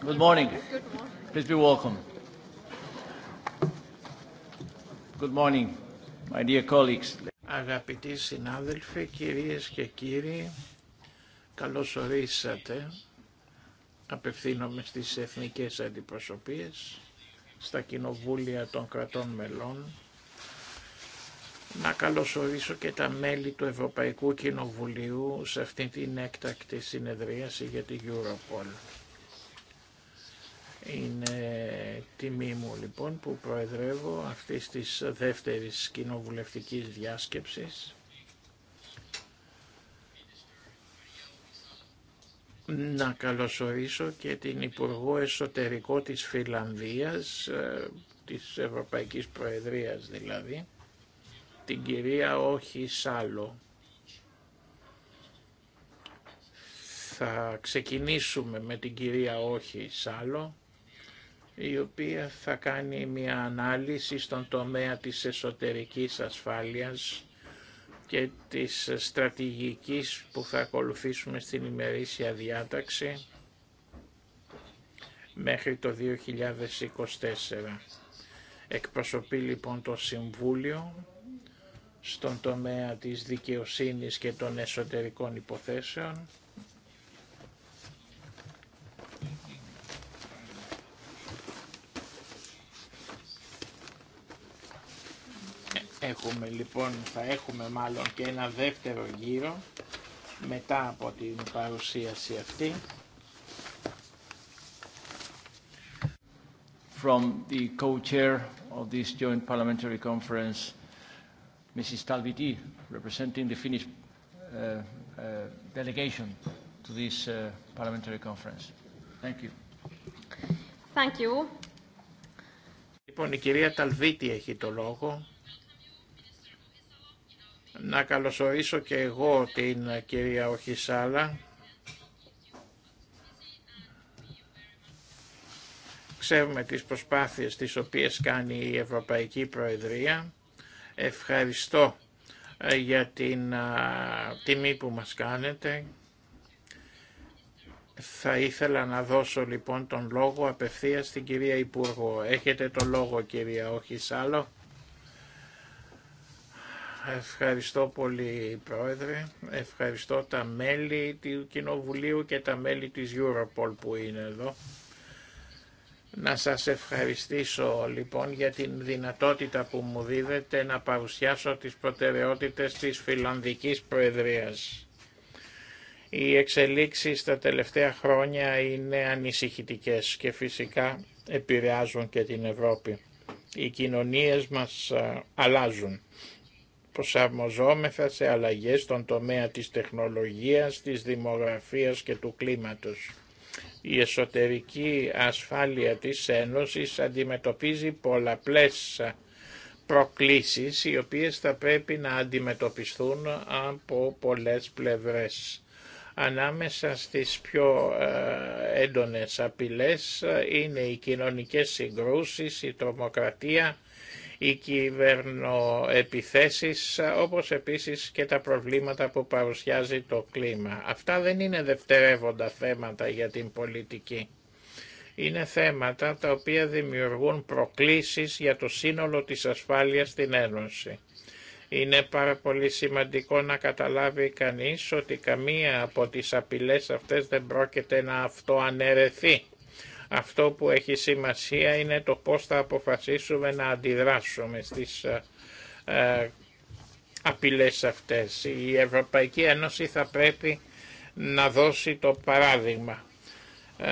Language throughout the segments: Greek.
Good morning. Please be welcome. Good morning, my dear colleagues. Αγαπητοί συνάδελφοι, κυρίες και κύριοι, καλώς ορίσατε. Απευθύνομαι στις εθνικές αντιπροσωπείες, στα κοινοβούλια των κρατών μελών, να καλωσορίσω και τα μέλη του Ευρωπαϊκού Κοινοβουλίου σε αυτή την έκτακτη συνεδρίαση για την Europol. Είναι τιμή μου λοιπόν που προεδρεύω αυτή της δεύτερης κοινοβουλευτική διάσκεψης. Να καλωσορίσω και την Υπουργό Εσωτερικό της Φιλανδίας, ε, της Ευρωπαϊκής Προεδρίας δηλαδή, την κυρία Όχι Σάλο. Θα ξεκινήσουμε με την κυρία Όχι Σάλο η οποία θα κάνει μια ανάλυση στον τομέα της εσωτερικής ασφάλειας και της στρατηγικής που θα ακολουθήσουμε στην ημερήσια διάταξη μέχρι το 2024. Εκπροσωπεί λοιπόν το Συμβούλιο στον τομέα της δικαιοσύνης και των εσωτερικών υποθέσεων Έχουμε λοιπόν, θα έχουμε μάλλον και ένα δεύτερο γύρο μετά από την παρουσίαση αυτή. From the co-chair of this joint parliamentary conference, Mrs. Talviti, representing the Finnish uh, uh, delegation to this uh, parliamentary conference. Thank you. Thank you. Λοιπόν, η κυρία Ταλβίτη έχει το λόγο. Να καλωσορίσω και εγώ την κυρία Οχισάλα. Ξέρουμε τις προσπάθειες τις οποίες κάνει η Ευρωπαϊκή Προεδρία. Ευχαριστώ ε, για την τιμή που μας κάνετε. Θα ήθελα να δώσω λοιπόν τον λόγο απευθείας στην κυρία Υπουργό. Έχετε το λόγο κυρία Οχισάλα. Ευχαριστώ πολύ Πρόεδρε, ευχαριστώ τα μέλη του Κοινοβουλίου και τα μέλη της Europol που είναι εδώ. Να σας ευχαριστήσω λοιπόν για την δυνατότητα που μου δίδεται να παρουσιάσω τις προτεραιότητες της Φιλανδικής Προεδρίας. Οι εξελίξεις τα τελευταία χρόνια είναι ανησυχητικές και φυσικά επηρεάζουν και την Ευρώπη. Οι κοινωνίες μας αλλάζουν προσαρμοζόμεθα σε αλλαγές στον τομέα της τεχνολογίας, της δημογραφίας και του κλίματος. Η εσωτερική ασφάλεια της Ένωσης αντιμετωπίζει πολλαπλές προκλήσεις οι οποίες θα πρέπει να αντιμετωπιστούν από πολλές πλευρές. Ανάμεσα στις πιο ε, έντονες απειλές είναι οι κοινωνικές συγκρούσεις, η τρομοκρατία, οι κυβερνοεπιθέσεις, όπως επίσης και τα προβλήματα που παρουσιάζει το κλίμα. Αυτά δεν είναι δευτερεύοντα θέματα για την πολιτική. Είναι θέματα τα οποία δημιουργούν προκλήσεις για το σύνολο της ασφάλειας στην Ένωση. Είναι πάρα πολύ σημαντικό να καταλάβει κανείς ότι καμία από τις απειλές αυτές δεν πρόκειται να αυτοαναιρεθεί αυτό που έχει σημασία είναι το πώς θα αποφασίσουμε να αντιδράσουμε στις ε, ε απειλές αυτές. Η Ευρωπαϊκή Ένωση θα πρέπει να δώσει το παράδειγμα. Ε,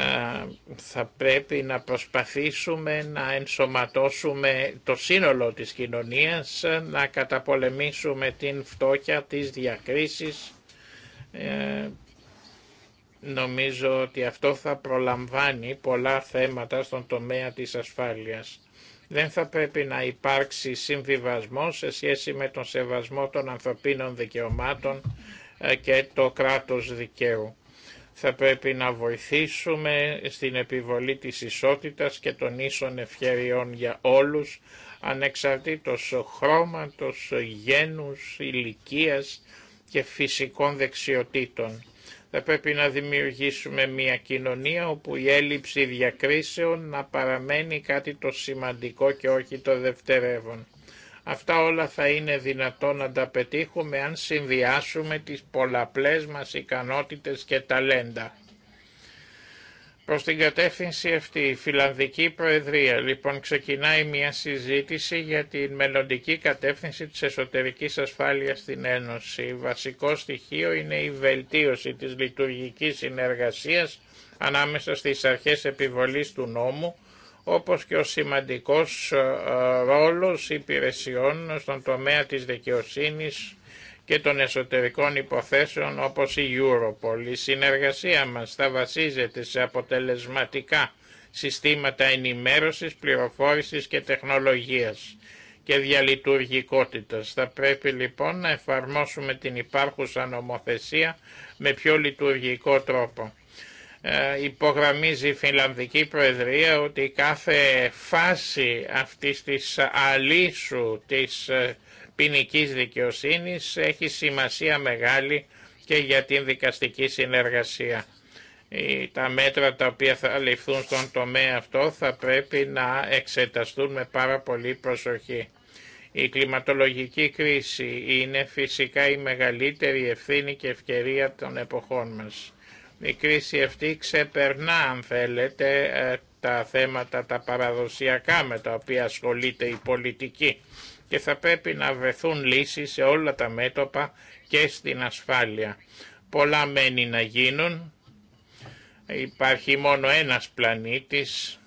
θα πρέπει να προσπαθήσουμε να ενσωματώσουμε το σύνολο της κοινωνίας, να καταπολεμήσουμε την φτώχεια, τις διακρίσεις ε, Νομίζω ότι αυτό θα προλαμβάνει πολλά θέματα στον τομέα της ασφάλειας. Δεν θα πρέπει να υπάρξει συμβιβασμό σε σχέση με τον σεβασμό των ανθρωπίνων δικαιωμάτων ε, και το κράτος δικαίου. Θα πρέπει να βοηθήσουμε στην επιβολή της ισότητας και των ίσων ευκαιριών για όλους, ανεξαρτήτως χρώματος, γένους, ηλικίας και φυσικών δεξιοτήτων θα πρέπει να δημιουργήσουμε μια κοινωνία όπου η έλλειψη διακρίσεων να παραμένει κάτι το σημαντικό και όχι το δευτερεύον. Αυτά όλα θα είναι δυνατόν να τα πετύχουμε αν συνδυάσουμε τις πολλαπλές μας ικανότητες και ταλέντα. Προς την κατεύθυνση αυτή η Φιλανδική Προεδρία λοιπόν ξεκινάει μια συζήτηση για την μελλοντική κατεύθυνση της εσωτερικής ασφάλειας στην Ένωση. Βασικό στοιχείο είναι η βελτίωση της λειτουργικής συνεργασίας ανάμεσα στις αρχές επιβολής του νόμου όπως και ο σημαντικός ε, ε, ρόλος υπηρεσιών στον τομέα της δικαιοσύνης και των εσωτερικών υποθέσεων όπως η Europol. Η συνεργασία μας θα βασίζεται σε αποτελεσματικά συστήματα ενημέρωσης, πληροφόρησης και τεχνολογίας και διαλειτουργικότητας. Θα πρέπει λοιπόν να εφαρμόσουμε την υπάρχουσα νομοθεσία με πιο λειτουργικό τρόπο. Ε, υπογραμμίζει η Φιλανδική Προεδρία ότι κάθε φάση αυτής της αλήσου της ε, ποινική δικαιοσύνης έχει σημασία μεγάλη και για την δικαστική συνεργασία. Τα μέτρα τα οποία θα ληφθούν στον τομέα αυτό θα πρέπει να εξεταστούν με πάρα πολύ προσοχή. Η κλιματολογική κρίση είναι φυσικά η μεγαλύτερη ευθύνη και ευκαιρία των εποχών μας. Η κρίση αυτή ξεπερνά, αν θέλετε, ε, τα θέματα τα παραδοσιακά με τα οποία ασχολείται η πολιτική και θα πρέπει να βρεθούν λύσεις σε όλα τα μέτωπα και στην ασφάλεια. Πολλά μένει να γίνουν. Υπάρχει μόνο ένας πλανήτης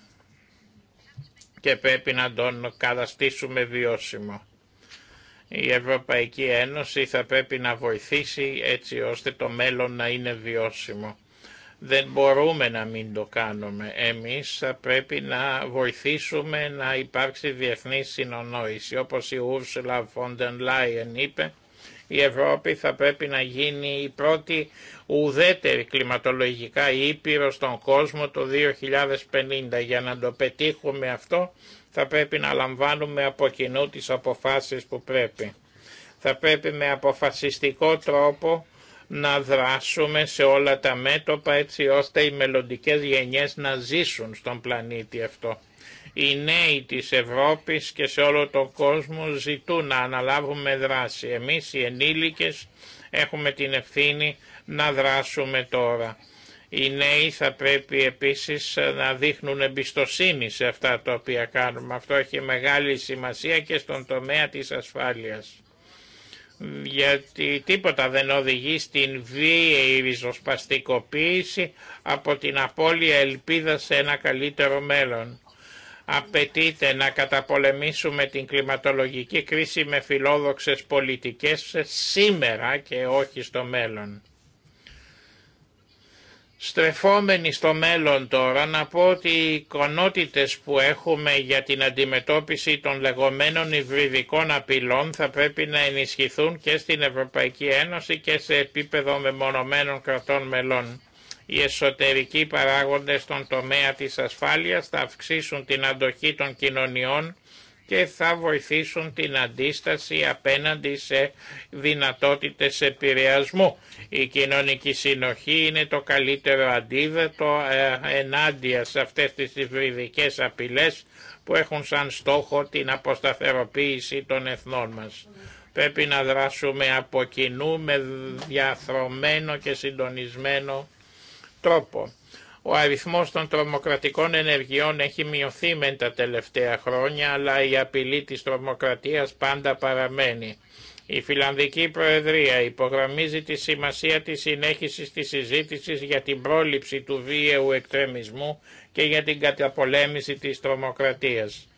και πρέπει να τον καταστήσουμε βιώσιμο. Η Ευρωπαϊκή Ένωση θα πρέπει να βοηθήσει έτσι ώστε το μέλλον να είναι βιώσιμο. Δεν μπορούμε να μην το κάνουμε. Εμείς θα πρέπει να βοηθήσουμε να υπάρξει διεθνή συνονόηση. Όπως η Ursula Φοντεν Λάιεν είπε, η Ευρώπη θα πρέπει να γίνει η πρώτη ουδέτερη κλιματολογικά ήπειρο στον κόσμο το 2050. Για να το πετύχουμε αυτό θα πρέπει να λαμβάνουμε από κοινού τις αποφάσεις που πρέπει. Θα πρέπει με αποφασιστικό τρόπο να δράσουμε σε όλα τα μέτωπα έτσι ώστε οι μελλοντικές γενιές να ζήσουν στον πλανήτη αυτό. Οι νέοι της Ευρώπης και σε όλο τον κόσμο ζητούν να αναλάβουμε δράση. Εμείς οι ενήλικες έχουμε την ευθύνη να δράσουμε τώρα. Οι νέοι θα πρέπει επίσης να δείχνουν εμπιστοσύνη σε αυτά τα οποία κάνουμε. Αυτό έχει μεγάλη σημασία και στον τομέα της ασφάλειας γιατί τίποτα δεν οδηγεί στην βίαιη ριζοσπαστικοποίηση από την απώλεια ελπίδα σε ένα καλύτερο μέλλον. Απαιτείται να καταπολεμήσουμε την κλιματολογική κρίση με φιλόδοξες πολιτικές σήμερα και όχι στο μέλλον. Στρεφόμενοι στο μέλλον τώρα να πω ότι οι ικανότητες που έχουμε για την αντιμετώπιση των λεγόμενων υβριδικών απειλών θα πρέπει να ενισχυθούν και στην Ευρωπαϊκή Ένωση και σε επίπεδο μεμονωμένων κρατών μελών. Οι εσωτερικοί παράγοντες στον τομέα της ασφάλειας θα αυξήσουν την αντοχή των κοινωνιών και θα βοηθήσουν την αντίσταση απέναντι σε δυνατότητες επηρεασμού. Η κοινωνική συνοχή είναι το καλύτερο αντίδετο ε, ενάντια σε αυτές τις υβριδικές απειλές που έχουν σαν στόχο την αποσταθεροποίηση των εθνών μας. Πρέπει να δράσουμε από κοινού με διαθρωμένο και συντονισμένο τρόπο. Ο αριθμός των τρομοκρατικών ενεργειών έχει μειωθεί με τα τελευταία χρόνια, αλλά η απειλή της τρομοκρατίας πάντα παραμένει. Η Φιλανδική Προεδρία υπογραμμίζει τη σημασία της συνέχισης της συζήτησης για την πρόληψη του βίαιου εκτρεμισμού και για την καταπολέμηση της τρομοκρατίας.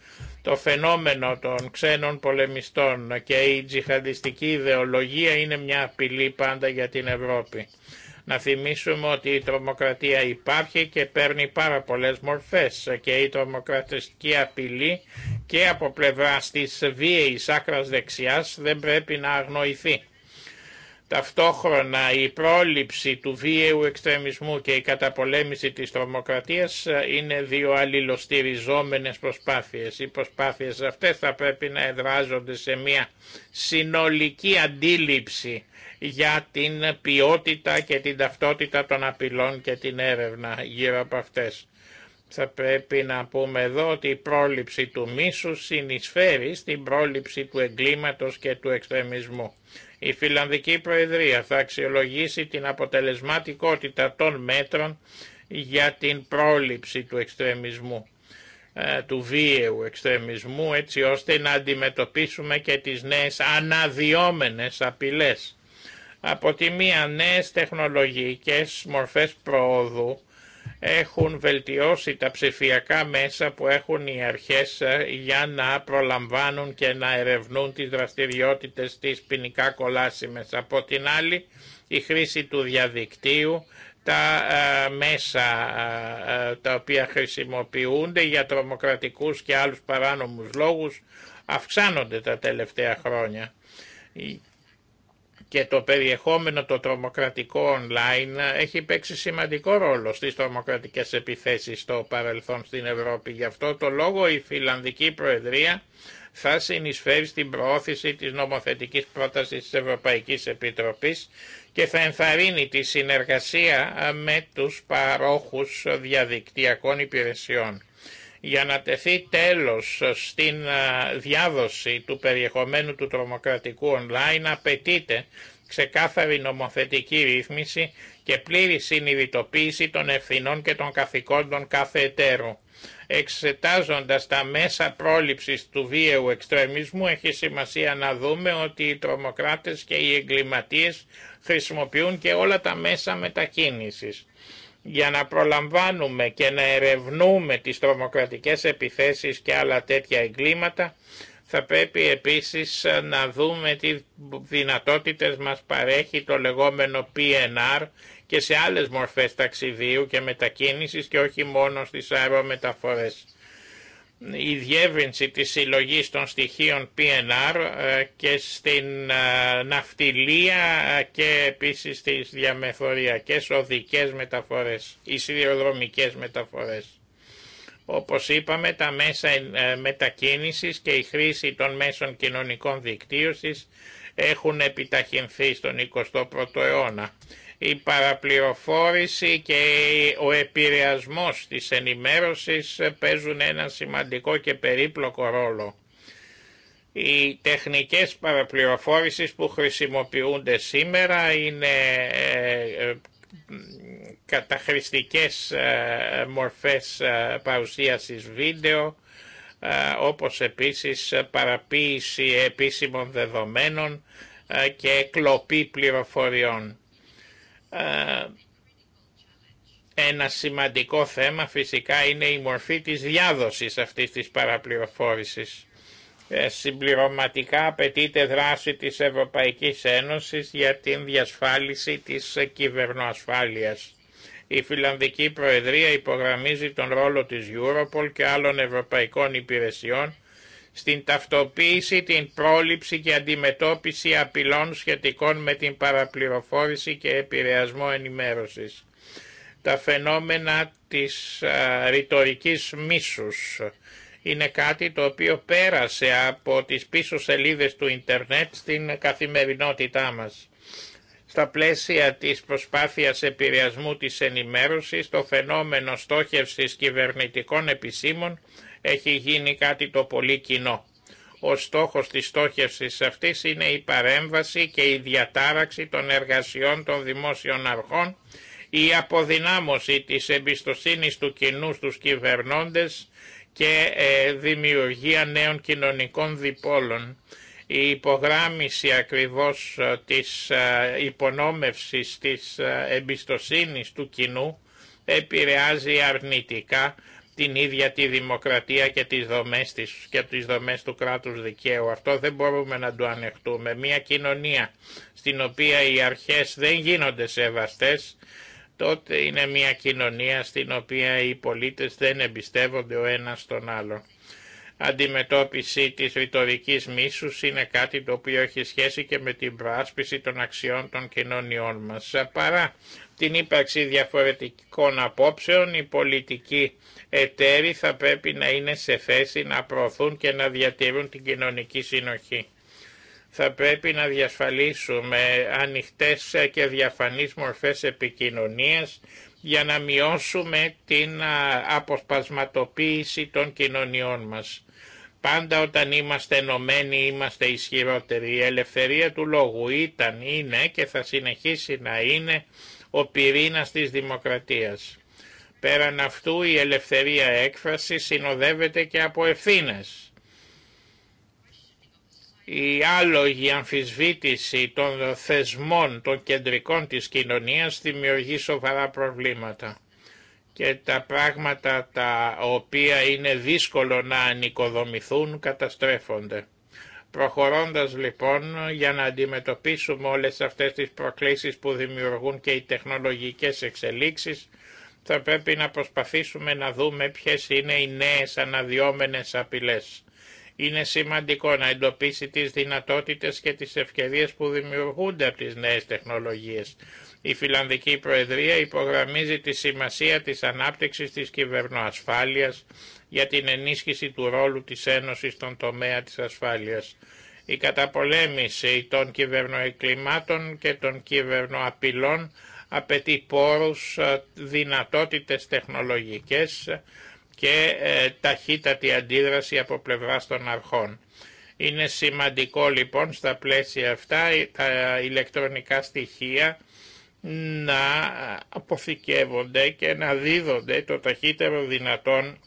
Το φαινόμενο των ξένων πολεμιστών και η τζιχαντιστική ιδεολογία είναι μια απειλή πάντα για την Ευρώπη. Να θυμίσουμε ότι η τρομοκρατία υπάρχει και παίρνει πάρα πολλές μορφές και η τρομοκρατιστική απειλή και από πλευρά της βίαιης άκρας δεξιάς δεν πρέπει να αγνοηθεί. Ταυτόχρονα η πρόληψη του βίαιου εξτρεμισμού και η καταπολέμηση της τρομοκρατίας είναι δύο αλληλοστηριζόμενες προσπάθειες. Οι προσπάθειες αυτές θα πρέπει να εδράζονται σε μια συνολική αντίληψη για την ποιότητα και την ταυτότητα των απειλών και την έρευνα γύρω από αυτές. Θα πρέπει να πούμε εδώ ότι η πρόληψη του μίσου συνεισφέρει στην πρόληψη του εγκλήματος και του εξτρεμισμού. Η Φιλανδική Προεδρία θα αξιολογήσει την αποτελεσματικότητα των μέτρων για την πρόληψη του εξτρεμισμού, ε, του βίαιου εξτρεμισμού, έτσι ώστε να αντιμετωπίσουμε και τις νέες αναδιόμενες απειλές από τη μία νέες τεχνολογικές μορφές προόδου έχουν βελτιώσει τα ψηφιακά μέσα που έχουν οι αρχές ε, για να προλαμβάνουν και να ερευνούν τις δραστηριότητες της ποινικά κολάσιμες. Από την άλλη η χρήση του διαδικτύου, τα ε, μέσα ε, τα οποία χρησιμοποιούνται για τρομοκρατικούς και άλλους παράνομους λόγους αυξάνονται τα τελευταία χρόνια και το περιεχόμενο το τρομοκρατικό online έχει παίξει σημαντικό ρόλο στις τρομοκρατικές επιθέσεις στο παρελθόν στην Ευρώπη. Γι' αυτό το λόγο η Φιλανδική Προεδρία θα συνεισφέρει στην προώθηση της νομοθετικής πρότασης της Ευρωπαϊκής Επιτροπής και θα ενθαρρύνει τη συνεργασία με τους παρόχους διαδικτυακών υπηρεσιών για να τεθεί τέλος στην διάδοση του περιεχομένου του τρομοκρατικού online απαιτείται ξεκάθαρη νομοθετική ρύθμιση και πλήρη συνειδητοποίηση των ευθυνών και των καθηκόντων κάθε εταίρου. Εξετάζοντας τα μέσα πρόληψης του βίαιου εξτρεμισμού έχει σημασία να δούμε ότι οι τρομοκράτες και οι εγκληματίες χρησιμοποιούν και όλα τα μέσα μετακίνησης για να προλαμβάνουμε και να ερευνούμε τις τρομοκρατικές επιθέσεις και άλλα τέτοια εγκλήματα, θα πρέπει επίσης ε, να δούμε τι δυνατότητες μας παρέχει το λεγόμενο PNR και σε άλλες μορφές ταξιδίου και μετακίνησης και όχι μόνο στις αερομεταφορές η διεύρυνση της συλλογή των στοιχείων PNR ε, και στην ε, ναυτιλία ε, και επίσης στις διαμεθοριακές οδικές μεταφορές, οι σιδηροδρομικές μεταφορές. Όπως είπαμε, τα μέσα μετακίνησης και η χρήση των μέσων κοινωνικών δικτύωσης έχουν επιταχυνθεί στον 21ο αιώνα η παραπληροφόρηση και ο επηρεασμό της ενημέρωσης παίζουν ένα σημαντικό και περίπλοκο ρόλο. Οι τεχνικές παραπληροφόρησης που χρησιμοποιούνται σήμερα είναι ε, καταχρηστικές ε, μορφές ε, παρουσίασης βίντεο, όπως επίσης παραποίηση επίσημων δεδομένων και κλοπή πληροφοριών. Ε, ένα σημαντικό θέμα φυσικά είναι η μορφή της διάδοσης αυτής της παραπληροφόρησης. Ε, συμπληρωματικά απαιτείται δράση της Ευρωπαϊκής Ένωσης για την διασφάλιση της κυβερνοασφάλειας. Η Φιλανδική Προεδρία υπογραμμίζει τον ρόλο της Europol και άλλων ευρωπαϊκών υπηρεσιών στην ταυτοποίηση, την πρόληψη και αντιμετώπιση απειλών σχετικών με την παραπληροφόρηση και επηρεασμό ενημέρωσης. Τα φαινόμενα της α, ρητορικής μίσους είναι κάτι το οποίο πέρασε από τις πίσω σελίδες του ίντερνετ στην καθημερινότητά μας. Στα πλαίσια της προσπάθειας επηρεασμού της ενημέρωσης, το φαινόμενο στόχευσης κυβερνητικών επισήμων έχει γίνει κάτι το πολύ κοινό. Ο στόχος της στόχευσης αυτής είναι η παρέμβαση και η διατάραξη των εργασιών των δημόσιων αρχών, η αποδυνάμωση της εμπιστοσύνης του κοινού στους κυβερνώντες και ε, δημιουργία νέων κοινωνικών διπόλων. Η υπογράμμιση ακριβώς ε, της ε, υπονόμευσης της εμπιστοσύνης του κοινού επηρεάζει αρνητικά την ίδια τη δημοκρατία και τις δομές της και τις δομές του κράτους δικαίου. Αυτό δεν μπορούμε να το ανεχτούμε. Μια κοινωνία στην οποία οι αρχές δεν γίνονται σεβαστές, τότε είναι μια κοινωνία στην οποία οι πολίτες δεν εμπιστεύονται ο ένας τον άλλον αντιμετώπιση της ρητορική μίσους είναι κάτι το οποίο έχει σχέση και με την προάσπιση των αξιών των κοινωνιών μας. Παρά την ύπαρξη διαφορετικών απόψεων, οι πολιτικοί εταίροι θα πρέπει να είναι σε θέση να προωθούν και να διατηρούν την κοινωνική συνοχή. Θα πρέπει να διασφαλίσουμε ανοιχτές και διαφανείς μορφές επικοινωνίας για να μειώσουμε την αποσπασματοποίηση των κοινωνιών μας. Πάντα όταν είμαστε ενωμένοι είμαστε ισχυρότεροι. Η ελευθερία του λόγου ήταν, είναι και θα συνεχίσει να είναι ο πυρήνας της δημοκρατίας. Πέραν αυτού η ελευθερία έκφραση συνοδεύεται και από ευθύνες η άλογη αμφισβήτηση των θεσμών των κεντρικών της κοινωνίας δημιουργεί σοβαρά προβλήματα και τα πράγματα τα οποία είναι δύσκολο να ανοικοδομηθούν καταστρέφονται. Προχωρώντας λοιπόν για να αντιμετωπίσουμε όλες αυτές τις προκλήσεις που δημιουργούν και οι τεχνολογικές εξελίξεις, θα πρέπει να προσπαθήσουμε να δούμε ποιες είναι οι νέες αναδυόμενες απειλές. Είναι σημαντικό να εντοπίσει τις δυνατότητες και τις ευκαιρίες που δημιουργούνται από τις νέες τεχνολογίες. Η Φιλανδική Προεδρία υπογραμμίζει τη σημασία της ανάπτυξης της κυβερνοασφάλειας για την ενίσχυση του ρόλου της Ένωσης στον τομέα της ασφάλειας. Η καταπολέμηση των κυβερνοεκκλημάτων και των κυβερνοαπειλών απαιτεί πόρους, δυνατότητες τεχνολογικές, και ε, ταχύτατη αντίδραση από πλευράς των αρχών. Είναι σημαντικό λοιπόν στα πλαίσια αυτά ε, τα ηλεκτρονικά στοιχεία να αποθηκεύονται και να δίδονται το ταχύτερο δυνατόν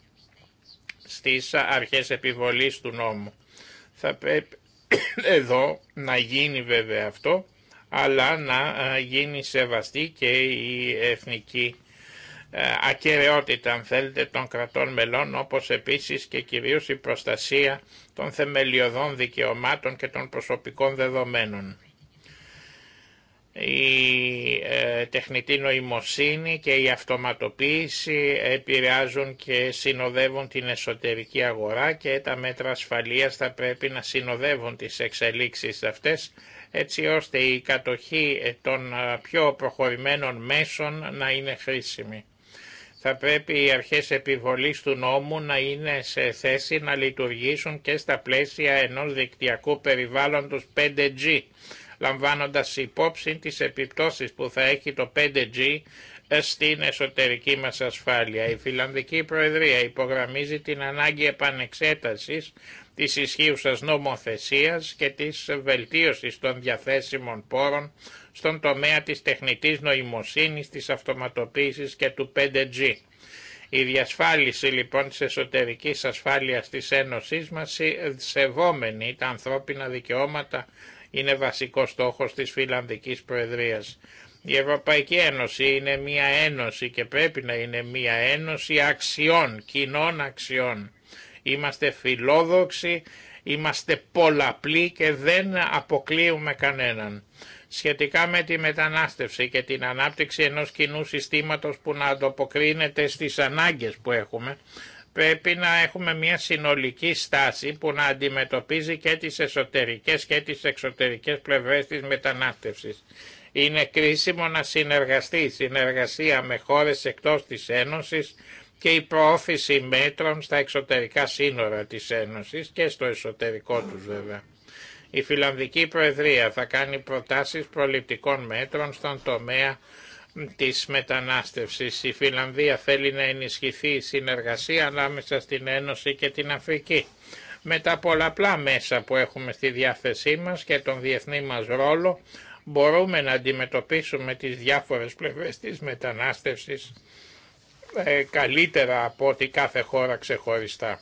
στις αρχές επιβολής του νόμου. Θα πρέπει εδώ να γίνει βέβαια αυτό, αλλά να ε, γίνει σεβαστή και η εθνική ε, ακαιρεότητα αν θέλετε των κρατών μελών όπως επίσης και κυρίως η προστασία των θεμελιωδών δικαιωμάτων και των προσωπικών δεδομένων. Η ε, τεχνητή νοημοσύνη και η αυτοματοποίηση επηρεάζουν και συνοδεύουν την εσωτερική αγορά και τα μέτρα ασφαλείας θα πρέπει να συνοδεύουν τις εξελίξεις αυτές έτσι ώστε η κατοχή των ε, πιο προχωρημένων μέσων να είναι χρήσιμη θα πρέπει οι αρχές επιβολής του νόμου να είναι σε θέση να λειτουργήσουν και στα πλαίσια ενός δικτυακού περιβάλλοντος 5G, λαμβάνοντας υπόψη τις επιπτώσεις που θα έχει το 5G ε, στην εσωτερική μας ασφάλεια. Η Φιλανδική Προεδρία υπογραμμίζει την ανάγκη επανεξέτασης της ισχύουσας νομοθεσίας και της βελτίωσης των διαθέσιμων πόρων στον τομέα της τεχνητής νοημοσύνης, της αυτοματοποίησης και του 5G. Η διασφάλιση λοιπόν της εσωτερικής ασφάλειας της Ένωσής μας, σεβόμενη τα ανθρώπινα δικαιώματα, είναι βασικό στόχος της Φιλανδικής Προεδρίας. Η Ευρωπαϊκή Ένωση είναι μία ένωση και πρέπει να είναι μία ένωση αξιών, κοινών αξιών. Είμαστε φιλόδοξοι, είμαστε πολλαπλοί και δεν αποκλείουμε κανέναν σχετικά με τη μετανάστευση και την ανάπτυξη ενός κοινού συστήματος που να ανταποκρίνεται στις ανάγκες που έχουμε, πρέπει να έχουμε μια συνολική στάση που να αντιμετωπίζει και τις εσωτερικές και τις εξωτερικές πλευρές της μετανάστευσης. Είναι κρίσιμο να συνεργαστεί η συνεργασία με χώρες εκτός της Ένωσης και η προώθηση μέτρων στα εξωτερικά σύνορα της Ένωσης και στο εσωτερικό τους βέβαια. Η Φιλανδική Προεδρία θα κάνει προτάσεις προληπτικών μέτρων στον τομέα της μετανάστευσης. Η Φιλανδία θέλει να ενισχυθεί η συνεργασία ανάμεσα στην Ένωση και την Αφρική. Με τα πολλαπλά μέσα που έχουμε στη διάθεσή μας και τον διεθνή μας ρόλο μπορούμε να αντιμετωπίσουμε τις διάφορες πλευρές της μετανάστευσης ε, καλύτερα από ό,τι κάθε χώρα ξεχωριστά.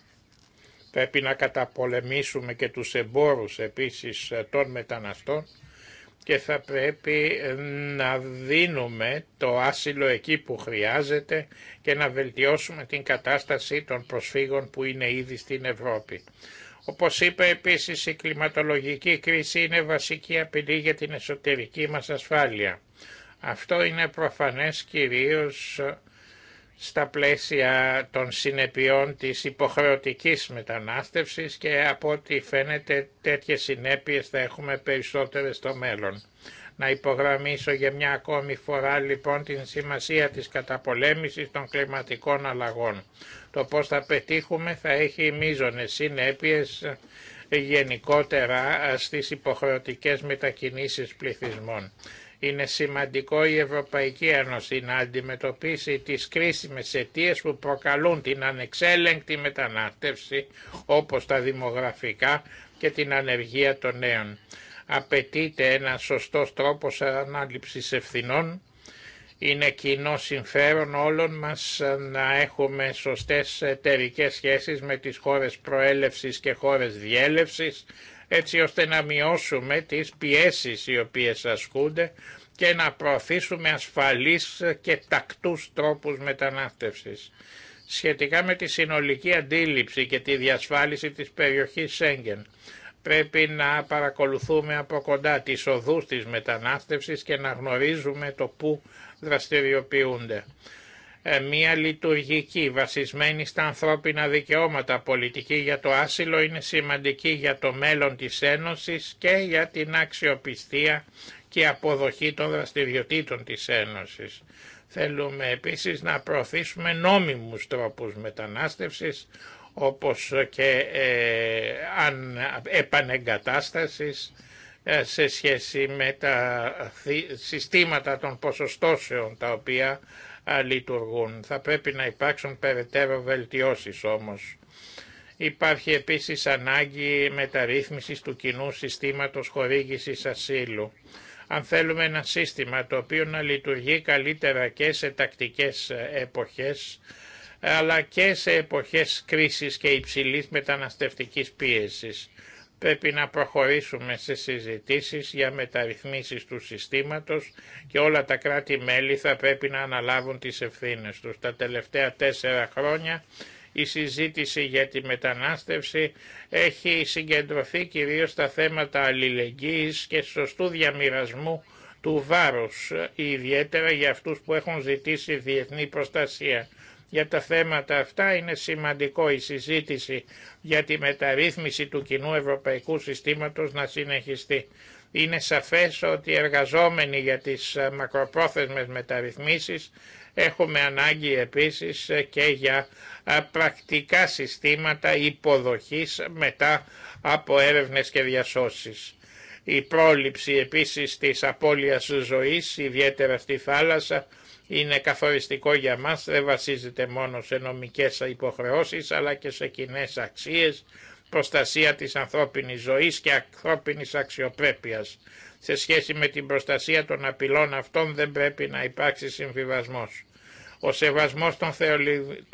Πρέπει να καταπολεμήσουμε και τους εμπόρους επίσης ε, των μεταναστών και θα πρέπει ε, να δίνουμε το άσυλο εκεί που χρειάζεται και να βελτιώσουμε την κατάσταση των προσφύγων που είναι ήδη στην Ευρώπη. Όπως είπε επίσης η κλιματολογική κρίση είναι βασική απειλή για την εσωτερική μας ασφάλεια. Αυτό είναι προφανές κυρίως ε, στα πλαίσια των συνεπειών της υποχρεωτικής μετανάστευσης και από ό,τι φαίνεται τέτοιες συνέπειες θα έχουμε περισσότερες στο μέλλον. Να υπογραμμίσω για μια ακόμη φορά λοιπόν την σημασία της καταπολέμησης των κλιματικών αλλαγών. Το πώς θα πετύχουμε θα έχει μείζονες συνέπειες γενικότερα στις υποχρεωτικές μετακινήσεις πληθυσμών. Είναι σημαντικό η Ευρωπαϊκή Ένωση να αντιμετωπίσει τις κρίσιμες αιτίε που προκαλούν την ανεξέλεγκτη μετανάστευση όπως τα δημογραφικά και την ανεργία των νέων. Απαιτείται ένα σωστός τρόπος ανάληψης ευθυνών. Είναι κοινό συμφέρον όλων μας να έχουμε σωστές εταιρικέ σχέσεις με τις χώρες προέλευσης και χώρες διέλευσης, έτσι ώστε να μειώσουμε τις πιέσεις οι οποίες ασκούνται και να προωθήσουμε ασφαλείς και τακτούς τρόπους μετανάστευσης. Σχετικά με τη συνολική αντίληψη και τη διασφάλιση της περιοχής Σέγγεν, πρέπει να παρακολουθούμε από κοντά τις οδούς της μετανάστευσης και να γνωρίζουμε το πού δραστηριοποιούνται. Ε, μια λειτουργική βασισμένη στα ανθρώπινα δικαιώματα πολιτική για το άσυλο είναι σημαντική για το μέλλον της Ένωσης και για την αξιοπιστία και αποδοχή των δραστηριοτήτων της Ένωσης. Θέλουμε επίσης να προωθήσουμε νόμιμους τρόπους μετανάστευσης όπως και ε, επανεγκατάστασης ε, σε σχέση με τα συστήματα των ποσοστώσεων τα οποία λειτουργούν. Θα πρέπει να υπάρξουν περαιτέρω βελτιώσεις όμως. Υπάρχει επίσης ανάγκη μεταρρύθμισης του κοινού συστήματος χορήγησης ασύλου. Αν θέλουμε ένα σύστημα το οποίο να λειτουργεί καλύτερα και σε τακτικές εποχές, αλλά και σε εποχές κρίσης και υψηλής μεταναστευτικής πίεσης. Πρέπει να προχωρήσουμε σε συζητήσεις για μεταρρυθμίσεις του συστήματος και όλα τα κράτη-μέλη θα πρέπει να αναλάβουν τις ευθύνες τους. Τα τελευταία τέσσερα χρόνια η συζήτηση για τη μετανάστευση έχει συγκεντρωθεί κυρίως στα θέματα αλληλεγγύης και σωστού διαμοιρασμού του βάρους, ιδιαίτερα για αυτούς που έχουν ζητήσει διεθνή προστασία για τα θέματα αυτά. Είναι σημαντικό η συζήτηση για τη μεταρρύθμιση του κοινού ευρωπαϊκού συστήματος να συνεχιστεί. Είναι σαφές ότι οι εργαζόμενοι για τις ε, μακροπρόθεσμες μεταρρυθμίσεις έχουμε ανάγκη επίσης ε, και για ε, πρακτικά συστήματα υποδοχής μετά από έρευνες και διασώσεις. Η πρόληψη επίσης της απώλειας ζωής, ιδιαίτερα στη θάλασσα, είναι καθοριστικό για μας, δεν βασίζεται μόνο σε νομικές υποχρεώσεις αλλά και σε κοινέ αξίες, προστασία της ανθρώπινης ζωής και ανθρώπινης αξιοπρέπειας. Σε σχέση με την προστασία των απειλών αυτών δεν πρέπει να υπάρξει συμβιβασμός. Ο σεβασμός των, θεολι...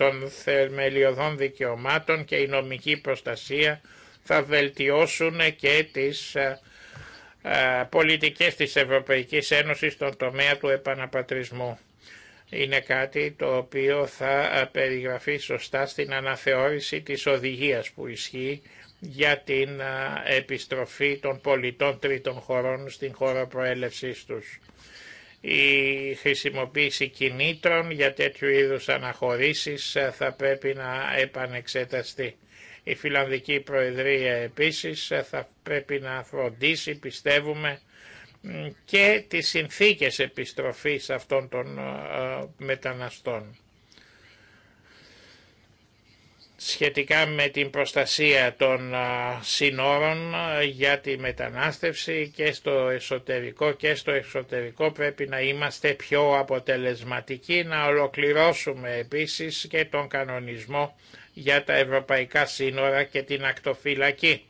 θεμελιωδών δικαιωμάτων και η νομική προστασία θα βελτιώσουν και τις ε, ε, πολιτικές της Ευρωπαϊκής Ένωσης στον τομέα του επαναπατρισμού είναι κάτι το οποίο θα ε, περιγραφεί σωστά στην αναθεώρηση της οδηγίας που ισχύει για την ε, επιστροφή των πολιτών τρίτων χωρών στην χώρα προέλευσής τους. Η χρησιμοποίηση κινήτρων για τέτοιου είδους αναχωρήσεις ε, θα πρέπει να επανεξεταστεί. Η Φιλανδική Προεδρία επίσης θα πρέπει να φροντίσει, πιστεύουμε, και τις συνθήκες επιστροφής αυτών των ε, μεταναστών. Σχετικά με την προστασία των ε, συνόρων ε, για τη μετανάστευση και στο εσωτερικό και στο εξωτερικό πρέπει να είμαστε πιο αποτελεσματικοί, να ολοκληρώσουμε επίσης και τον κανονισμό για τα ευρωπαϊκά σύνορα και την ακτοφυλακή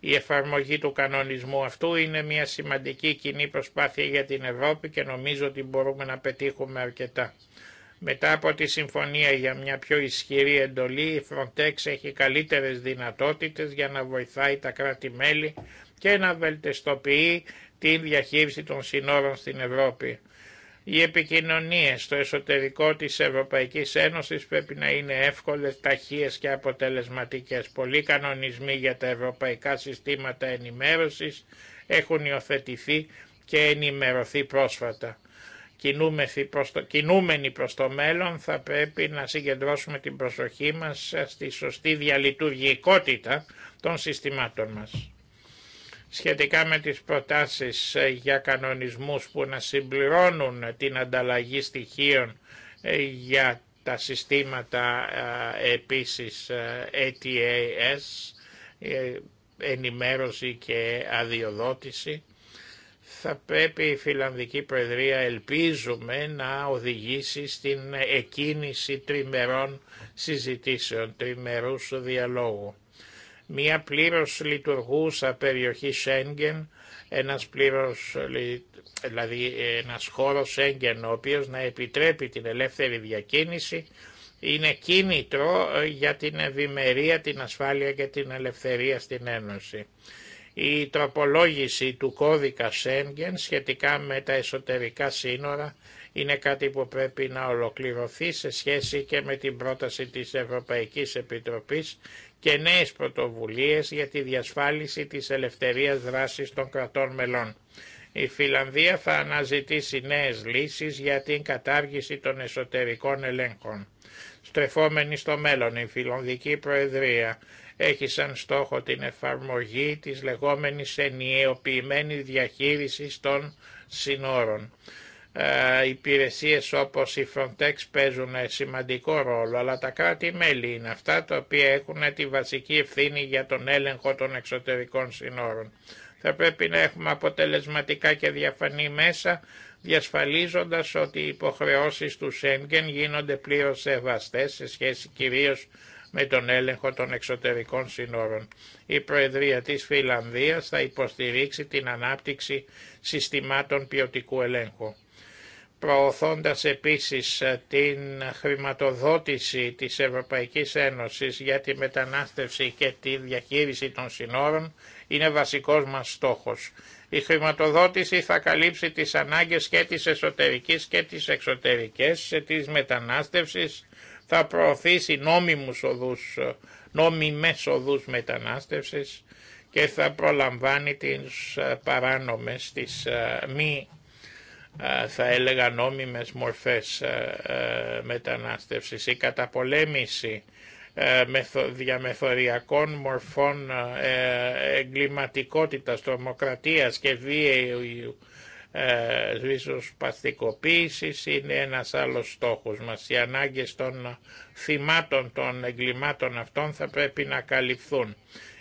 η εφαρμογή του κανονισμού αυτού είναι μια σημαντική κοινή προσπάθεια για την Ευρώπη και νομίζω ότι μπορούμε να πετύχουμε αρκετά. Μετά από τη συμφωνία για μια πιο ισχυρή εντολή, η Frontex έχει καλύτερες δυνατότητες για να βοηθάει τα κράτη-μέλη και να βελτιστοποιεί την διαχείριση των συνόρων στην Ευρώπη. Οι επικοινωνίες στο εσωτερικό της Ευρωπαϊκής Ένωσης πρέπει να είναι εύκολες, ταχείες και αποτελεσματικές. Πολλοί κανονισμοί για τα ευρωπαϊκά συστήματα ενημέρωσης έχουν υιοθετηθεί και ενημερωθεί πρόσφατα. κινούμενοι προς το μέλλον θα πρέπει να συγκεντρώσουμε την προσοχή μας στη σωστή διαλειτουργικότητα των συστημάτων μας σχετικά με τις προτάσεις ε, για κανονισμούς που να συμπληρώνουν την ανταλλαγή στοιχείων ε, για τα συστήματα ε, επίσης ATAS, ενημέρωση και αδειοδότηση. Θα πρέπει η Φιλανδική Προεδρία ελπίζουμε να οδηγήσει στην εκκίνηση τριμερών συζητήσεων, τριμερούς διαλόγου μια πλήρως λειτουργούσα περιοχή Σέγγεν, ένας πλήρως, δηλαδή ένας χώρος Σέγγεν ο οποίος να επιτρέπει την ελεύθερη διακίνηση είναι κίνητρο ε, για την ευημερία, την ασφάλεια και την ελευθερία στην Ένωση. Η τροπολόγηση του κώδικα Σέγγεν σχετικά με τα εσωτερικά σύνορα είναι κάτι που πρέπει να ολοκληρωθεί σε σχέση και με την πρόταση της Ευρωπαϊκής Επιτροπής και νέες πρωτοβουλίες για τη διασφάλιση της ελευθερίας δράσης των κρατών μελών. Η Φιλανδία θα αναζητήσει νέες λύσεις για την κατάργηση των εσωτερικών ελέγχων. Στρεφόμενη στο μέλλον, η Φιλανδική Προεδρία έχει σαν στόχο την εφαρμογή της λεγόμενης ενιαιοποιημένης διαχείρισης των συνόρων. Ε, υπηρεσίες όπως η Frontex παίζουν σημαντικό ρόλο, αλλά τα κράτη-μέλη είναι αυτά τα οποία έχουν τη βασική ευθύνη για τον έλεγχο των εξωτερικών συνόρων. Θα πρέπει να έχουμε αποτελεσματικά και διαφανή μέσα, διασφαλίζοντας ότι οι υποχρεώσεις του Σέγγεν γίνονται πλήρως σεβαστές σε σχέση κυρίως με τον έλεγχο των εξωτερικών συνόρων. Η Προεδρία της Φιλανδίας θα υποστηρίξει την ανάπτυξη συστημάτων ποιοτικού ελέγχου προωθώντας επίσης ε, την χρηματοδότηση της Ευρωπαϊκής Ένωσης για τη μετανάστευση και τη διαχείριση των συνόρων είναι βασικός μας στόχος. Η χρηματοδότηση θα καλύψει τις ανάγκες και τις εσωτερικές και τις εξωτερικές ε, της μετανάστευσης, θα προωθήσει νόμιμους οδούς, ε, νόμιμες οδούς μετανάστευσης και θα προλαμβάνει τις παράνομες, τις μη θα έλεγα νόμιμες μορφές ε, ε, μετανάστευσης. Η καταπολέμηση ε, διαμεθοριακών μορφών εγκληματικότητας, τρομοκρατίας και βίαιου σβησοσπαστικοποίησης είναι ένας άλλος στόχος μας. Οι ανάγκες των θυμάτων των εγκλημάτων αυτών θα πρέπει να καλυφθούν.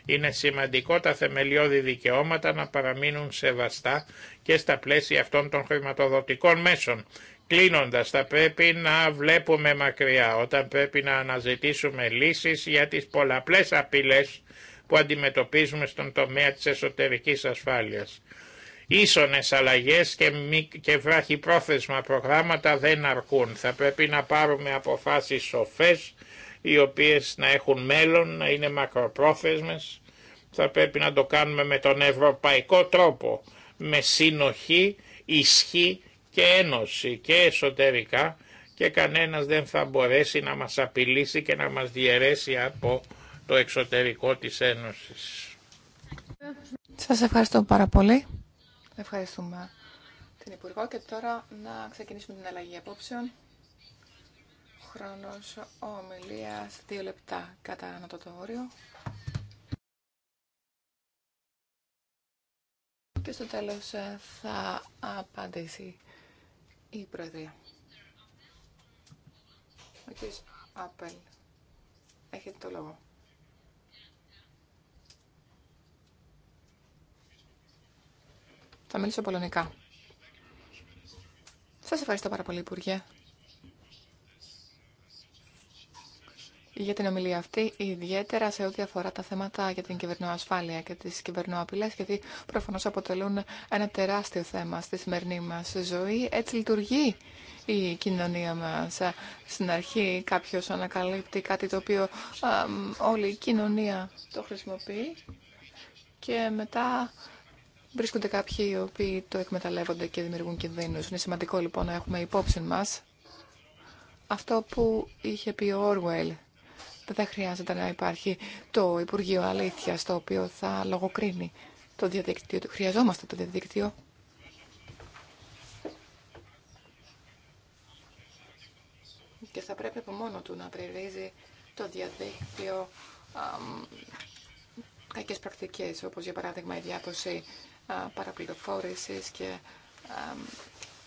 Είναι σημαντικό τα θεμελιώδη δικαιώματα να παραμείνουν σεβαστά και στα πλαίσια αυτών των χρηματοδοτικών μέσων. Κλείνοντας, θα πρέπει να βλέπουμε μακριά όταν πρέπει να αναζητήσουμε λύσεις για τις πολλαπλές απειλές που αντιμετωπίζουμε στον τομέα της εσωτερικής ασφάλειας. Ίσονες αλλαγές και, μη, πρόθεσμα προγράμματα δεν αρκούν. Θα πρέπει να πάρουμε αποφάσεις σοφές οι οποίες να έχουν μέλλον, να είναι μακροπρόθεσμες. Θα πρέπει να το κάνουμε με τον ευρωπαϊκό τρόπο, με συνοχή, ισχύ και ένωση και εσωτερικά και κανένας δεν θα μπορέσει να μας απειλήσει και να μας διαιρέσει από το εξωτερικό της Ένωσης. Σας ευχαριστώ πάρα πολύ. Ευχαριστούμε την Υπουργό και τώρα να ξεκινήσουμε την αλλαγή απόψεων χρόνος ομιλίας, δύο λεπτά κατά ανά το όριο. Και στο τέλος ε, θα απαντήσει η Προεδρία. Ο κ. Απέλ, έχετε το λόγο. Θα μιλήσω πολωνικά. Σας ευχαριστώ πάρα πολύ, Υπουργέ. για την ομιλία αυτή, ιδιαίτερα σε ό,τι αφορά τα θέματα για την κυβερνοασφάλεια και τις κυβερνοαπειλές, γιατί προφανώς αποτελούν ένα τεράστιο θέμα στη σημερινή μας ζωή. Έτσι λειτουργεί η κοινωνία μας. Στην αρχή κάποιος ανακαλύπτει κάτι το οποίο όλη η κοινωνία το χρησιμοποιεί και μετά βρίσκονται κάποιοι οι οποίοι το εκμεταλλεύονται και δημιουργούν κινδύνους. Είναι σημαντικό λοιπόν να έχουμε υπόψη μας αυτό που είχε πει ο Orwell δεν θα χρειάζεται να υπάρχει το Υπουργείο Αλήθεια, το οποίο θα λογοκρίνει το διαδίκτυο. Χρειαζόμαστε το διαδίκτυο. Και θα πρέπει από μόνο του να περιορίζει το διαδίκτυο κακέ πρακτικέ, όπω για παράδειγμα η διάδοση παραπληροφόρηση και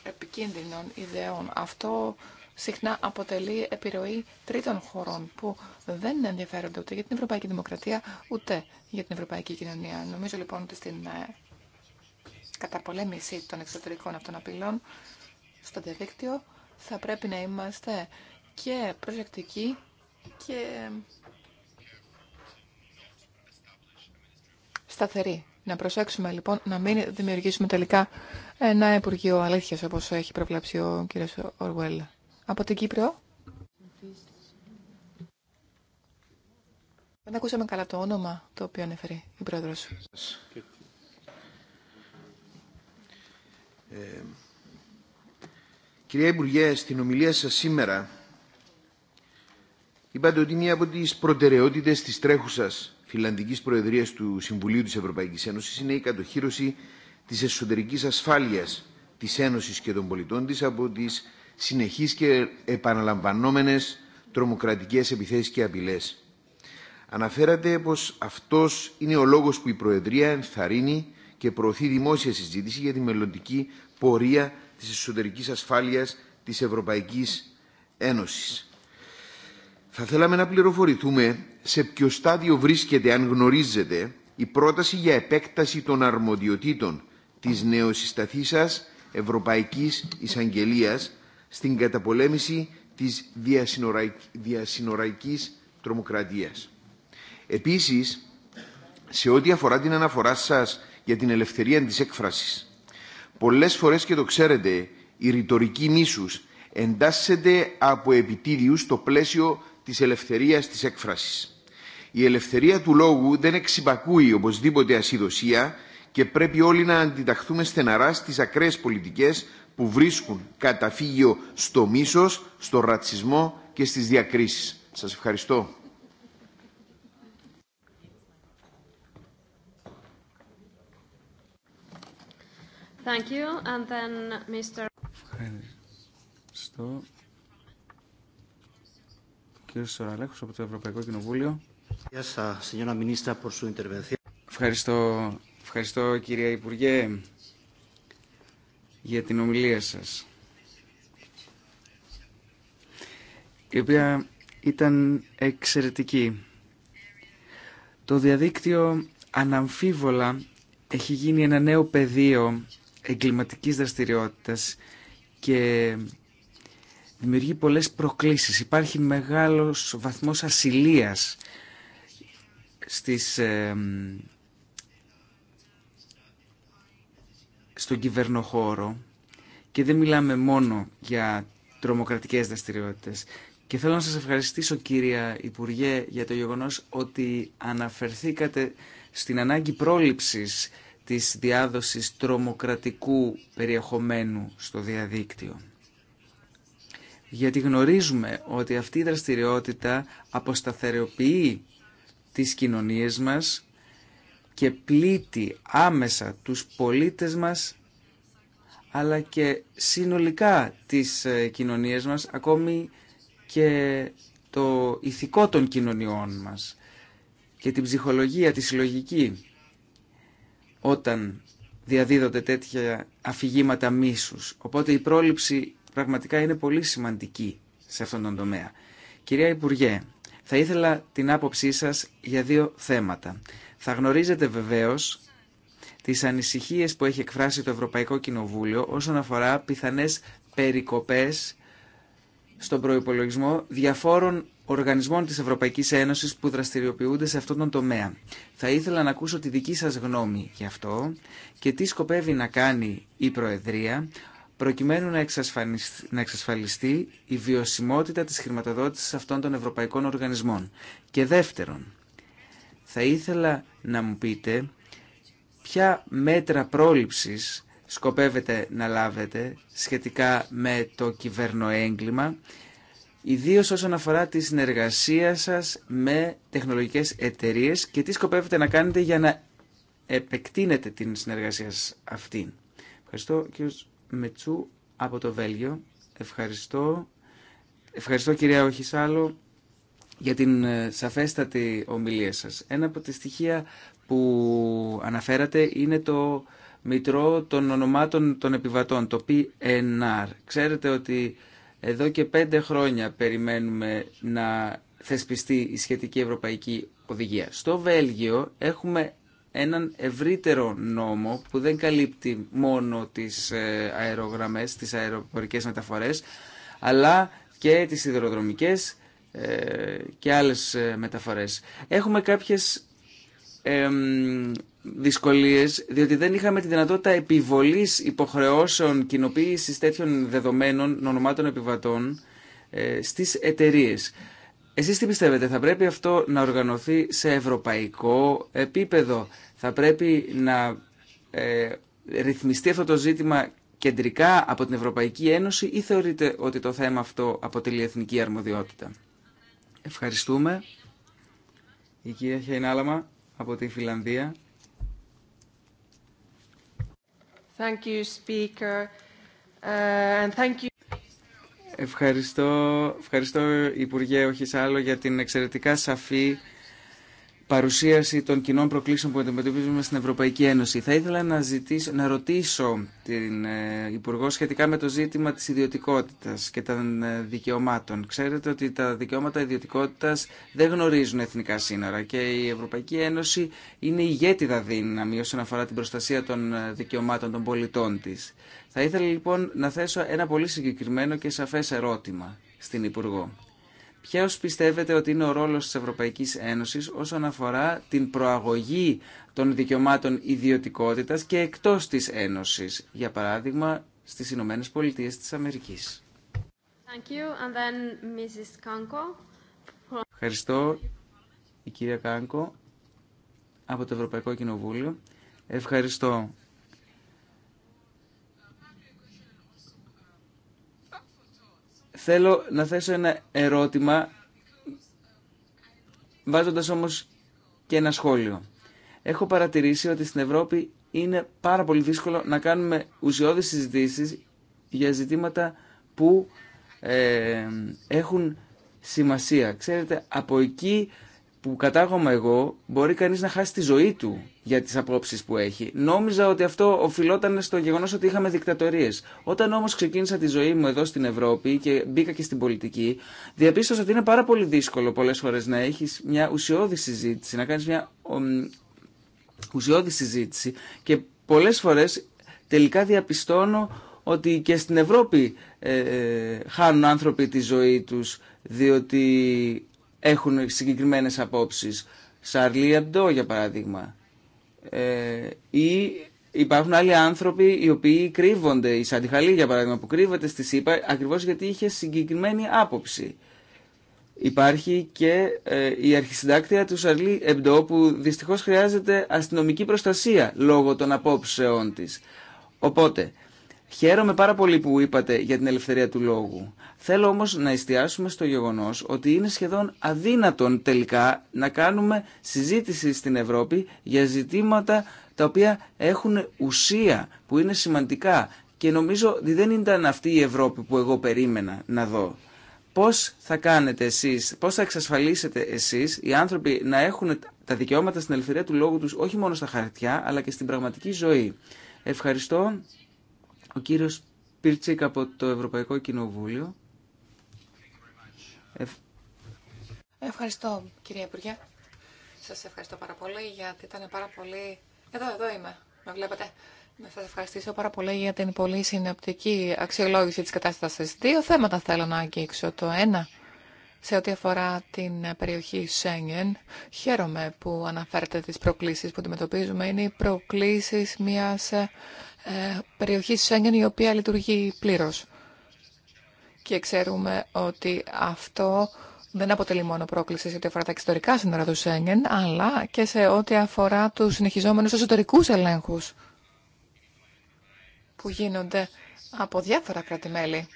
επικίνδυνων ιδεών. Αυτό συχνά αποτελεί επιρροή τρίτων χωρών που δεν ενδιαφέρονται ούτε για την ευρωπαϊκή δημοκρατία ούτε για την ευρωπαϊκή κοινωνία. Νομίζω λοιπόν ότι στην ε, καταπολέμηση των εξωτερικών αυτών απειλών στο διαδίκτυο θα πρέπει να είμαστε και προσεκτικοί και σταθεροί. Να προσέξουμε λοιπόν να μην δημιουργήσουμε τελικά ένα Υπουργείο Αλήθειας όπως έχει προβλέψει ο κ. Ορουέλ από την Κύπρο. Δεν ακούσαμε καλά το όνομα το οποίο ανέφερε η πρόεδρος. Ε, κυρία Υπουργέ, στην ομιλία σας σήμερα είπατε ότι μία από τις προτεραιότητες της τρέχουσας Φιλανδικής Προεδρίας του Συμβουλίου της Ευρωπαϊκής Ένωσης είναι η κατοχήρωση της εσωτερικής ασφάλειας της Ένωσης και των πολιτών της από τις συνεχείς και επαναλαμβανόμενες τρομοκρατικές επιθέσεις και απειλές. Αναφέρατε πως αυτός είναι ο λόγος που η Προεδρία ενθαρρύνει και προωθεί δημόσια συζήτηση για τη μελλοντική πορεία της εσωτερικής ασφάλειας της Ευρωπαϊκής Ένωσης. Θα θέλαμε να πληροφορηθούμε σε ποιο στάδιο βρίσκεται, αν γνωρίζετε, η πρόταση για επέκταση των αρμοδιοτήτων της νεοσυσταθήσας Ευρωπαϊκής Εισαγγελίας στην καταπολέμηση της διασυνοραϊκής τρομοκρατίας. Επίσης, σε ό,τι αφορά την αναφορά σας για την ελευθερία της έκφρασης, πολλές φορές και το ξέρετε, η ρητορική μίσους εντάσσεται από επιτίδιους στο πλαίσιο της ελευθερίας της έκφρασης. Η ελευθερία του λόγου δεν εξυπακούει οπωσδήποτε ασυδοσία και πρέπει όλοι να αντιταχθούμε στεναρά στις ακραίες πολιτικές που βρίσκουν καταφύγιο στο μίσος, στο ρατσισμό και στις διακρίσεις. Σας ευχαριστώ. Thank you. And then Mr. Ευχαριστώ. Κύριε Σοραλέχος από το Ευρωπαϊκό Κοινοβούλιο. Uh, ευχαριστώ, ευχαριστώ κυρία Υπουργέ για την ομιλία σας η οποία ήταν εξαιρετική. Το διαδίκτυο αναμφίβολα έχει γίνει ένα νέο πεδίο εγκληματικής δραστηριότητας και δημιουργεί πολλές προκλήσεις. Υπάρχει μεγάλος βαθμός ασυλίας στις στον κυβερνοχώρο και δεν μιλάμε μόνο για τρομοκρατικές δραστηριότητε. Και θέλω να σας ευχαριστήσω κυρία Υπουργέ για το γεγονός ότι αναφερθήκατε στην ανάγκη πρόληψης της διάδοσης τρομοκρατικού περιεχομένου στο διαδίκτυο. Γιατί γνωρίζουμε ότι αυτή η δραστηριότητα αποσταθεροποιεί τις κοινωνίες μας και πλήττει άμεσα τους πολίτες μας αλλά και συνολικά τις ε, κοινωνίες μας, ακόμη και το ηθικό των κοινωνιών μας και την ψυχολογία, τη συλλογική, όταν διαδίδονται τέτοια αφηγήματα μίσους. Οπότε η πρόληψη πραγματικά είναι πολύ σημαντική σε αυτόν τον τομέα. Κυρία Υπουργέ, θα ήθελα την άποψή σας για δύο θέματα. Θα γνωρίζετε βεβαίως τις ανησυχίες που έχει εκφράσει το Ευρωπαϊκό Κοινοβούλιο όσον αφορά πιθανές περικοπές στον προϋπολογισμό διαφόρων οργανισμών της Ευρωπαϊκής Ένωσης που δραστηριοποιούνται σε αυτόν τον τομέα. Θα ήθελα να ακούσω τη δική σας γνώμη γι' αυτό και τι σκοπεύει να κάνει η Προεδρία προκειμένου να, εξασφαλιστεί η βιωσιμότητα της χρηματοδότησης αυτών των ευρωπαϊκών οργανισμών. Και δεύτερον, θα ήθελα να μου πείτε ποια μέτρα πρόληψης σκοπεύετε να λάβετε σχετικά με το κυβερνοέγκλημα, ιδίως όσον αφορά τη συνεργασία σας με τεχνολογικές εταιρείες και τι σκοπεύετε να κάνετε για να επεκτείνετε την συνεργασία σας αυτή. Ευχαριστώ κύριο Μετσού από το Βέλγιο. Ευχαριστώ. Ευχαριστώ κυρία Οχισάλο για την ε, σαφέστατη ομιλία σας. Ένα από τα στοιχεία που αναφέρατε είναι το Μητρό των Ονομάτων των Επιβατών, το PNR. Ξέρετε ότι εδώ και πέντε χρόνια περιμένουμε να θεσπιστεί η σχετική ευρωπαϊκή οδηγία. Στο Βέλγιο έχουμε έναν ευρύτερο νόμο που δεν καλύπτει μόνο τις ε, αερογραμμές, τις αεροπορικές μεταφορές, αλλά και τις σιδηροδρομικές ε, και άλλες ε, μεταφορές. Έχουμε κάποιες δυσκολίες, διότι δεν είχαμε τη δυνατότητα επιβολής υποχρεώσεων κοινοποίησης τέτοιων δεδομένων, ονομάτων επιβατών, ε, στις εταιρείε. Εσείς τι πιστεύετε, θα πρέπει αυτό να οργανωθεί σε ευρωπαϊκό επίπεδο. Θα πρέπει να ρυθμιστεί αυτό το ζήτημα κεντρικά από την Ευρωπαϊκή Ένωση ή θεωρείτε ότι το θέμα αυτό αποτελεί εθνική αρμοδιότητα. Ευχαριστούμε. Η κυρία Χεϊνάλαμα από τη Φιλανδία. Thank you, speaker. Uh, and thank you. Ευχαριστώ, ευχαριστώ Υπουργέ, όχι σ' άλλο, για την εξαιρετικά σαφή παρουσίαση των κοινών προκλήσεων που αντιμετωπίζουμε στην Ευρωπαϊκή Ένωση. Θα ήθελα να, ζητήσω, να ρωτήσω την ε, Υπουργό σχετικά με το ζήτημα της ιδιωτικότητας και των ε, δικαιωμάτων. Ξέρετε ότι τα δικαιώματα ιδιωτικότητας δεν γνωρίζουν εθνικά σύνορα και η Ευρωπαϊκή Ένωση είναι ηγέτιδα δύναμη όσον αφορά την προστασία των ε, δικαιωμάτων των πολιτών της. Θα ήθελα λοιπόν να θέσω ένα πολύ συγκεκριμένο και σαφές ερώτημα στην Υπουργό. Ποιο πιστεύετε ότι είναι ο ρόλος της Ευρωπαϊκής Ένωσης όσον αφορά την προαγωγή των δικαιωμάτων ιδιωτικότητας και εκτός της Ένωσης, για παράδειγμα στις Ηνωμένε Πολιτείε της Αμερικής. Ευχαριστώ η κυρία Κάνκο από το Ευρωπαϊκό Κοινοβούλιο. Ευχαριστώ Θέλω να θέσω ένα ερώτημα, βάζοντας όμως και ένα σχόλιο. Έχω παρατηρήσει ότι στην Ευρώπη είναι πάρα πολύ δύσκολο να κάνουμε ουσιώδεις συζητήσει για ζητήματα που ε, έχουν σημασία. Ξέρετε, από εκεί που κατάγομαι εγώ μπορεί κανείς να χάσει τη ζωή του για τις απόψεις που έχει. Νόμιζα ότι αυτό οφειλόταν στο γεγονός ότι είχαμε δικτατορίες. Όταν όμως ξεκίνησα τη ζωή μου εδώ στην Ευρώπη και μπήκα και στην πολιτική, διαπίστωσα ότι είναι πάρα πολύ δύσκολο πολλές φορές να έχεις μια ουσιώδη συζήτηση, να κάνεις μια ουσιώδη συζήτηση και πολλές φορές τελικά διαπιστώνω ότι και στην Ευρώπη ε, ε χάνουν άνθρωποι τη ζωή τους διότι έχουν συγκεκριμένες απόψεις. Σαρλί Αντό, για παράδειγμα. Ε, ή υπάρχουν άλλοι άνθρωποι οι οποίοι κρύβονται, η Σαντιχαλή για παράδειγμα που κρύβεται στη ΣΥΠΑ ακριβώς γιατί είχε συγκεκριμένη άποψη. Υπάρχει και ε, η αρχισυντάκτρια του Σαρλί Εμπντό που δυστυχώς χρειάζεται αστυνομική προστασία λόγω των απόψεών της. Οπότε, Χαίρομαι πάρα πολύ που είπατε για την ελευθερία του λόγου. Θέλω όμως να εστιάσουμε στο γεγονός ότι είναι σχεδόν αδύνατον τελικά να κάνουμε συζήτηση στην Ευρώπη για ζητήματα τα οποία έχουν ουσία, που είναι σημαντικά. Και νομίζω ότι δεν ήταν αυτή η Ευρώπη που εγώ περίμενα να δω. Πώς θα κάνετε εσείς, πώς θα εξασφαλίσετε εσείς οι άνθρωποι να έχουν τα δικαιώματα στην ελευθερία του λόγου τους όχι μόνο στα χαρτιά αλλά και στην πραγματική ζωή. Ευχαριστώ. Ο κύριος Πίρτσικ από το Ευρωπαϊκό Κοινοβούλιο. Ευχαριστώ κύριε Υπουργέ. Σας ευχαριστώ πάρα πολύ γιατί ήταν πάρα πολύ... Εδώ, εδώ είμαι. Με βλέπετε. Να σας ευχαριστήσω πάρα πολύ για την πολύ συνεπτική αξιολόγηση της κατάστασης. Δύο θέματα θέλω να αγγίξω. Το ένα σε ό,τι αφορά την περιοχή Σέγγεν, χαίρομαι που αναφέρετε τις προκλήσεις που αντιμετωπίζουμε. Είναι οι προκλήσεις μιας ε, περιοχής Σέγγεν η οποία λειτουργεί πλήρως. Και ξέρουμε ότι αυτό δεν αποτελεί μόνο πρόκληση σε ό,τι αφορά τα εξωτερικά σύνορα του Σέγγεν, αλλά και σε ό,τι αφορά τους συνεχιζόμενους εσωτερικούς ελέγχους που γίνονται από διάφορα κράτη-μέλη.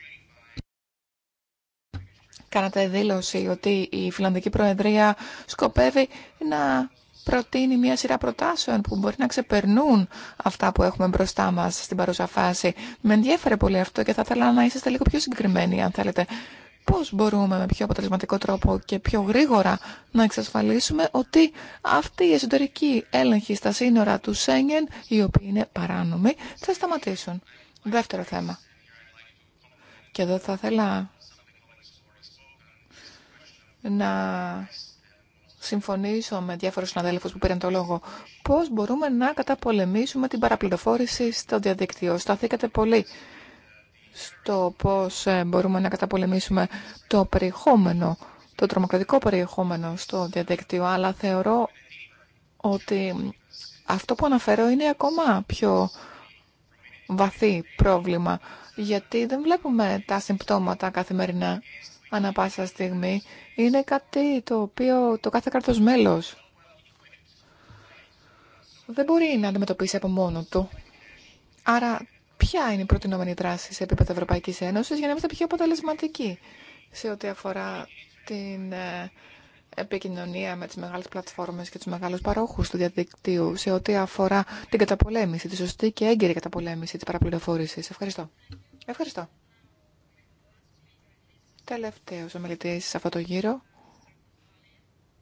Κάνατε δήλωση ότι η Φιλανδική Προεδρία σκοπεύει να προτείνει μια σειρά προτάσεων που μπορεί να ξεπερνούν αυτά που έχουμε μπροστά μας στην παρούσα φάση. Με ενδιέφερε πολύ αυτό και θα ήθελα να είσαστε λίγο πιο συγκεκριμένοι, αν θέλετε. Πώς μπορούμε με πιο αποτελεσματικό τρόπο και πιο γρήγορα να εξασφαλίσουμε ότι αυτή η εσωτερική έλεγχοι στα σύνορα του Σέγγεν, οι οποίοι είναι παράνομοι, θα σταματήσουν. Δεύτερο θέμα. Και εδώ θα ήθελα να συμφωνήσω με διάφορους συναδέλφους που πήραν το λόγο. Πώς μπορούμε να καταπολεμήσουμε την παραπληροφόρηση στο διαδικτύο. Σταθήκατε πολύ στο πώς ε, μπορούμε να καταπολεμήσουμε το περιεχόμενο, το τρομοκρατικό περιεχόμενο στο διαδικτύο, αλλά θεωρώ ότι αυτό που αναφέρω είναι ακόμα πιο βαθύ πρόβλημα, γιατί δεν βλέπουμε τα συμπτώματα καθημερινά ανά πάσα στιγμή είναι κάτι το οποίο το κάθε κράτος μέλος δεν μπορεί να αντιμετωπίσει από μόνο του. Άρα ποια είναι η προτινόμενη δράση σε επίπεδο Ευρωπαϊκής Ένωσης για να είμαστε πιο αποτελεσματικοί σε ό,τι αφορά την ε, επικοινωνία με τις μεγάλες πλατφόρμες και τους μεγάλους παρόχους του διαδικτύου σε ό,τι αφορά την καταπολέμηση, τη σωστή και έγκαιρη καταπολέμηση της παραπληροφόρησης. Ευχαριστώ. Ευχαριστώ τελευταίος ομιλητή σε αυτό το γύρο,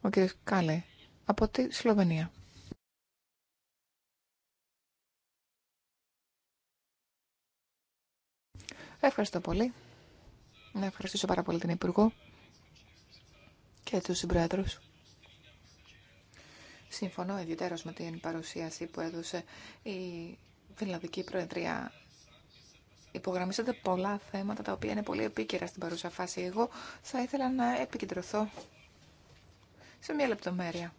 ο κ. Κάλε, από τη Σλοβενία. Ευχαριστώ πολύ. Να ευχαριστήσω πάρα πολύ την Υπουργό και τους συμπρόεδρους. Συμφωνώ ιδιαίτερως με την παρουσίαση που έδωσε η Φιλανδική Προεδρία υπογραμμίσατε πολλά θέματα τα οποία είναι πολύ επίκαιρα στην παρούσα φάση. Εγώ θα ήθελα να επικεντρωθώ σε μία λεπτομέρεια.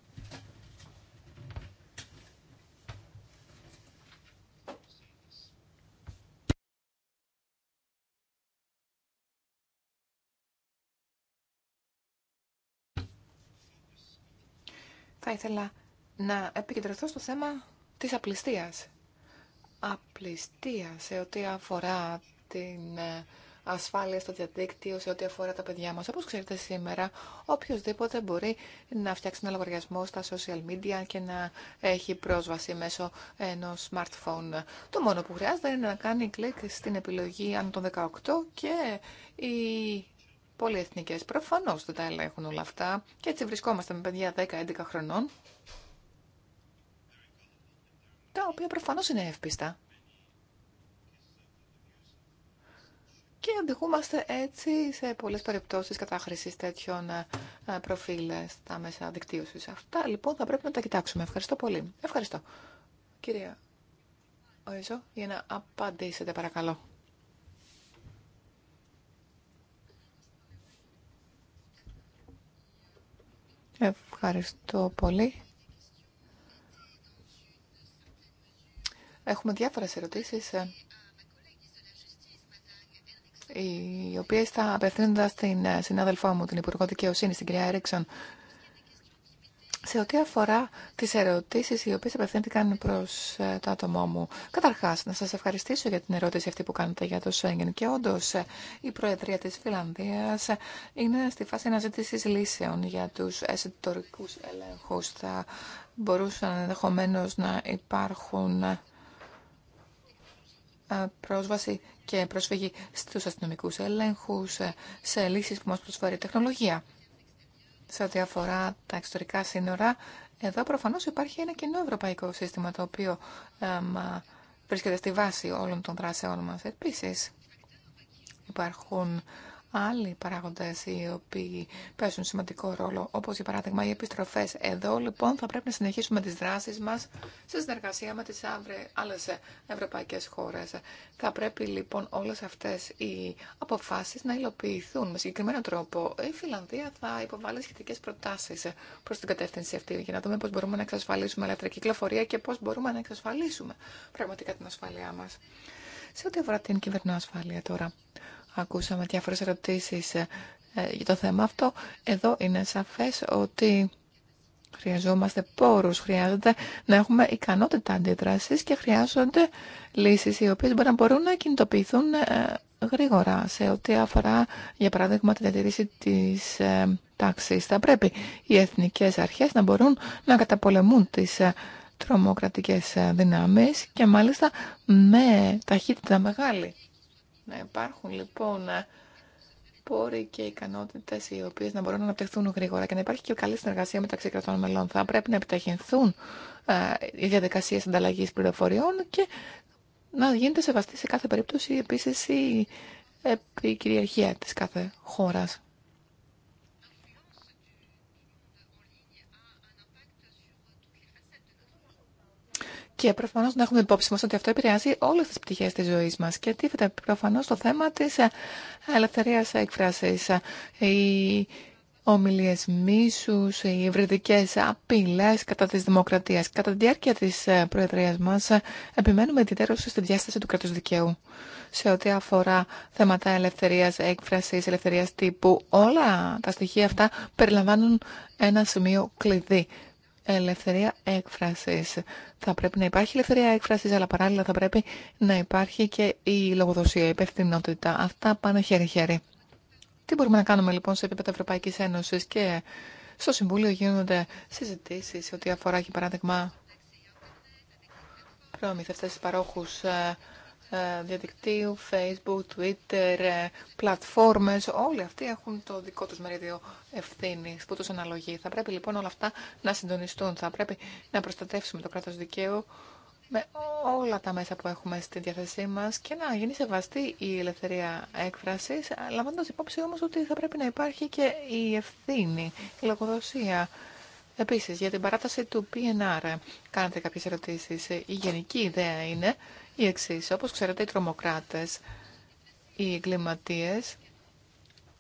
Θα ήθελα να επικεντρωθώ στο θέμα της απληστίας απληστία σε ό,τι αφορά την ε, ασφάλεια στο διαδίκτυο, σε ό,τι αφορά τα παιδιά μας. Όπως ξέρετε σήμερα, οποιοδήποτε μπορεί να φτιάξει ένα λογαριασμό στα social media και να έχει πρόσβαση μέσω ενός smartphone. Το μόνο που χρειάζεται είναι να κάνει κλικ στην επιλογή αν των 18 και οι πολυεθνικές προφανώς δεν τα ελέγχουν όλα αυτά και έτσι βρισκόμαστε με παιδιά 10-11 χρονών τα οποία προφανώς είναι εύπιστα. Και οδηγούμαστε έτσι σε πολλές περιπτώσεις κατάχρησης τέτοιων ε, προφίλ ε, στα μέσα δικτύωσης. Αυτά λοιπόν θα πρέπει να τα κοιτάξουμε. Ευχαριστώ πολύ. Ευχαριστώ. Κυρία Οριζό, για να απαντήσετε παρακαλώ. Ευχαριστώ πολύ. Έχουμε διάφορες ερωτήσεις, ε, οι οποίες θα απευθύνονται στην ε, συνάδελφό μου, την Υπουργό Δικαιοσύνη, την κυρία Έριξον, σε ό,τι αφορά τις ερωτήσεις οι οποίες απευθύνθηκαν προς ε, το άτομό μου. Καταρχάς, να σας ευχαριστήσω για την ερώτηση αυτή που κάνετε για το Σέγγεν. Και όντω η Προεδρία της Φιλανδίας είναι στη φάση αναζήτηση λύσεων για τους εσωτερικούς ελέγχους. Θα μπορούσαν ενδεχομένω να υπάρχουν ε, πρόσβαση και προσφυγή στους αστυνομικούς ελέγχους, ε, σε λύσεις που μας προσφέρει η τεχνολογία. Σε ό,τι αφορά τα εξωτερικά σύνορα, εδώ προφανώς υπάρχει ένα κοινό ευρωπαϊκό σύστημα το οποίο ε, βρίσκεται στη βάση όλων των δράσεών μας. Επίσης, υπάρχουν άλλοι παράγοντες οι οποίοι παίζουν σημαντικό ρόλο, όπω για παράδειγμα οι επιστροφέ. Εδώ λοιπόν θα πρέπει να συνεχίσουμε τι δράσει μα σε συνεργασία με τι άλλε ευρωπαϊκέ χώρε. Θα πρέπει λοιπόν όλε αυτέ οι αποφάσει να υλοποιηθούν με συγκεκριμένο τρόπο. Η Φιλανδία θα υποβάλει σχετικέ προτάσει προ την κατεύθυνση αυτή για να δούμε πώ μπορούμε να εξασφαλίσουμε ελεύθερη κυκλοφορία και πώ μπορούμε να εξασφαλίσουμε πραγματικά την ασφαλειά μα. Σε ό,τι αφορά την ασφάλεια τώρα. Ακούσαμε διάφορες ερωτήσεις ε, για το θέμα αυτό. Εδώ είναι σαφές ότι χρειαζόμαστε πόρους, χρειάζεται να έχουμε ικανότητα αντίδρασης και χρειάζονται λύσεις οι οποίες να μπορούν να κινητοποιηθούν ε, γρήγορα σε ό,τι αφορά, για παράδειγμα, τη διατηρήση της ε, τάξης. Θα πρέπει οι εθνικές αρχές να μπορούν να καταπολεμούν τις ε, τρομοκρατικές ε, δυνάμεις και μάλιστα με ταχύτητα μεγάλη. Να υπάρχουν λοιπόν πόροι και ικανότητε οι οποίε να μπορούν να αναπτυχθούν γρήγορα και να υπάρχει και καλή συνεργασία μεταξύ κρατών μελών. Θα πρέπει να επιταχυνθούν ε, οι διαδικασίε ανταλλαγή πληροφοριών και να γίνεται σεβαστή σε κάθε περίπτωση επίση η επικυριαρχία τη κάθε χώρα. Και προφανώ να έχουμε υπόψη μα ότι αυτό επηρεάζει όλε τι πτυχέ τη ζωή μα. Και τίθεται προφανώ το θέμα τη ε, ελευθερία έκφραση. Ε, οι ομιλίε μίσου, οι ευρετικέ απειλέ κατά τη δημοκρατία. Κατά τη διάρκεια τη ε, Προεδρία μα, επιμένουμε ιδιαίτερω στη διάσταση του κράτου δικαίου. Σε ό,τι αφορά θέματα ελευθερία έκφραση, ελευθερία τύπου, όλα τα στοιχεία αυτά περιλαμβάνουν ένα σημείο κλειδί ελευθερία έκφρασης. Θα πρέπει να υπάρχει ελευθερία έκφρασης, αλλά παράλληλα θα πρέπει να υπάρχει και η λογοδοσία, η υπευθυνότητα. Αυτά πάνε χέρι-χέρι. Τι μπορούμε να κάνουμε λοιπόν σε επίπεδο Ευρωπαϊκή Ένωση και στο Συμβούλιο γίνονται συζητήσεις ό,τι αφορά και παράδειγμα προμηθευτές παρόχους ε, ε, διαδικτύου, Facebook, Twitter, ε, πλατφόρμες, όλοι αυτοί έχουν το δικό τους μερίδιο ευθύνη που τους αναλογεί. Θα πρέπει λοιπόν όλα αυτά να συντονιστούν, θα πρέπει να προστατεύσουμε το κράτος δικαίου με όλα τα μέσα που έχουμε στη διάθεσή μας και να γίνει σεβαστή η ελευθερία έκφρασης, λαμβάνοντας υπόψη όμως ότι θα πρέπει να υπάρχει και η ευθύνη, η λογοδοσία. Επίσης, για την παράταση του PNR, κάνετε κάποιες ερωτήσεις. Η γενική ιδέα είναι η εξή. Όπως ξέρετε, οι τρομοκράτες, οι εγκληματίε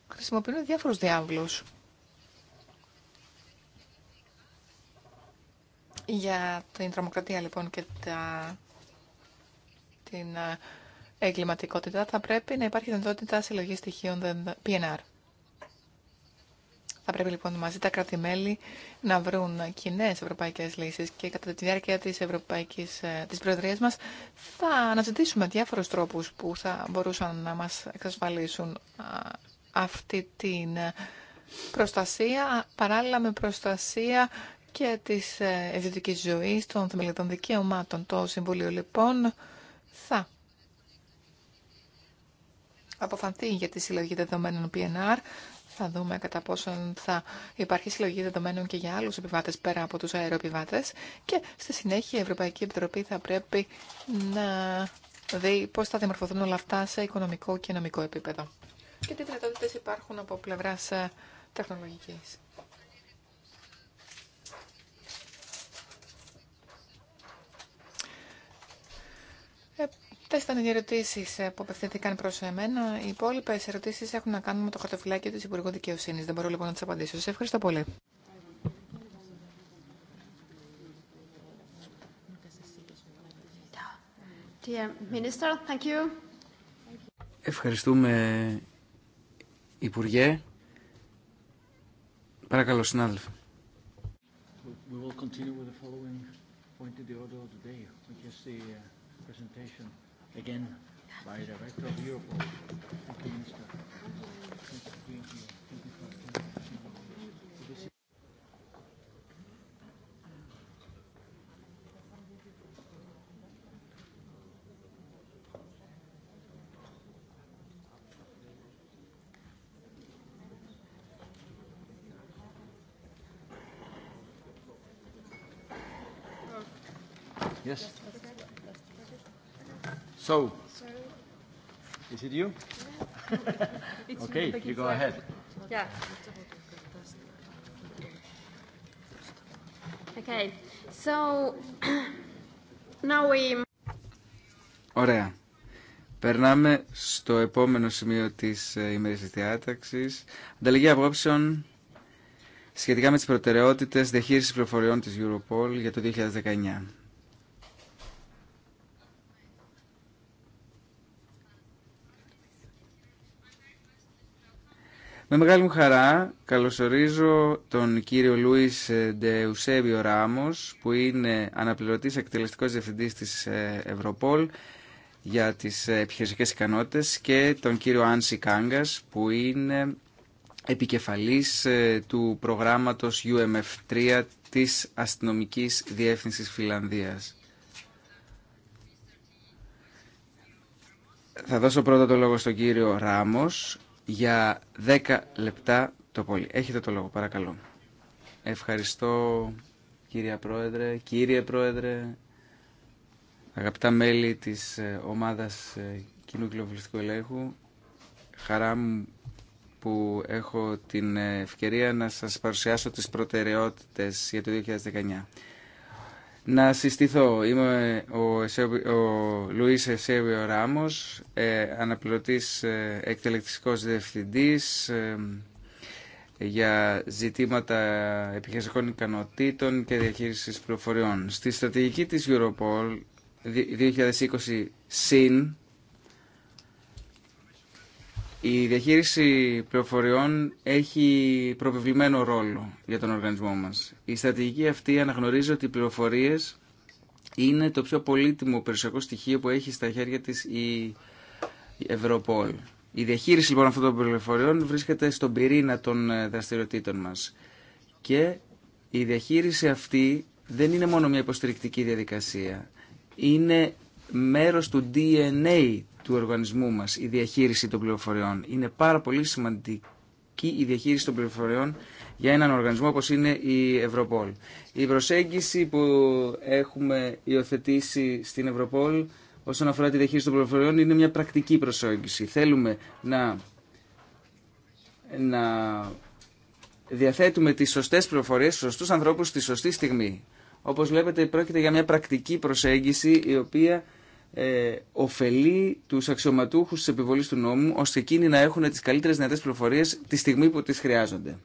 χρησιμοποιούν διάφορους διάβλου. για την τρομοκρατία λοιπόν και τα... την ε, εγκληματικότητα θα πρέπει να υπάρχει δυνατότητα συλλογή στοιχείων PNR. Θα πρέπει λοιπόν μαζί τα κράτη-μέλη να βρουν κοινέ ευρωπαϊκέ λύσει και κατά τη διάρκεια τη ευρωπαϊκής ε, της Προεδρία μα θα αναζητήσουμε διάφορου τρόπου που θα μπορούσαν να μα εξασφαλίσουν αυτή την ε, προστασία, παράλληλα με προστασία και τη ε, ιδιωτικής ζωής των θεμελιωτών δικαιωμάτων. Το Συμβούλιο λοιπόν θα αποφανθεί για τη συλλογή δεδομένων PNR θα δούμε κατά πόσον θα υπάρχει συλλογή δεδομένων και για άλλους επιβάτες πέρα από τους αεροεπιβάτες και στη συνέχεια η Ευρωπαϊκή Επιτροπή θα πρέπει να δει πώς θα διαμορφωθούν όλα αυτά σε οικονομικό και νομικό επίπεδο. Και τι δυνατότητε υπάρχουν από πλευράς ε, τεχνολογικής. Αυτέ ήταν οι ερωτήσει ε, που απευθύνθηκαν προ εμένα. Οι υπόλοιπε ερωτήσει έχουν να κάνουν με το χαρτοφυλάκιο τη Υπουργού Δικαιοσύνη. Δεν μπορώ λοιπόν να τι απαντήσω. Σα ευχαριστώ πολύ. Ευχαριστούμε, Υπουργέ. Παρακαλώ, συνάδελφε again by the Director of Europol. Thank you, Minister. Thank Yes. So, Ωραία. Περνάμε στο επόμενο σημείο της ε, της διάταξης. Ανταλλαγή απόψεων σχετικά με τις προτεραιότητες διαχείρισης πληροφοριών της Europol για το 2019. Με μεγάλη μου χαρά καλωσορίζω τον κύριο Λούις ε, Ντεουσέβιο Ράμος που είναι αναπληρωτής εκτελεστικός διευθυντής της ε, Ευρωπόλ για τις ε, επιχειρησικές ικανότητες και τον κύριο Άνση Κάγκας που είναι επικεφαλής του προγράμματος UMF3 της Αστυνομικής Διεύθυνσης Φιλανδίας. Θα δώσω πρώτα το λόγο στον κύριο Ράμος για 10 λεπτά το πολύ. Έχετε το λόγο, παρακαλώ. Ευχαριστώ, κύριε Πρόεδρε, κύριε Πρόεδρε, αγαπητά μέλη της ε, ομάδας ε, Κοινού Κοινοβουλευτικού Ελέγχου. Χαρά μου που έχω την ε, ευκαιρία να σας παρουσιάσω τις προτεραιότητες για το 2019 να συστηθώ. Είμαι ο, ο Λουίς Εσέβιο Ράμος, ε, αναπληρωτής ε, διευθυντής ε, για ζητήματα επιχειρησιακών ικανοτήτων και διαχείρισης πληροφοριών. Στη στρατηγική της Europol 2020 συν η διαχείριση πληροφοριών έχει προβεβλημένο ρόλο για τον οργανισμό μας. Η στρατηγική αυτή αναγνωρίζει ότι οι πληροφορίες είναι το πιο πολύτιμο περιουσιακό στοιχείο που έχει στα χέρια της η Ευρωπόλ. Η διαχείριση λοιπόν αυτών των πληροφοριών βρίσκεται στον πυρήνα των ε, δραστηριοτήτων μας. Και η διαχείριση αυτή δεν είναι μόνο μια υποστηρικτική διαδικασία. Είναι μέρος του DNA του οργανισμού μας, η διαχείριση των πληροφοριών. Είναι πάρα πολύ σημαντική η διαχείριση των πληροφοριών για έναν οργανισμό όπως είναι η Ευρωπόλ. Η προσέγγιση που έχουμε υιοθετήσει στην Ευρωπόλ όσον αφορά τη διαχείριση των πληροφοριών είναι μια πρακτική προσέγγιση. Θέλουμε να, να διαθέτουμε τις σωστές πληροφορίες στους σωστούς ανθρώπους στη σωστή στιγμή. Όπως βλέπετε πρόκειται για μια πρακτική προσέγγιση η οποία ε, ωφελεί τους αξιωματούχους τη επιβολής του νόμου ώστε εκείνοι να έχουν τις καλύτερες δυνατέ πληροφορίε τη στιγμή που τις χρειάζονται.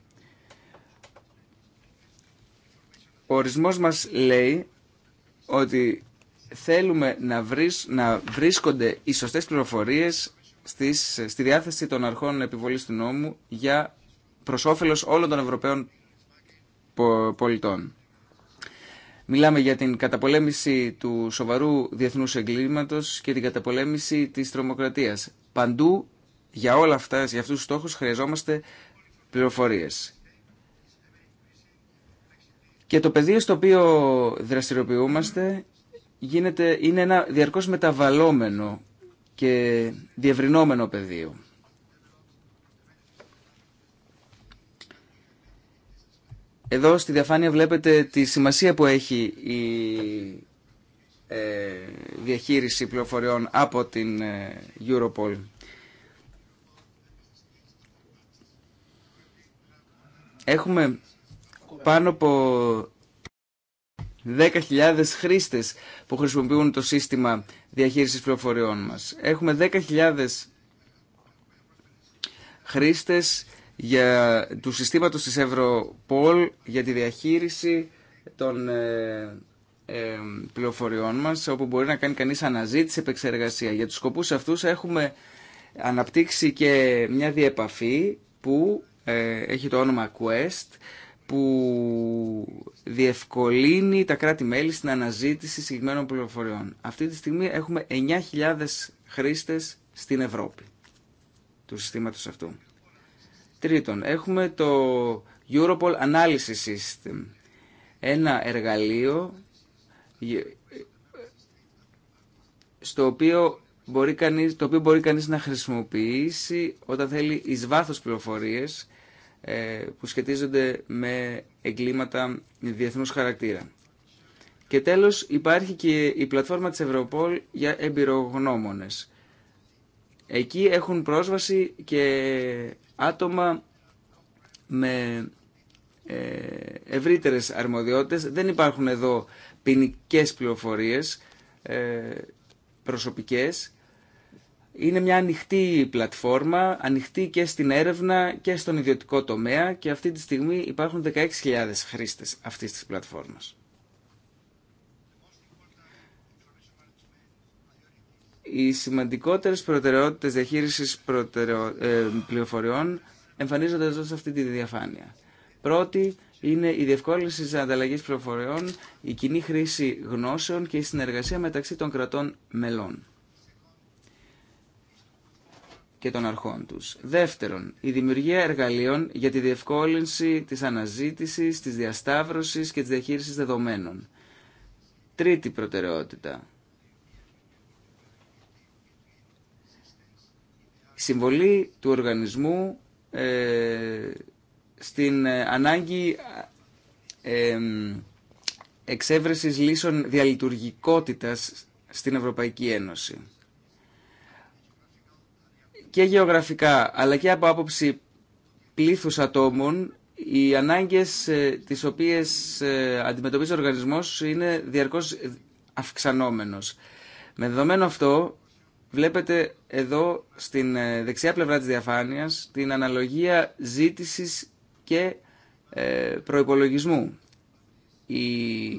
Ο ορισμός μας λέει ότι θέλουμε να, να βρίσκονται οι σωστές πληροφορίες στις, στη διάθεση των αρχών επιβολής του νόμου για προς όφελος όλων των Ευρωπαίων πολιτών. Μιλάμε για την καταπολέμηση του σοβαρού διεθνούς εγκλήματος και την καταπολέμηση της τρομοκρατίας. Παντού για όλα αυτά, για αυτούς τους στόχους χρειαζόμαστε πληροφορίες. Και το πεδίο στο οποίο δραστηριοποιούμαστε γίνεται, είναι ένα διαρκώς μεταβαλλόμενο και διευρυνόμενο πεδίο. Εδώ στη διαφάνεια βλέπετε τη σημασία που έχει η ε, διαχείριση πληροφοριών από την ε, Europol. Έχουμε πάνω από 10.000 χρήστες που χρησιμοποιούν το σύστημα διαχείρισης πληροφοριών μας. Έχουμε 10.000 χρήστες για, του συστήματος της Ευρωπόλ για τη διαχείριση των ε, ε, πληροφοριών μας, όπου μπορεί να κάνει κανείς αναζήτηση, επεξεργασία. Για τους σκοπούς αυτούς έχουμε αναπτύξει και μια διεπαφή που ε, έχει το όνομα Quest, που διευκολύνει τα κράτη-μέλη στην αναζήτηση συγκεκριμένων πληροφοριών. Αυτή τη στιγμή έχουμε 9.000 χρήστες στην Ευρώπη του συστήματος αυτού. Τρίτον, έχουμε το Europol Analysis System, ένα εργαλείο στο οποίο μπορεί κανείς, το οποίο μπορεί κανείς να χρησιμοποιήσει όταν θέλει εις βάθος πληροφορίες ε, που σχετίζονται με εγκλήματα διεθνούς χαρακτήρα. Και τέλος υπάρχει και η πλατφόρμα της Ευρωπόλ για εμπειρογνώμονες. Εκεί έχουν πρόσβαση και άτομα με ε, ευρύτερες αρμοδιότητες. Δεν υπάρχουν εδώ ποινικέ πληροφορίες ε, προσωπικές. Είναι μια ανοιχτή πλατφόρμα, ανοιχτή και στην έρευνα και στον ιδιωτικό τομέα και αυτή τη στιγμή υπάρχουν 16.000 χρήστες αυτής της πλατφόρμας. Οι σημαντικότερες προτεραιότητες διαχείριση ε, πληροφοριών εμφανίζονται εδώ σε αυτή τη διαφάνεια. Πρώτη είναι η διευκόλυνση τη ανταλλαγή πληροφοριών, η κοινή χρήση γνώσεων και η συνεργασία μεταξύ των κρατών μελών και των αρχών τους. Δεύτερον, η δημιουργία εργαλείων για τη διευκόλυνση της αναζήτησης, της διασταύρωσης και της διαχείρισης δεδομένων. Τρίτη προτεραιότητα, συμβολή του οργανισμού ε, στην ε, ανάγκη ε, εξέβρεσης λύσεων διαλειτουργικότητας στην Ευρωπαϊκή Ένωση. Και γεωγραφικά, αλλά και από άποψη πλήθους ατόμων, οι ανάγκες τις οποίες αντιμετωπίζει ο οργανισμός είναι διαρκώς αυξανόμενος. Με δεδομένο αυτό, βλέπετε εδώ στην ε, δεξιά πλευρά της διαφάνειας την αναλογία ζήτησης και ε, προϋπολογισμού. Η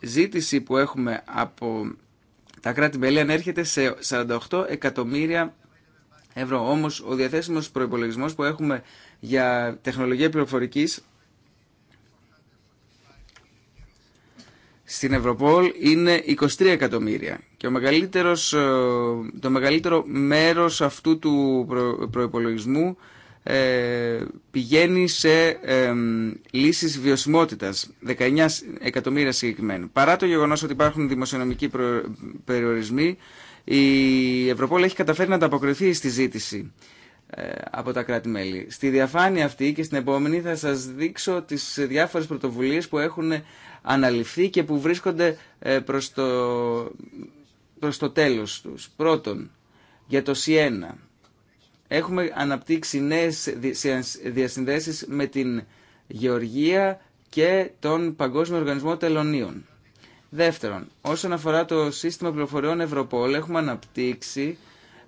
ζήτηση που έχουμε από τα κράτη-μέλη ανέρχεται σε 48 εκατομμύρια ευρώ. Όμως ο διαθέσιμος προϋπολογισμός που έχουμε για τεχνολογία πληροφορικής στην Ευρωπόλ είναι 23 εκατομμύρια και ο μεγαλύτερος, ε, το μεγαλύτερο μέρος αυτού του προϋπολογισμού ε, πηγαίνει σε ε, λύσεις βιωσιμότητας, 19 εκατομμύρια συγκεκριμένου. Παρά το γεγονός ότι υπάρχουν δημοσιονομικοί περιορισμοί, η Ευρωπόλη έχει καταφέρει να ανταποκριθεί στη ζήτηση ε, από τα κράτη-μέλη. Στη διαφάνεια αυτή και στην επόμενη θα σας δείξω τις διάφορες πρωτοβουλίες που έχουν αναλυφθεί και που βρίσκονται ε, προς το προς το τέλος τους. Πρώτον, για το ΣΥΕΝΑ. Έχουμε αναπτύξει νέες διασυνδέσεις με την Γεωργία και τον Παγκόσμιο Οργανισμό Τελωνίων. Δεύτερον, όσον αφορά το σύστημα πληροφοριών Ευρωπόλ, έχουμε αναπτύξει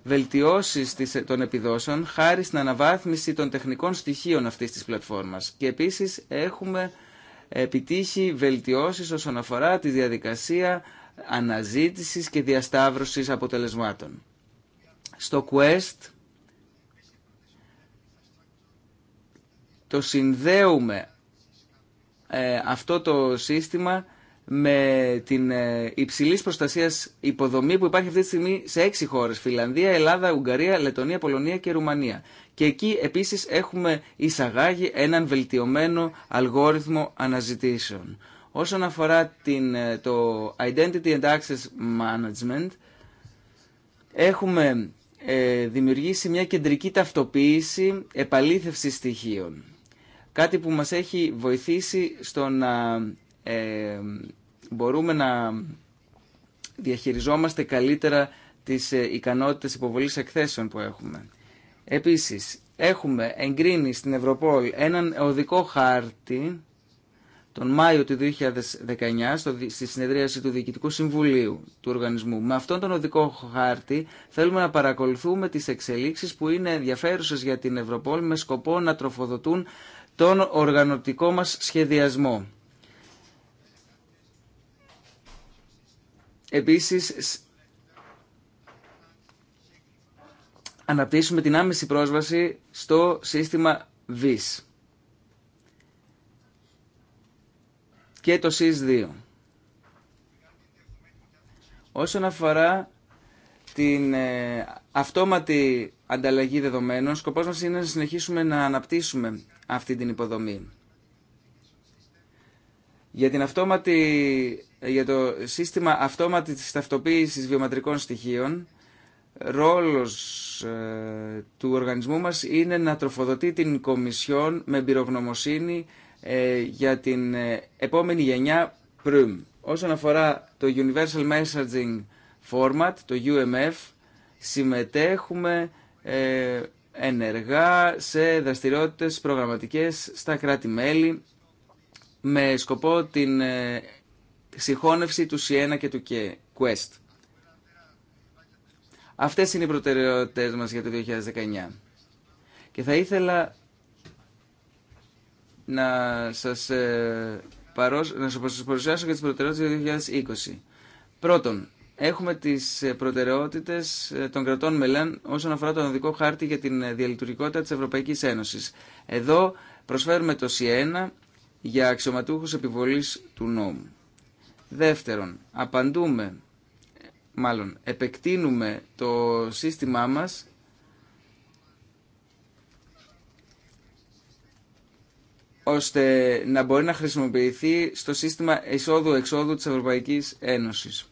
βελτιώσεις των επιδόσεων χάρη στην αναβάθμιση των τεχνικών στοιχείων αυτής της πλατφόρμας. Και επίσης έχουμε επιτύχει βελτιώσεις όσον αφορά τη διαδικασία αναζήτησης και διασταύρωσης αποτελεσμάτων. Στο Quest το συνδέουμε ε, αυτό το σύστημα με την ε, υψηλής προστασίας υποδομή που υπάρχει αυτή τη στιγμή σε έξι χώρες. Φιλανδία, Ελλάδα, Ουγγαρία, Λετωνία, Πολωνία και Ρουμανία. Και εκεί επίσης έχουμε εισαγάγει έναν βελτιωμένο αλγόριθμο αναζητήσεων. Όσον αφορά την, ε, το Identity and Access Management, έχουμε ε, δημιουργήσει μια κεντρική ταυτοποίηση επαλήθευση στοιχείων. Κάτι που μας έχει βοηθήσει στο να ε, μπορούμε να διαχειριζόμαστε καλύτερα τις ε, ικανότητες υποβολής εκθέσεων που έχουμε. Επίσης, έχουμε εγκρίνει στην Ευρωπόλ έναν οδικό χάρτη τον Μάιο του 2019 στη συνεδρίαση του Διοικητικού Συμβουλίου του οργανισμού. Με αυτόν τον οδικό χάρτη θέλουμε να παρακολουθούμε τις εξελίξεις που είναι ενδιαφέρουσες για την Ευρωπόλ με σκοπό να τροφοδοτούν τον οργανωτικό μας σχεδιασμό. Επίσης, αναπτύσσουμε την άμεση πρόσβαση στο σύστημα VIS. και το ΣΥΣ2. Όσον αφορά την ε, αυτόματη ανταλλαγή δεδομένων, σκοπός μας είναι να συνεχίσουμε να αναπτύσσουμε αυτή την υποδομή. Για, την αυτόματη, για το σύστημα αυτόματης ταυτοποίησης βιοματρικών στοιχείων, ρόλος ε, του οργανισμού μας είναι να τροφοδοτεί την Κομισιόν με εμπειρογνωμοσύνη ε, για την ε, επόμενη γενιά Prüm. Όσον αφορά το Universal Messaging Format, το UMF, συμμετέχουμε ε, ενεργά σε δραστηριότητες προγραμματικές στα κράτη-μέλη με σκοπό την συγχώνευση του C1 και του Quest. Αυτές είναι οι προτεραιότητες μας για το 2019. Και θα ήθελα να σας, ε, να σας παρουσιάσω και τις προτεραιότητες του 2020. Πρώτον, έχουμε τις ε, προτεραιότητες ε, των κρατών μελών όσον αφορά τον οδικό χάρτη για την διαλειτουργικότητα της Ευρωπαϊκής Ένωσης. Εδώ προσφέρουμε το ΣΥΕΝΑ για αξιωματούχους επιβολής του νόμου. Δεύτερον, απαντούμε, μάλλον επεκτείνουμε το σύστημά μας ώστε να μπορεί να χρησιμοποιηθεί στο σύστημα εισόδου-εξόδου της Ευρωπαϊκής Ένωσης.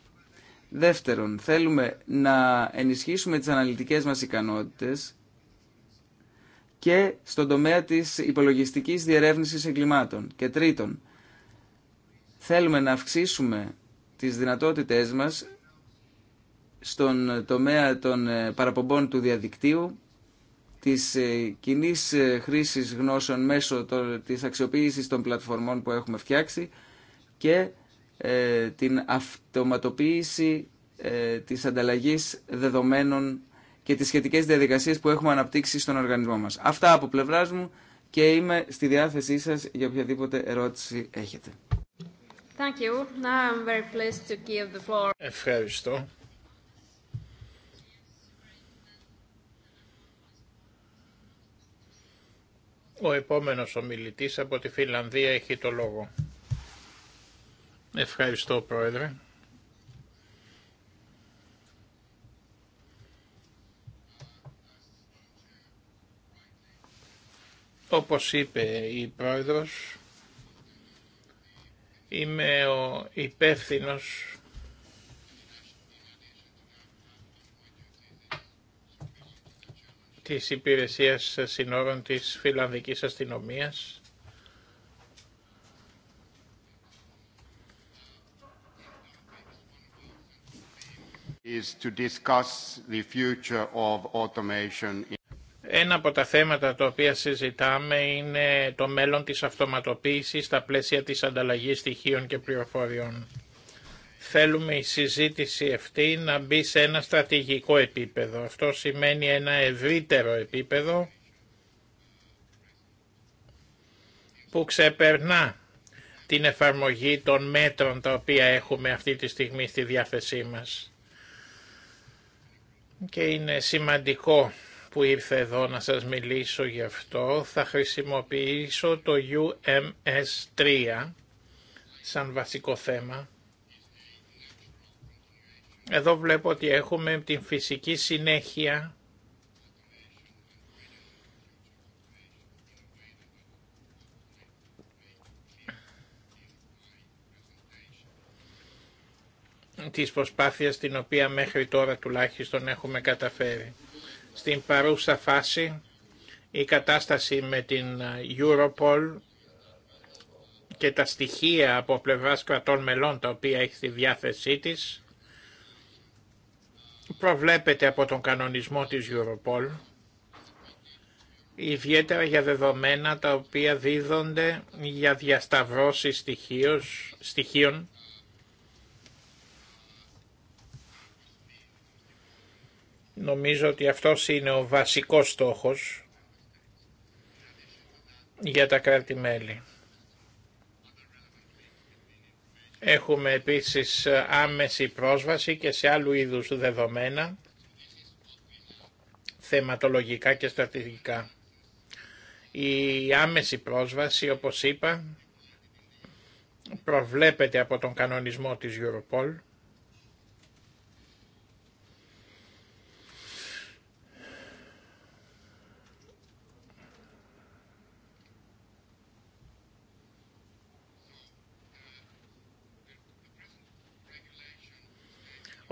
Δεύτερον, θέλουμε να ενισχύσουμε τις αναλυτικές μας ικανότητες και στον τομέα της υπολογιστικής διερεύνησης εγκλημάτων. Και τρίτον, θέλουμε να αυξήσουμε τις δυνατότητές μας στον τομέα των ε, παραπομπών του διαδικτύου της ε, κοινή ε, χρήσης γνώσεων μέσω της αξιοποίησης των πλατφορμών που έχουμε φτιάξει και ε, την αυτοματοποίηση της ανταλλαγής δεδομένων και τις σχετικές διαδικασίες που έχουμε αναπτύξει στον οργανισμό μας. Αυτά από πλευράς μου και είμαι στη διάθεσή σας για οποιαδήποτε ερώτηση έχετε. Thank you. very pleased to give the floor. Ευχαριστώ. Ο επόμενος ομιλητής από τη Φιλανδία έχει το λόγο. Ευχαριστώ Πρόεδρε. Όπως είπε η Πρόεδρος, είμαι ο υπεύθυνος της Υπηρεσίας Συνόρων της Φιλανδικής Αστυνομίας. Ένα από τα θέματα τα οποία συζητάμε είναι το μέλλον της αυτοματοποίησης στα πλαίσια της ανταλλαγής στοιχείων και πληροφοριών θέλουμε η συζήτηση αυτή να μπει σε ένα στρατηγικό επίπεδο. Αυτό σημαίνει ένα ευρύτερο επίπεδο που ξεπερνά την εφαρμογή των μέτρων τα οποία έχουμε αυτή τη στιγμή στη διάθεσή μας. Και είναι σημαντικό που ήρθε εδώ να σας μιλήσω γι' αυτό. Θα χρησιμοποιήσω το UMS3 σαν βασικό θέμα εδώ βλέπω ότι έχουμε την φυσική συνέχεια της προσπάθειας την οποία μέχρι τώρα τουλάχιστον έχουμε καταφέρει. Στην παρούσα φάση η κατάσταση με την Europol και τα στοιχεία από πλευράς κρατών μελών τα οποία έχει στη διάθεσή της προβλέπεται από τον κανονισμό της Europol, ιδιαίτερα για δεδομένα τα οποία δίδονται για διασταυρώσεις στοιχείων, Νομίζω ότι αυτός είναι ο βασικός στόχος για τα κράτη-μέλη. Έχουμε επίσης άμεση πρόσβαση και σε άλλου είδους δεδομένα, θεματολογικά και στρατηγικά. Η άμεση πρόσβαση, όπως είπα, προβλέπεται από τον κανονισμό της Europol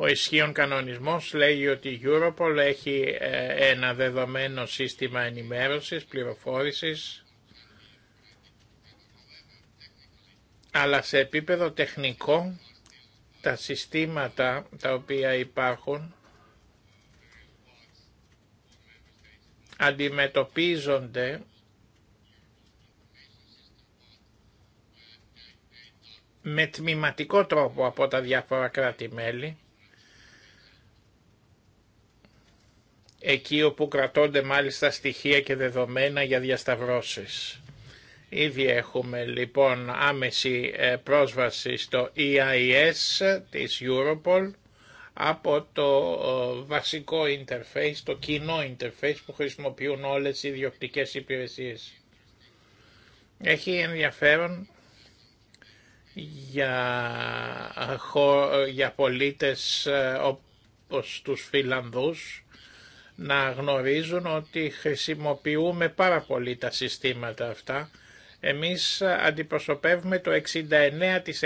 Ο ισχύων κανονισμός λέει ότι η Europol έχει ε, ένα δεδομένο σύστημα ενημέρωσης, πληροφόρησης, αλλά σε επίπεδο τεχνικό τα συστήματα τα οποία υπάρχουν αντιμετωπίζονται με τμηματικό τρόπο από τα διάφορα κράτη-μέλη εκεί όπου κρατώνται μάλιστα στοιχεία και δεδομένα για διασταυρώσεις. Ήδη έχουμε λοιπόν άμεση ε, πρόσβαση στο EIS της Europol από το ε, βασικό interface, το κοινό interface που χρησιμοποιούν όλες οι ιδιοκτικές υπηρεσίες. Έχει ενδιαφέρον για, ε, για πολίτες όπως τους Φιλανδούς να γνωρίζουν ότι χρησιμοποιούμε πάρα πολύ τα συστήματα αυτά. Εμείς αντιπροσωπεύουμε το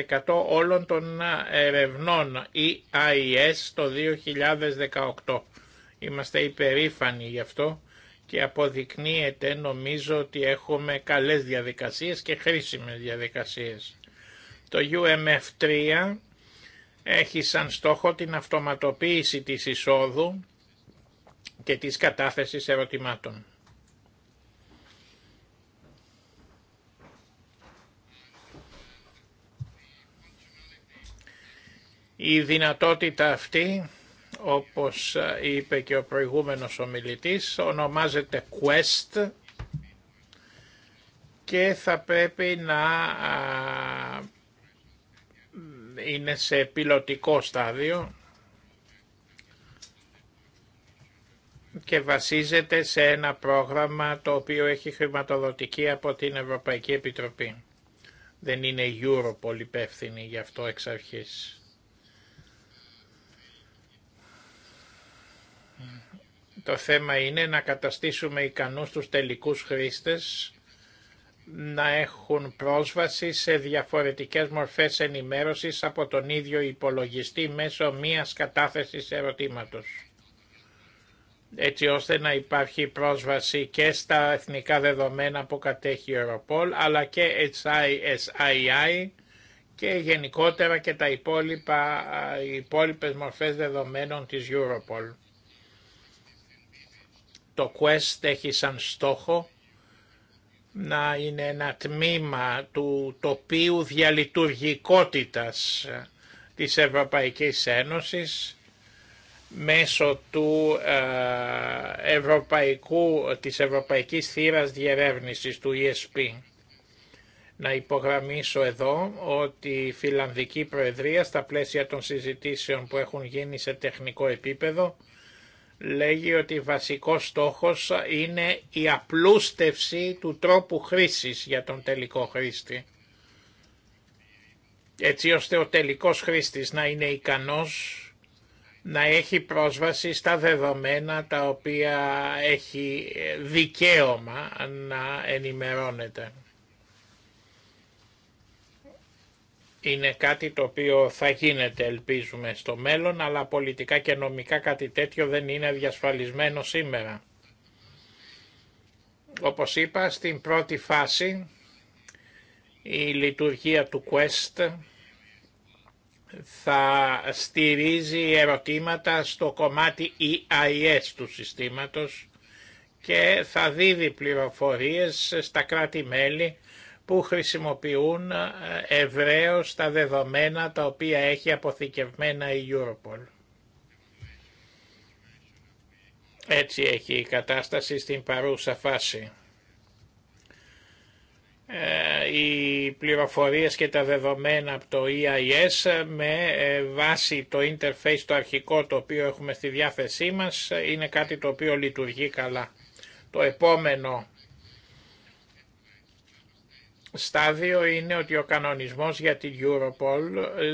69% όλων των ε, ερευνών EIS το 2018. Είμαστε υπερήφανοι γι' αυτό και αποδεικνύεται νομίζω ότι έχουμε καλές διαδικασίες και χρήσιμες διαδικασίες. Το UMF3 έχει σαν στόχο την αυτοματοποίηση της εισόδου και της κατάθεσης ερωτημάτων. Η δυνατότητα αυτή, όπως είπε και ο προηγούμενος ομιλητής, ονομάζεται Quest και θα πρέπει να είναι σε πιλωτικό στάδιο και βασίζεται σε ένα πρόγραμμα το οποίο έχει χρηματοδοτική από την Ευρωπαϊκή Επιτροπή. Δεν είναι η πολύ υπεύθυνη γι' αυτό εξ αρχής. Το θέμα είναι να καταστήσουμε ικανούς τους τελικούς χρήστες να έχουν πρόσβαση σε διαφορετικές μορφές ενημέρωσης από τον ίδιο υπολογιστή μέσω μίας κατάθεσης ερωτήματος έτσι ώστε να υπάρχει πρόσβαση και στα εθνικά δεδομένα που κατέχει η Europol, αλλά και HISII και γενικότερα και τα υπόλοιπα, οι υπόλοιπες μορφές δεδομένων της Europol. Το Quest έχει σαν στόχο να είναι ένα τμήμα του τοπίου διαλειτουργικότητας της Ευρωπαϊκής Ένωσης, μέσω του ε, ευρωπαϊκού, της Ευρωπαϊκής Θύρας Διερεύνησης, του ESP. Να υπογραμμίσω εδώ ότι η Φιλανδική Προεδρία στα πλαίσια των συζητήσεων που έχουν γίνει σε τεχνικό επίπεδο λέγει ότι βασικός στόχος είναι η απλούστευση του τρόπου χρήσης για τον τελικό χρήστη. Έτσι ώστε ο τελικός χρήστης να είναι ικανός να έχει πρόσβαση στα δεδομένα τα οποία έχει δικαίωμα να ενημερώνεται. Είναι κάτι το οποίο θα γίνεται ελπίζουμε στο μέλλον, αλλά πολιτικά και νομικά κάτι τέτοιο δεν είναι διασφαλισμένο σήμερα. Όπως είπα, στην πρώτη φάση η λειτουργία του Quest θα στηρίζει ερωτήματα στο κομμάτι EIS του συστήματος και θα δίδει πληροφορίες στα κράτη-μέλη που χρησιμοποιούν ε, ευρέως τα δεδομένα τα οποία έχει αποθηκευμένα η Europol. Έτσι έχει η κατάσταση στην παρούσα φάση. Ε, οι πληροφορίες και τα δεδομένα από το EIS με ε, βάση το interface το αρχικό το οποίο έχουμε στη διάθεσή μας είναι κάτι το οποίο λειτουργεί καλά. Το επόμενο στάδιο είναι ότι ο κανονισμός για την Europol ε,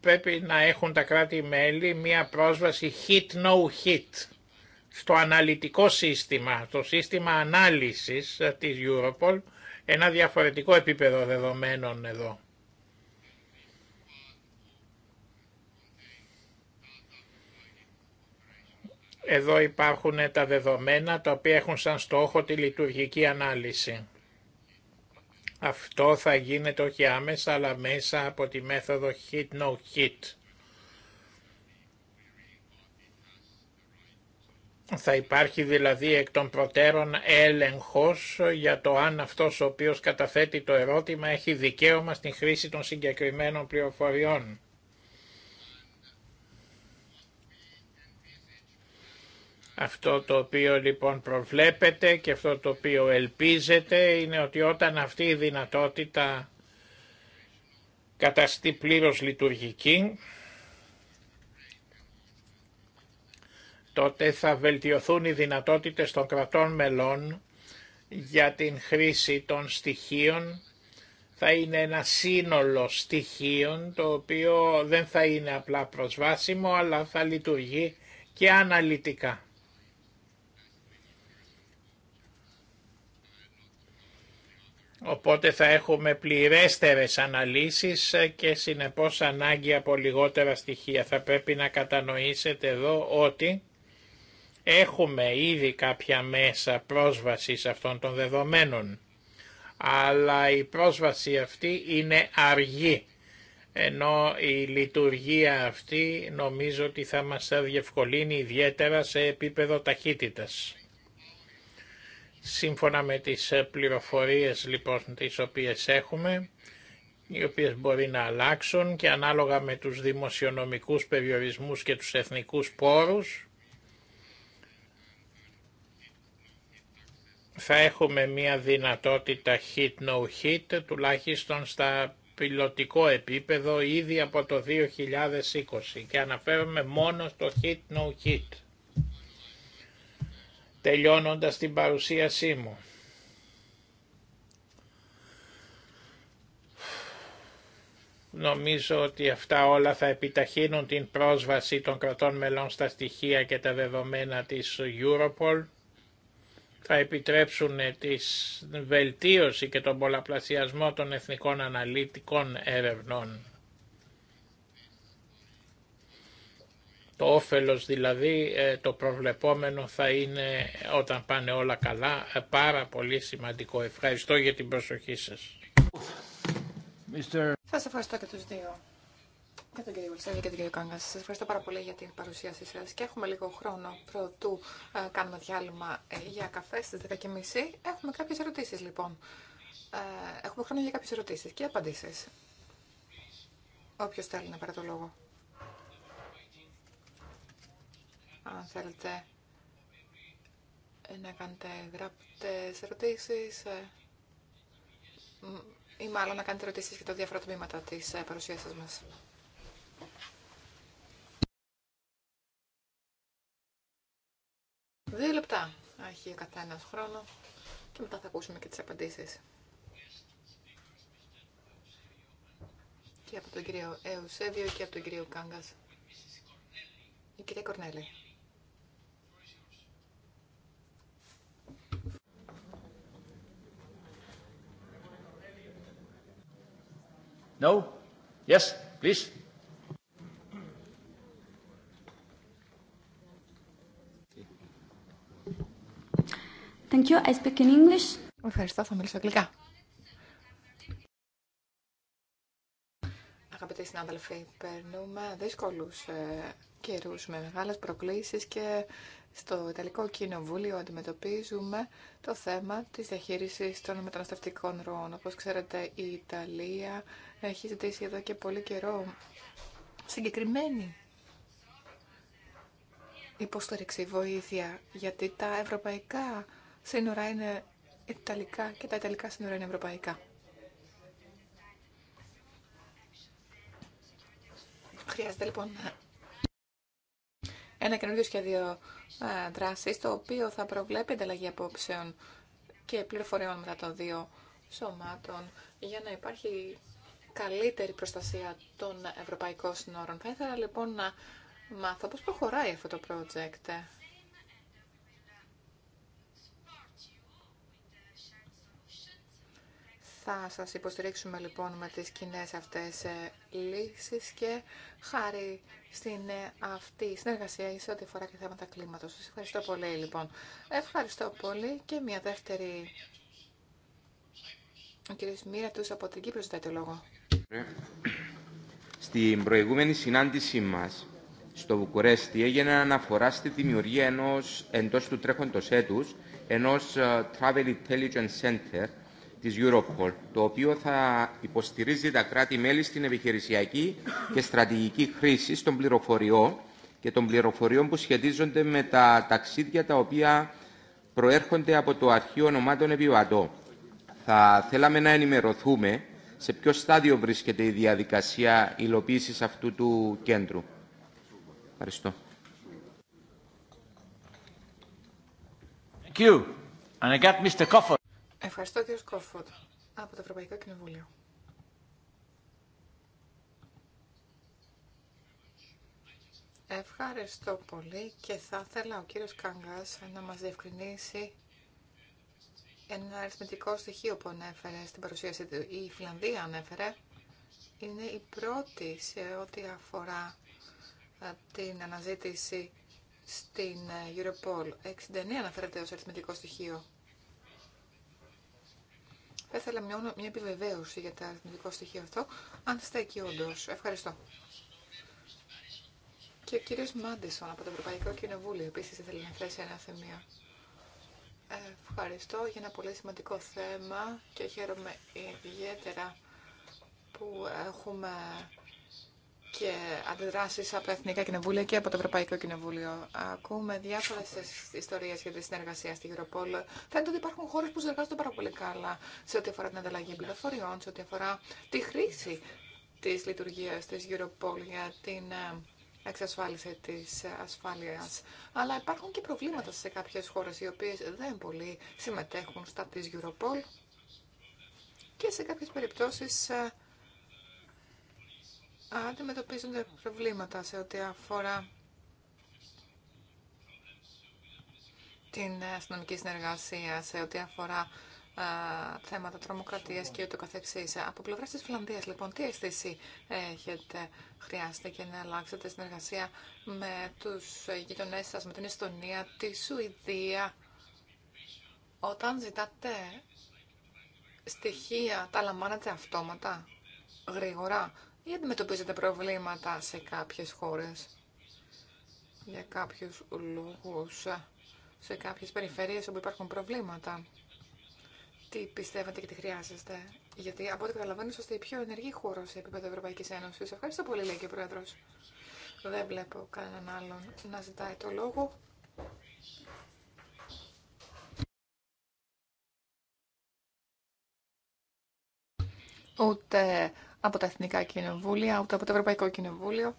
πρέπει να έχουν τα κράτη-μέλη μία πρόσβαση hit-no-hit στο αναλυτικό σύστημα, το σύστημα ανάλυσης της Europol ένα διαφορετικό επίπεδο δεδομένων εδώ. Εδώ υπάρχουν τα δεδομένα τα οποία έχουν σαν στόχο τη λειτουργική ανάλυση. Αυτό θα γίνεται όχι άμεσα αλλά μέσα από τη μέθοδο hit-no-hit. hit no hit Θα υπάρχει δηλαδή εκ των προτέρων έλεγχος για το αν αυτός ο οποίος καταθέτει το ερώτημα έχει δικαίωμα στην χρήση των συγκεκριμένων πληροφοριών. Αυτό το οποίο λοιπόν προβλέπεται και αυτό το οποίο ελπίζεται είναι ότι όταν αυτή η δυνατότητα καταστεί πλήρως λειτουργική τότε θα βελτιωθούν οι δυνατότητες των κρατών μελών για την χρήση των στοιχείων. Θα είναι ένα σύνολο στοιχείων το οποίο δεν θα είναι απλά προσβάσιμο αλλά θα λειτουργεί και αναλυτικά. Οπότε θα έχουμε πληρέστερες αναλύσεις και συνεπώς ανάγκη από λιγότερα στοιχεία. Θα πρέπει να κατανοήσετε εδώ ότι Έχουμε ήδη κάποια μέσα πρόσβασης αυτών των δεδομένων, αλλά η πρόσβαση αυτή είναι αργή, ενώ η λειτουργία αυτή νομίζω ότι θα μας θα διευκολύνει ιδιαίτερα σε επίπεδο ταχύτητας. Σύμφωνα με τις πληροφορίες λοιπόν τις οποίες έχουμε, οι οποίες μπορεί να αλλάξουν και ανάλογα με τους δημοσιονομικούς περιορισμούς και τους εθνικούς πόρους, θα έχουμε μια δυνατότητα hit no hit τουλάχιστον στα πιλωτικό επίπεδο ήδη από το 2020 και αναφέρομαι μόνο στο hit no hit. Τελειώνοντας την παρουσίασή μου. Νομίζω ότι αυτά όλα θα επιταχύνουν την πρόσβαση των κρατών μελών στα στοιχεία και τα δεδομένα της Europol θα επιτρέψουν τη βελτίωση και τον πολλαπλασιασμό των εθνικών αναλυτικών έρευνών. Το όφελος δηλαδή, ε, το προβλεπόμενο θα είναι όταν πάνε όλα καλά, ε, πάρα πολύ σημαντικό. Ευχαριστώ για την προσοχή σας. Σας ευχαριστώ και τους δύο. Και τον κύριο και τον κύριο Κάγκα. Σα ευχαριστώ πάρα πολύ για την παρουσίασή σα και έχουμε λίγο χρόνο πρωτού ε, κάνουμε διάλειμμα ε, για καφέ στι 10.30. Έχουμε κάποιε ερωτήσει λοιπόν. Ε, έχουμε χρόνο για κάποιε ερωτήσει και απαντήσει. Όποιο θέλει να πάρει το λόγο. Αν θέλετε να κάνετε γραπτές ερωτήσεις ή μάλλον να κάνετε ερωτήσεις για τα διάφορα τμήματα της παρουσίασης μας. Δύο λεπτά έχει ο καθένας χρόνο και μετά θα ακούσουμε και τις απαντήσεις. Και από τον κύριο Εουσέβιο και από τον κύριο Κάγκας. Η κυρία Κορνέλη. No? Yes, please. Ευχαριστώ, θα μιλήσω αγγλικά. Αγαπητοί συνάδελφοι, περνούμε δύσκολους ε, καιρούς με μεγάλες προκλήσεις και στο Ιταλικό Κοινοβούλιο αντιμετωπίζουμε το θέμα της διαχείρισης των μεταναστευτικών ροών. Όπως ξέρετε, η Ιταλία έχει ζητήσει εδώ και πολύ καιρό συγκεκριμένη υποστήριξη, βοήθεια, γιατί τα ευρωπαϊκά σύνορα είναι Ιταλικά και τα Ιταλικά σύνορα είναι Ευρωπαϊκά. Χρειάζεται λοιπόν ένα καινούριο σχέδιο ε, δράση, το οποίο θα προβλέπει ανταλλαγή απόψεων και πληροφοριών μετά των δύο σωμάτων για να υπάρχει καλύτερη προστασία των ευρωπαϊκών συνόρων. Θα ήθελα λοιπόν να μάθω πώς προχωράει αυτό το project. Θα σας υποστηρίξουμε λοιπόν με τις κοινέ αυτές ε, λύσεις και χάρη στην ε, αυτή συνεργασία σε ό,τι αφορά και θέματα κλίματος. Σας ευχαριστώ πολύ λοιπόν. Ευχαριστώ πολύ και μια δεύτερη... Ο κύριος Μύρα τους από την Κύπρο ζητάει το λόγο. Στην προηγούμενη συνάντησή μας στο Βουκουρέστι έγινε αναφορά στη δημιουργία ενός εντός του τρέχοντος έτους ενός ε, Travel Intelligence Center της το οποίο θα υποστηρίζει τα κράτη-μέλη στην επιχειρησιακή και στρατηγική χρήση των πληροφοριών και των πληροφοριών που σχετίζονται με τα ταξίδια τα οποία προέρχονται από το Αρχείο Ονομάτων Επιβατών. Θα θέλαμε να ενημερωθούμε σε ποιο στάδιο βρίσκεται η διαδικασία υλοποίησης αυτού του κέντρου. Ευχαριστώ. Ευχαριστώ κύριο Σκόφωτ από το Ευρωπαϊκό Κοινοβούλιο. Ευχαριστώ πολύ και θα ήθελα ο κύριος Κάγκας να μας διευκρινίσει ένα αριθμητικό στοιχείο που ανέφερε στην παρουσίαση του. Η Φιλανδία ανέφερε είναι η πρώτη σε ό,τι αφορά ε, την αναζήτηση στην ε, Europol. 69 αναφέρεται ως αριθμητικό στοιχείο. Θα ήθελα μια, μια επιβεβαίωση για το αριθμητικό στοιχείο αυτό, αν στέκει όντω. Ευχαριστώ. Και ο κύριος Μάντισον από το Ευρωπαϊκό Κοινοβούλιο επίσης ήθελε να θέσει ένα θεμείο. Ευχαριστώ για ένα πολύ σημαντικό θέμα και χαίρομαι ιδιαίτερα που έχουμε και αντιδράσεις από τα Εθνικά Κοινοβούλια και από το Ευρωπαϊκό Κοινοβούλιο. Ακούμε διάφορες ιστορίες για τη συνεργασία στη Europol. Φαίνεται ότι υπάρχουν χώρες που συνεργάζονται πάρα πολύ καλά σε ό,τι αφορά την ανταλλαγή πληροφοριών, σε ό,τι αφορά τη χρήση της λειτουργίας της Europol για την ε, εξασφάλιση της ασφάλειας. Αλλά υπάρχουν και προβλήματα σε κάποιες χώρες οι οποίες δεν πολύ συμμετέχουν στα της Europol και σε κάποιες περιπτώσεις ε, αντιμετωπίζονται προβλήματα σε ό,τι αφορά την αστυνομική συνεργασία, σε ό,τι αφορά α, θέματα τρομοκρατίας και ούτω καθεξής. Από πλευράς της Φιλανδίας, λοιπόν, τι αίσθηση έχετε, χρειάζεται και να αλλάξετε συνεργασία με τους γειτονές σας, με την Εστονία, τη Σουηδία, όταν ζητάτε στοιχεία, τα λαμβάνετε αυτόματα, γρήγορα, ή αντιμετωπίζετε προβλήματα σε κάποιες χώρες για κάποιους λόγους, σε κάποιες περιφέρειες όπου υπάρχουν προβλήματα. Τι πιστεύετε και τι χρειάζεστε. Γιατί από ό,τι καταλαβαίνω είστε η πιο ενεργή χώρα σε επίπεδο Ευρωπαϊκής Ένωσης. Ευχαριστώ πολύ, λέει και ο Πρόεδρος. Δεν βλέπω κανέναν άλλον να ζητάει το λόγο. Ούτε από τα Εθνικά Κοινοβούλια, από το Ευρωπαϊκό Κοινοβούλιο.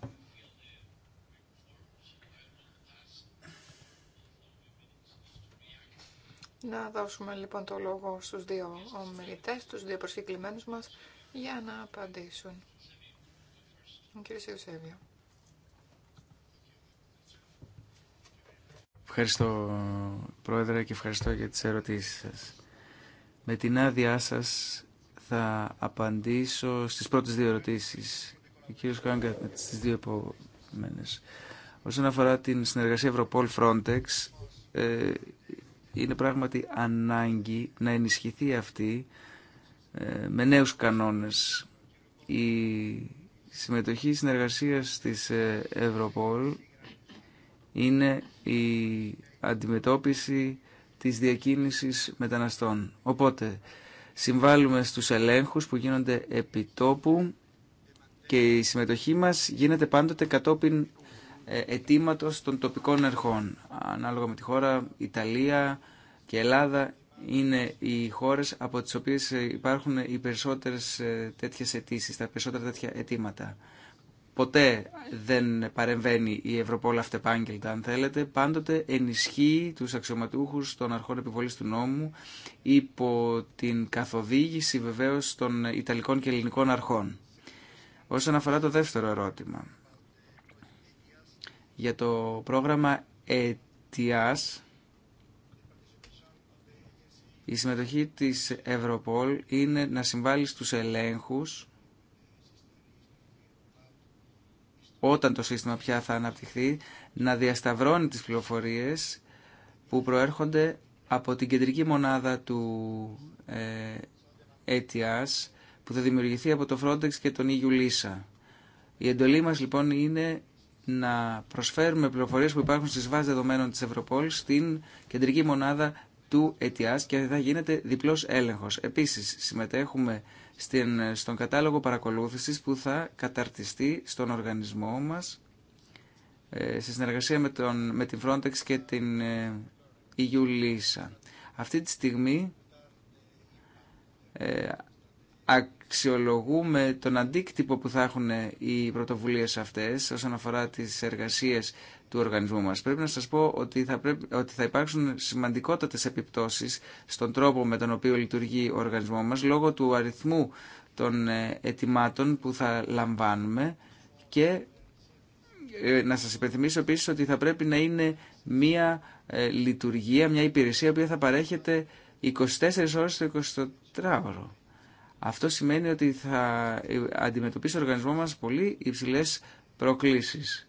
Να δώσουμε λοιπόν το λόγο στους δύο ομιλητές, τους δύο προσκεκλημένους μας, για να απαντήσουν. Κύριε Σεουσέβιο. Ευχαριστώ Πρόεδρε και ευχαριστώ για τις ερωτήσεις σας. Με την άδειά σας θα απαντήσω στις πρώτες δύο ερωτήσεις. Ο κύριος με στις δύο επόμενες. Όσον αφορά την συνεργασία Ευρωπόλ Frontex, ε, είναι πράγματι ανάγκη να ενισχυθεί αυτή ε, με νέους κανόνες. Η συμμετοχή συνεργασίας της ε, Ευρωπόλ είναι η αντιμετώπιση της διακίνησης μεταναστών. Οπότε, Συμβάλλουμε στους ελέγχους που γίνονται επί τόπου και η συμμετοχή μας γίνεται πάντοτε κατόπιν ε, αιτήματο των τοπικών ερχών. Ανάλογα με τη χώρα, Ιταλία και Ελλάδα είναι οι χώρες από τις οποίες υπάρχουν οι περισσότερες ε, τέτοιες αιτήσει, τα περισσότερα τέτοια αιτήματα ποτέ δεν παρεμβαίνει η Ευρωπόλα αυτεπάγγελτα αν θέλετε, πάντοτε ενισχύει τους αξιωματούχους των αρχών επιβολής του νόμου υπό την καθοδήγηση βεβαίως των Ιταλικών και Ελληνικών αρχών. Όσον αφορά το δεύτερο ερώτημα, για το πρόγραμμα ΕΤΙΑΣ, η συμμετοχή της Ευρωπόλ είναι να συμβάλλει στους ελέγχους όταν το σύστημα πια θα αναπτυχθεί, να διασταυρώνει τις πληροφορίες που προέρχονται από την κεντρική μονάδα του ε, που θα δημιουργηθεί από το Frontex και τον EU Lisa. Η εντολή μας λοιπόν είναι να προσφέρουμε πληροφορίες που υπάρχουν στις βάσεις δεδομένων της Ευρωπόλης στην κεντρική μονάδα του ΕΤΙΑΣ και θα γίνεται διπλός έλεγχος. Επίσης, συμμετέχουμε στην, στον κατάλογο παρακολούθησης που θα καταρτιστεί στον οργανισμό μας ε, σε συνεργασία με, τον, με την Frontex και την EU ε, Lisa. Αυτή τη στιγμή ε, αξιολογούμε τον αντίκτυπο που θα έχουν οι πρωτοβουλίες αυτές όσον αφορά τις εργασίες του οργανισμού μας. Πρέπει να σας πω ότι θα, πρέπει, ότι θα υπάρξουν σημαντικότατες επιπτώσεις στον τρόπο με τον οποίο λειτουργεί ο οργανισμός μας λόγω του αριθμού των ε, ετοιμάτων που θα λαμβάνουμε και ε, να σας υπενθυμίσω επίσης ότι θα πρέπει να είναι μια ε, λειτουργία, μια υπηρεσία που θα παρέχεται 24 ώρες το 24ωρο. Αυτό σημαίνει ότι θα αντιμετωπίσει ο οργανισμό μας πολύ υψηλές προκλήσεις.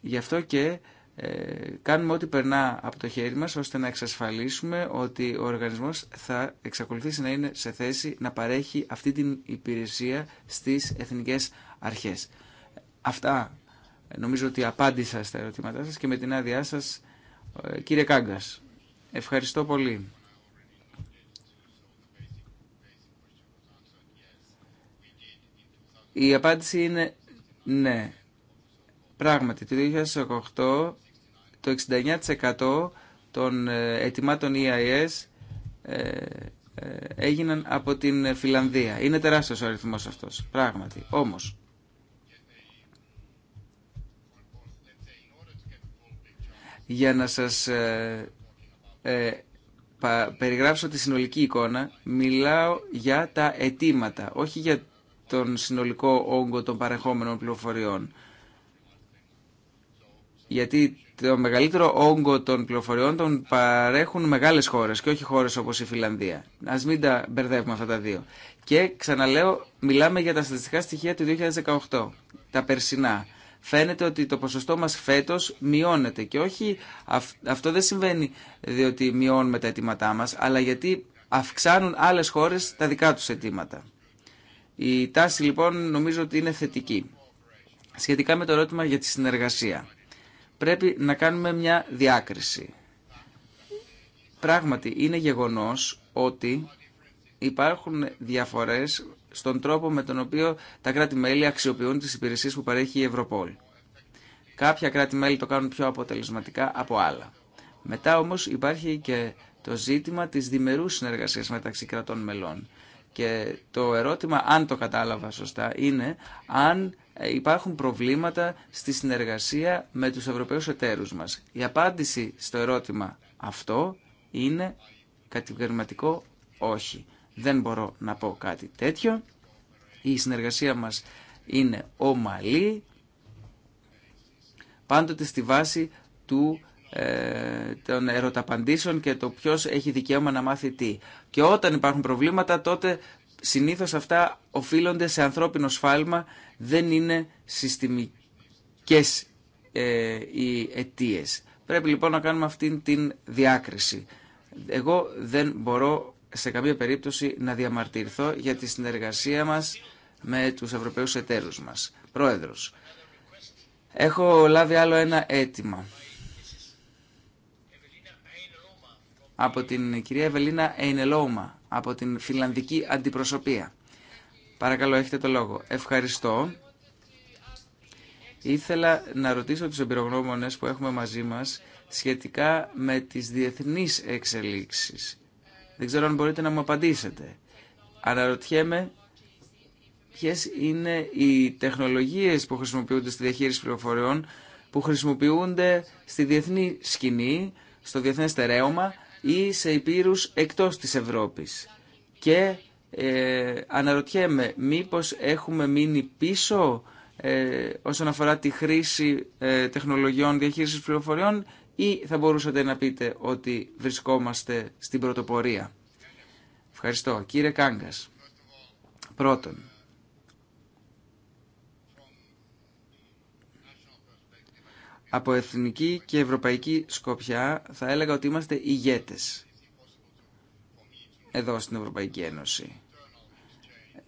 Γι' αυτό και ε, κάνουμε ό,τι περνά από το χέρι μας ώστε να εξασφαλίσουμε ότι ο οργανισμός θα εξακολουθήσει να είναι σε θέση να παρέχει αυτή την υπηρεσία στις εθνικές αρχές. Αυτά νομίζω ότι απάντησα στα ερωτήματά σας και με την άδειά σας ε, κύριε Κάγκας. Ευχαριστώ πολύ. Η απάντηση είναι ναι. Πράγματι, το 2008 το 69% των ε, ετοιμάτων EIS ε, ε, έγιναν από την Φιλανδία. Είναι τεράστιος ο αριθμός αυτός, πράγματι. Όμως, για να σας ε, περιγράψω τη συνολική εικόνα, μιλάω για τα αιτήματα, όχι για τον συνολικό όγκο των παρεχόμενων πληροφοριών γιατί το μεγαλύτερο όγκο των πληροφοριών τον παρέχουν μεγάλες χώρες και όχι χώρες όπως η Φιλανδία. Ας μην τα μπερδεύουμε αυτά τα δύο. Και ξαναλέω, μιλάμε για τα στατιστικά στοιχεία του 2018, τα περσινά. Φαίνεται ότι το ποσοστό μας φέτος μειώνεται και όχι αυτό δεν συμβαίνει διότι μειώνουμε τα αιτήματά μας, αλλά γιατί αυξάνουν άλλες χώρες τα δικά τους αιτήματα. Η τάση λοιπόν νομίζω ότι είναι θετική. Σχετικά με το ερώτημα για τη συνεργασία πρέπει να κάνουμε μια διάκριση. Πράγματι, είναι γεγονός ότι υπάρχουν διαφορές στον τρόπο με τον οποίο τα κράτη-μέλη αξιοποιούν τις υπηρεσίες που παρέχει η Ευρωπόλ. Κάποια κράτη-μέλη το κάνουν πιο αποτελεσματικά από άλλα. Μετά όμως υπάρχει και το ζήτημα της διμερούς συνεργασίας μεταξύ κρατών μελών. Και το ερώτημα, αν το κατάλαβα σωστά, είναι αν ε, υπάρχουν προβλήματα στη συνεργασία με τους Ευρωπαίους εταίρους μας. Η απάντηση στο ερώτημα αυτό είναι κατηγορηματικό όχι. Δεν μπορώ να πω κάτι τέτοιο. Η συνεργασία μας είναι ομαλή, πάντοτε στη βάση του ε, των ερωταπαντήσεων και το ποιος έχει δικαίωμα να μάθει τι. Και όταν υπάρχουν προβλήματα τότε συνήθως αυτά οφείλονται σε ανθρώπινο σφάλμα, δεν είναι συστημικές ε, οι αιτίε. Πρέπει λοιπόν να κάνουμε αυτήν την διάκριση. Εγώ δεν μπορώ σε καμία περίπτωση να διαμαρτυρηθώ για τη συνεργασία μας με τους Ευρωπαίους εταίρους μας. Πρόεδρος, έχω λάβει άλλο ένα αίτημα. Από την κυρία Ευελίνα Εινελόμα από την φιλανδική αντιπροσωπεία. Παρακαλώ, έχετε το λόγο. Ευχαριστώ. Ήθελα να ρωτήσω τους εμπειρογνώμονες που έχουμε μαζί μας σχετικά με τις διεθνείς εξελίξεις. Δεν ξέρω αν μπορείτε να μου απαντήσετε. Αναρωτιέμαι ποιες είναι οι τεχνολογίες που χρησιμοποιούνται στη διαχείριση πληροφοριών, που χρησιμοποιούνται στη διεθνή σκηνή, στο διεθνές στερέωμα, ή σε υπήρους εκτός της Ευρώπης. Και ε, αναρωτιέμαι μήπως έχουμε μείνει πίσω ε, όσον αφορά τη χρήση ε, τεχνολογιών διαχείρισης πληροφοριών ή θα μπορούσατε να πείτε ότι βρισκόμαστε στην πρωτοπορία. Ευχαριστώ. Κύριε Κάγκας, πρώτον, Από εθνική και ευρωπαϊκή σκοπιά θα έλεγα ότι είμαστε ηγέτες εδώ στην Ευρωπαϊκή Ένωση.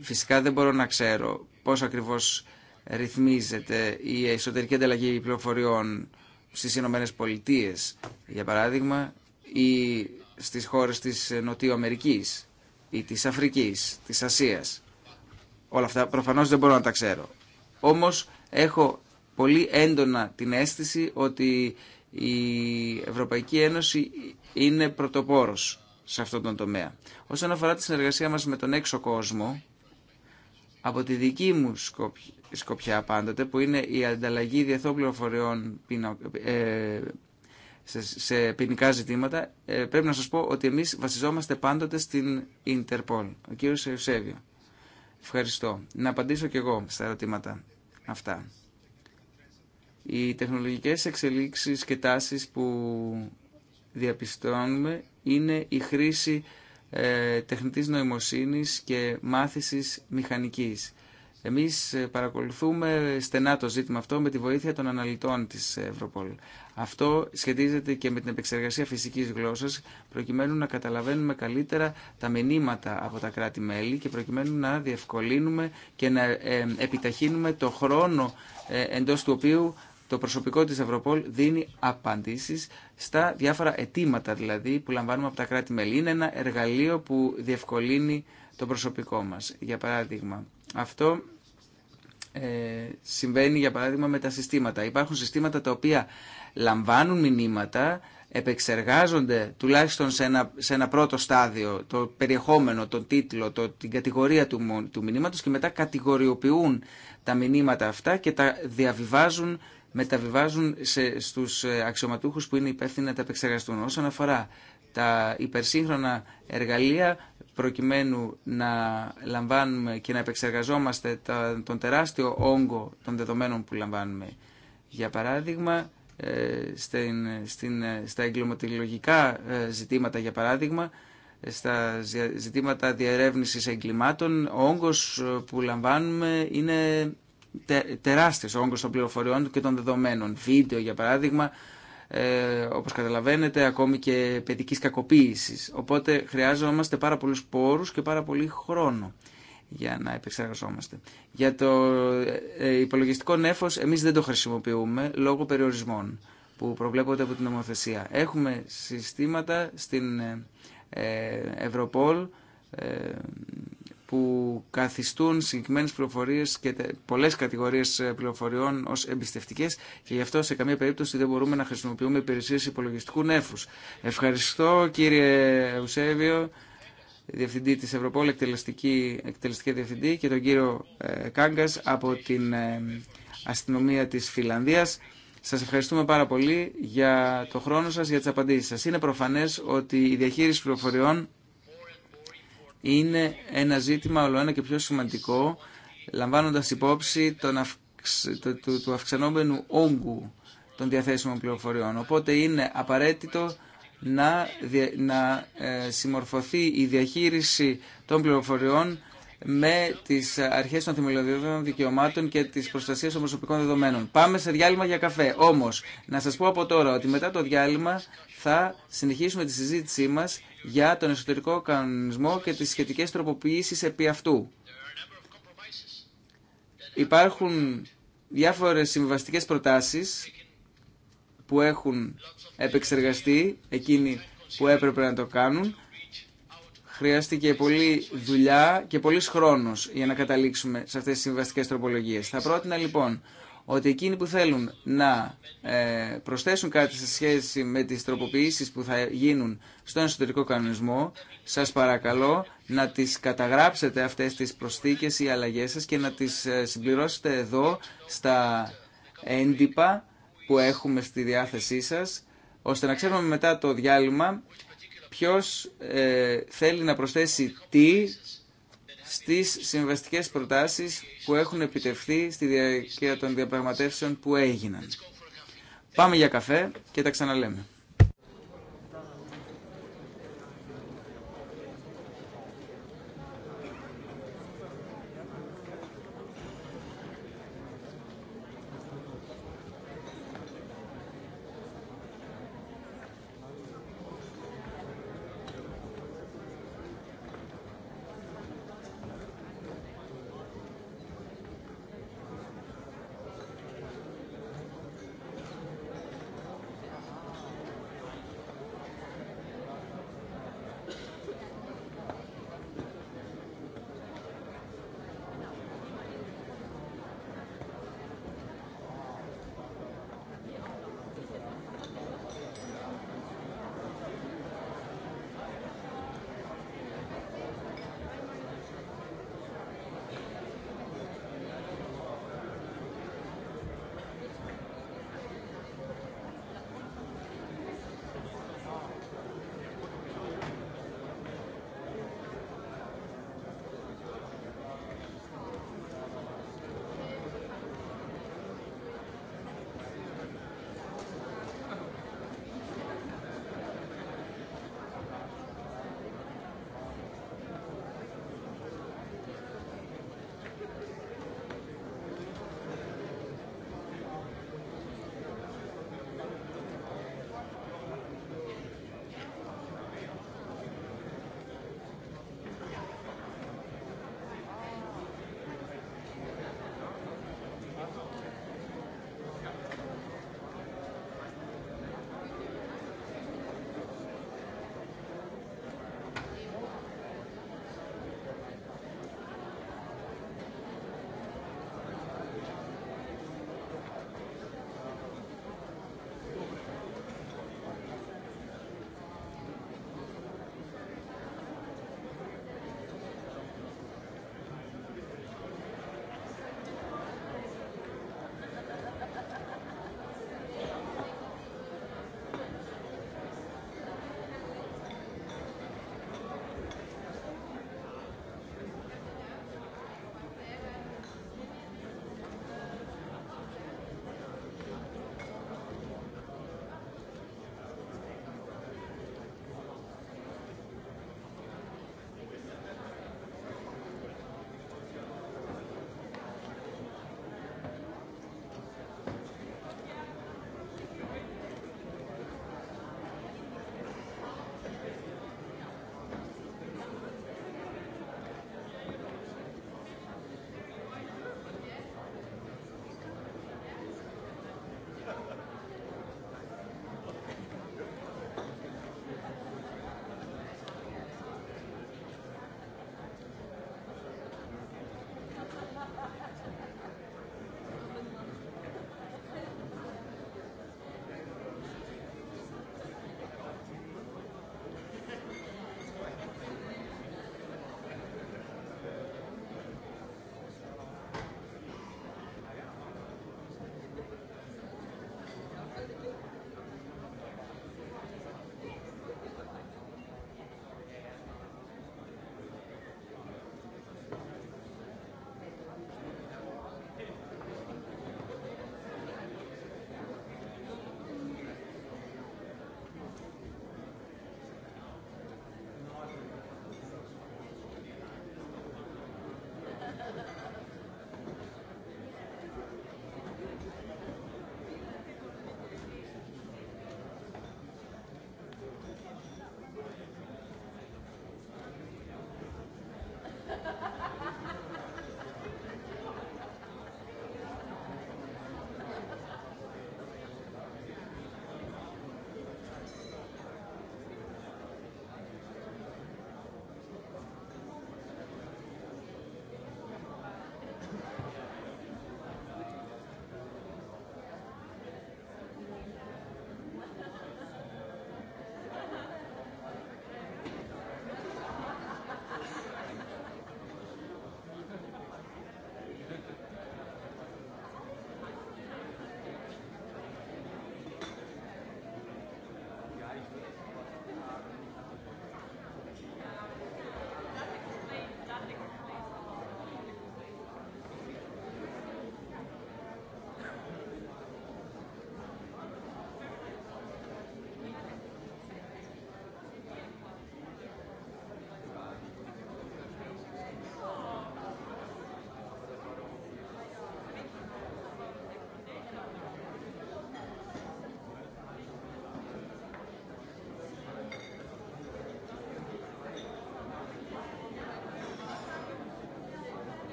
Φυσικά δεν μπορώ να ξέρω πώς ακριβώς ρυθμίζεται η εσωτερική ανταλλαγή πληροφοριών στις Ηνωμένες Πολιτείες, για παράδειγμα, ή στις χώρες της Νοτιοαμερικής ή της Αφρικής, της Ασίας. Όλα αυτά προφανώς δεν μπορώ να τα ξέρω. Όμως έχω πολύ έντονα την αίσθηση ότι η Ευρωπαϊκή Ένωση είναι πρωτοπόρος σε αυτόν τον τομέα. Όσον αφορά τη συνεργασία μας με τον έξω κόσμο, από τη δική μου σκοπιά πάντοτε, που είναι η ανταλλαγή διεθνών πληροφοριών ε, σε ποινικά ζητήματα, ε, πρέπει να σας πω ότι εμείς βασιζόμαστε πάντοτε στην Ιντερπολ. Ο κύριος Ευσέβιο. Ευχαριστώ. Να απαντήσω κι εγώ στα ερωτήματα αυτά. Οι τεχνολογικές εξελίξεις και τάσεις που διαπιστώνουμε είναι η χρήση ε, τεχνητής νοημοσύνης και μάθησης μηχανικής. Εμείς ε, παρακολουθούμε στενά το ζήτημα αυτό με τη βοήθεια των αναλυτών της Ευρωπόλ. Αυτό σχετίζεται και με την επεξεργασία φυσικής γλώσσας προκειμένου να καταλαβαίνουμε καλύτερα τα μηνύματα από τα κράτη-μέλη και προκειμένου να διευκολύνουμε και να ε, ε, επιταχύνουμε το χρόνο εντός του οποίου το προσωπικό της Ευρωπόλ δίνει απαντήσεις στα διάφορα αιτήματα δηλαδή που λαμβάνουμε από τα κράτη-μέλη. Είναι ένα εργαλείο που διευκολύνει το προσωπικό μας, για παράδειγμα. Αυτό ε, συμβαίνει, για παράδειγμα, με τα συστήματα. Υπάρχουν συστήματα τα οποία λαμβάνουν μηνύματα, επεξεργάζονται τουλάχιστον σε ένα, σε ένα πρώτο στάδιο το περιεχόμενο, τον τίτλο, την κατηγορία του, του μηνύματος και μετά κατηγοριοποιούν τα μηνύματα αυτά και τα διαβιβάζουν μεταβιβάζουν σε, στους ε, αξιωματούχους που είναι υπεύθυνοι να τα επεξεργαστούν. Όσον αφορά τα υπερσύγχρονα εργαλεία προκειμένου να λαμβάνουμε και να επεξεργαζόμαστε τον τεράστιο όγκο των δεδομένων που λαμβάνουμε. Για παράδειγμα, ε, στην, στην, ε, στα εγκληματολογικά ζητήματα, για παράδειγμα, στα ζητήματα διερεύνησης εγκλημάτων, ο όγκος που λαμβάνουμε είναι τεράστιος όγκος των πληροφοριών και των δεδομένων. Βίντεο, για παράδειγμα, ε, όπως καταλαβαίνετε, ακόμη και παιδικής κακοποίησης. Οπότε χρειάζομαστε πάρα πολλούς πόρους και πάρα πολύ χρόνο για να επεξεργαζόμαστε. Για το ε, ε, υπολογιστικό νέφος εμείς δεν το χρησιμοποιούμε λόγω περιορισμών που προβλέπονται από την νομοθεσία. Έχουμε συστήματα στην ε, Ευρωπόλ που καθιστούν συγκεκριμένε πληροφορίε και πολλέ κατηγορίε ε, πληροφοριών ω εμπιστευτικέ και γι' αυτό σε καμία περίπτωση δεν μπορούμε να χρησιμοποιούμε υπηρεσίε υπολογιστικού νεφου. Ευχαριστώ κύριε Ουσέβιο, Διευθυντή τη Ευρωπόλ, εκτελεστική, εκτελεστική Διευθυντή και τον κύριο ε, από την ε, αστυνομία τη Φιλανδία. Σας ευχαριστούμε πάρα πολύ για το χρόνο σας, για τις απαντήσεις σας. Είναι προφανές ότι η διαχείριση πληροφοριών είναι ένα ζήτημα ολοένα και πιο σημαντικό, λαμβάνοντας υπόψη τον του, του αυξανόμενου όγκου των διαθέσιμων πληροφοριών. Οπότε είναι απαραίτητο να, να ε, συμμορφωθεί η διαχείριση των πληροφοριών με τις αρχές των θεμελιωδιωδών δικαιωμάτων και τις προστασίες των προσωπικών δεδομένων. Πάμε σε διάλειμμα για καφέ. Όμως, να σας πω από τώρα ότι μετά το διάλειμμα θα συνεχίσουμε τη συζήτησή μας για τον εσωτερικό κανονισμό και τις σχετικές τροποποιήσεις επί αυτού. Υπάρχουν διάφορες συμβαστικές προτάσεις που έχουν επεξεργαστεί εκείνοι που έπρεπε να το κάνουν. Χρειάστηκε πολλή δουλειά και πολλής χρόνος για να καταλήξουμε σε αυτές τις συμβαστικές τροπολογίες. Θα πρότεινα λοιπόν ότι εκείνοι που θέλουν να ε, προσθέσουν κάτι σε σχέση με τις τροποποιήσεις που θα γίνουν στον εσωτερικό κανονισμό, σας παρακαλώ να τις καταγράψετε αυτές τις προσθήκες ή αλλαγές σας και να τις ε, συμπληρώσετε εδώ στα έντυπα που έχουμε στη διάθεσή σας, ώστε να ξέρουμε μετά το διάλειμμα ποιος ε, θέλει να προσθέσει τι στις συμβαστικές προτάσεις που έχουν επιτευχθεί στη διάρκεια των διαπραγματεύσεων που έγιναν. Πάμε για καφέ και τα ξαναλέμε.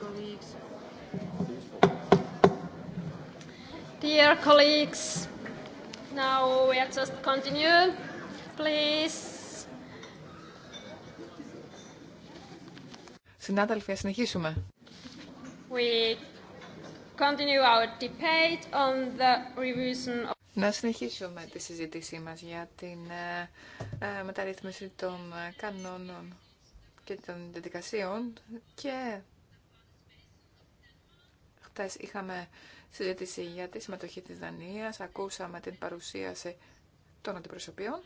colleagues. Dear colleagues, now we are just continue. Please. Συνάδελφοι, ας συνεχίσουμε. We continue our debate on the revision of... Να συνεχίσουμε τη συζήτησή μας για την ε, ε μεταρρύθμιση των κανόνων και των διαδικασίων και Χτες είχαμε συζήτηση για τη συμμετοχή της Δανίας, ακούσαμε την παρουσίαση των αντιπροσωπείων.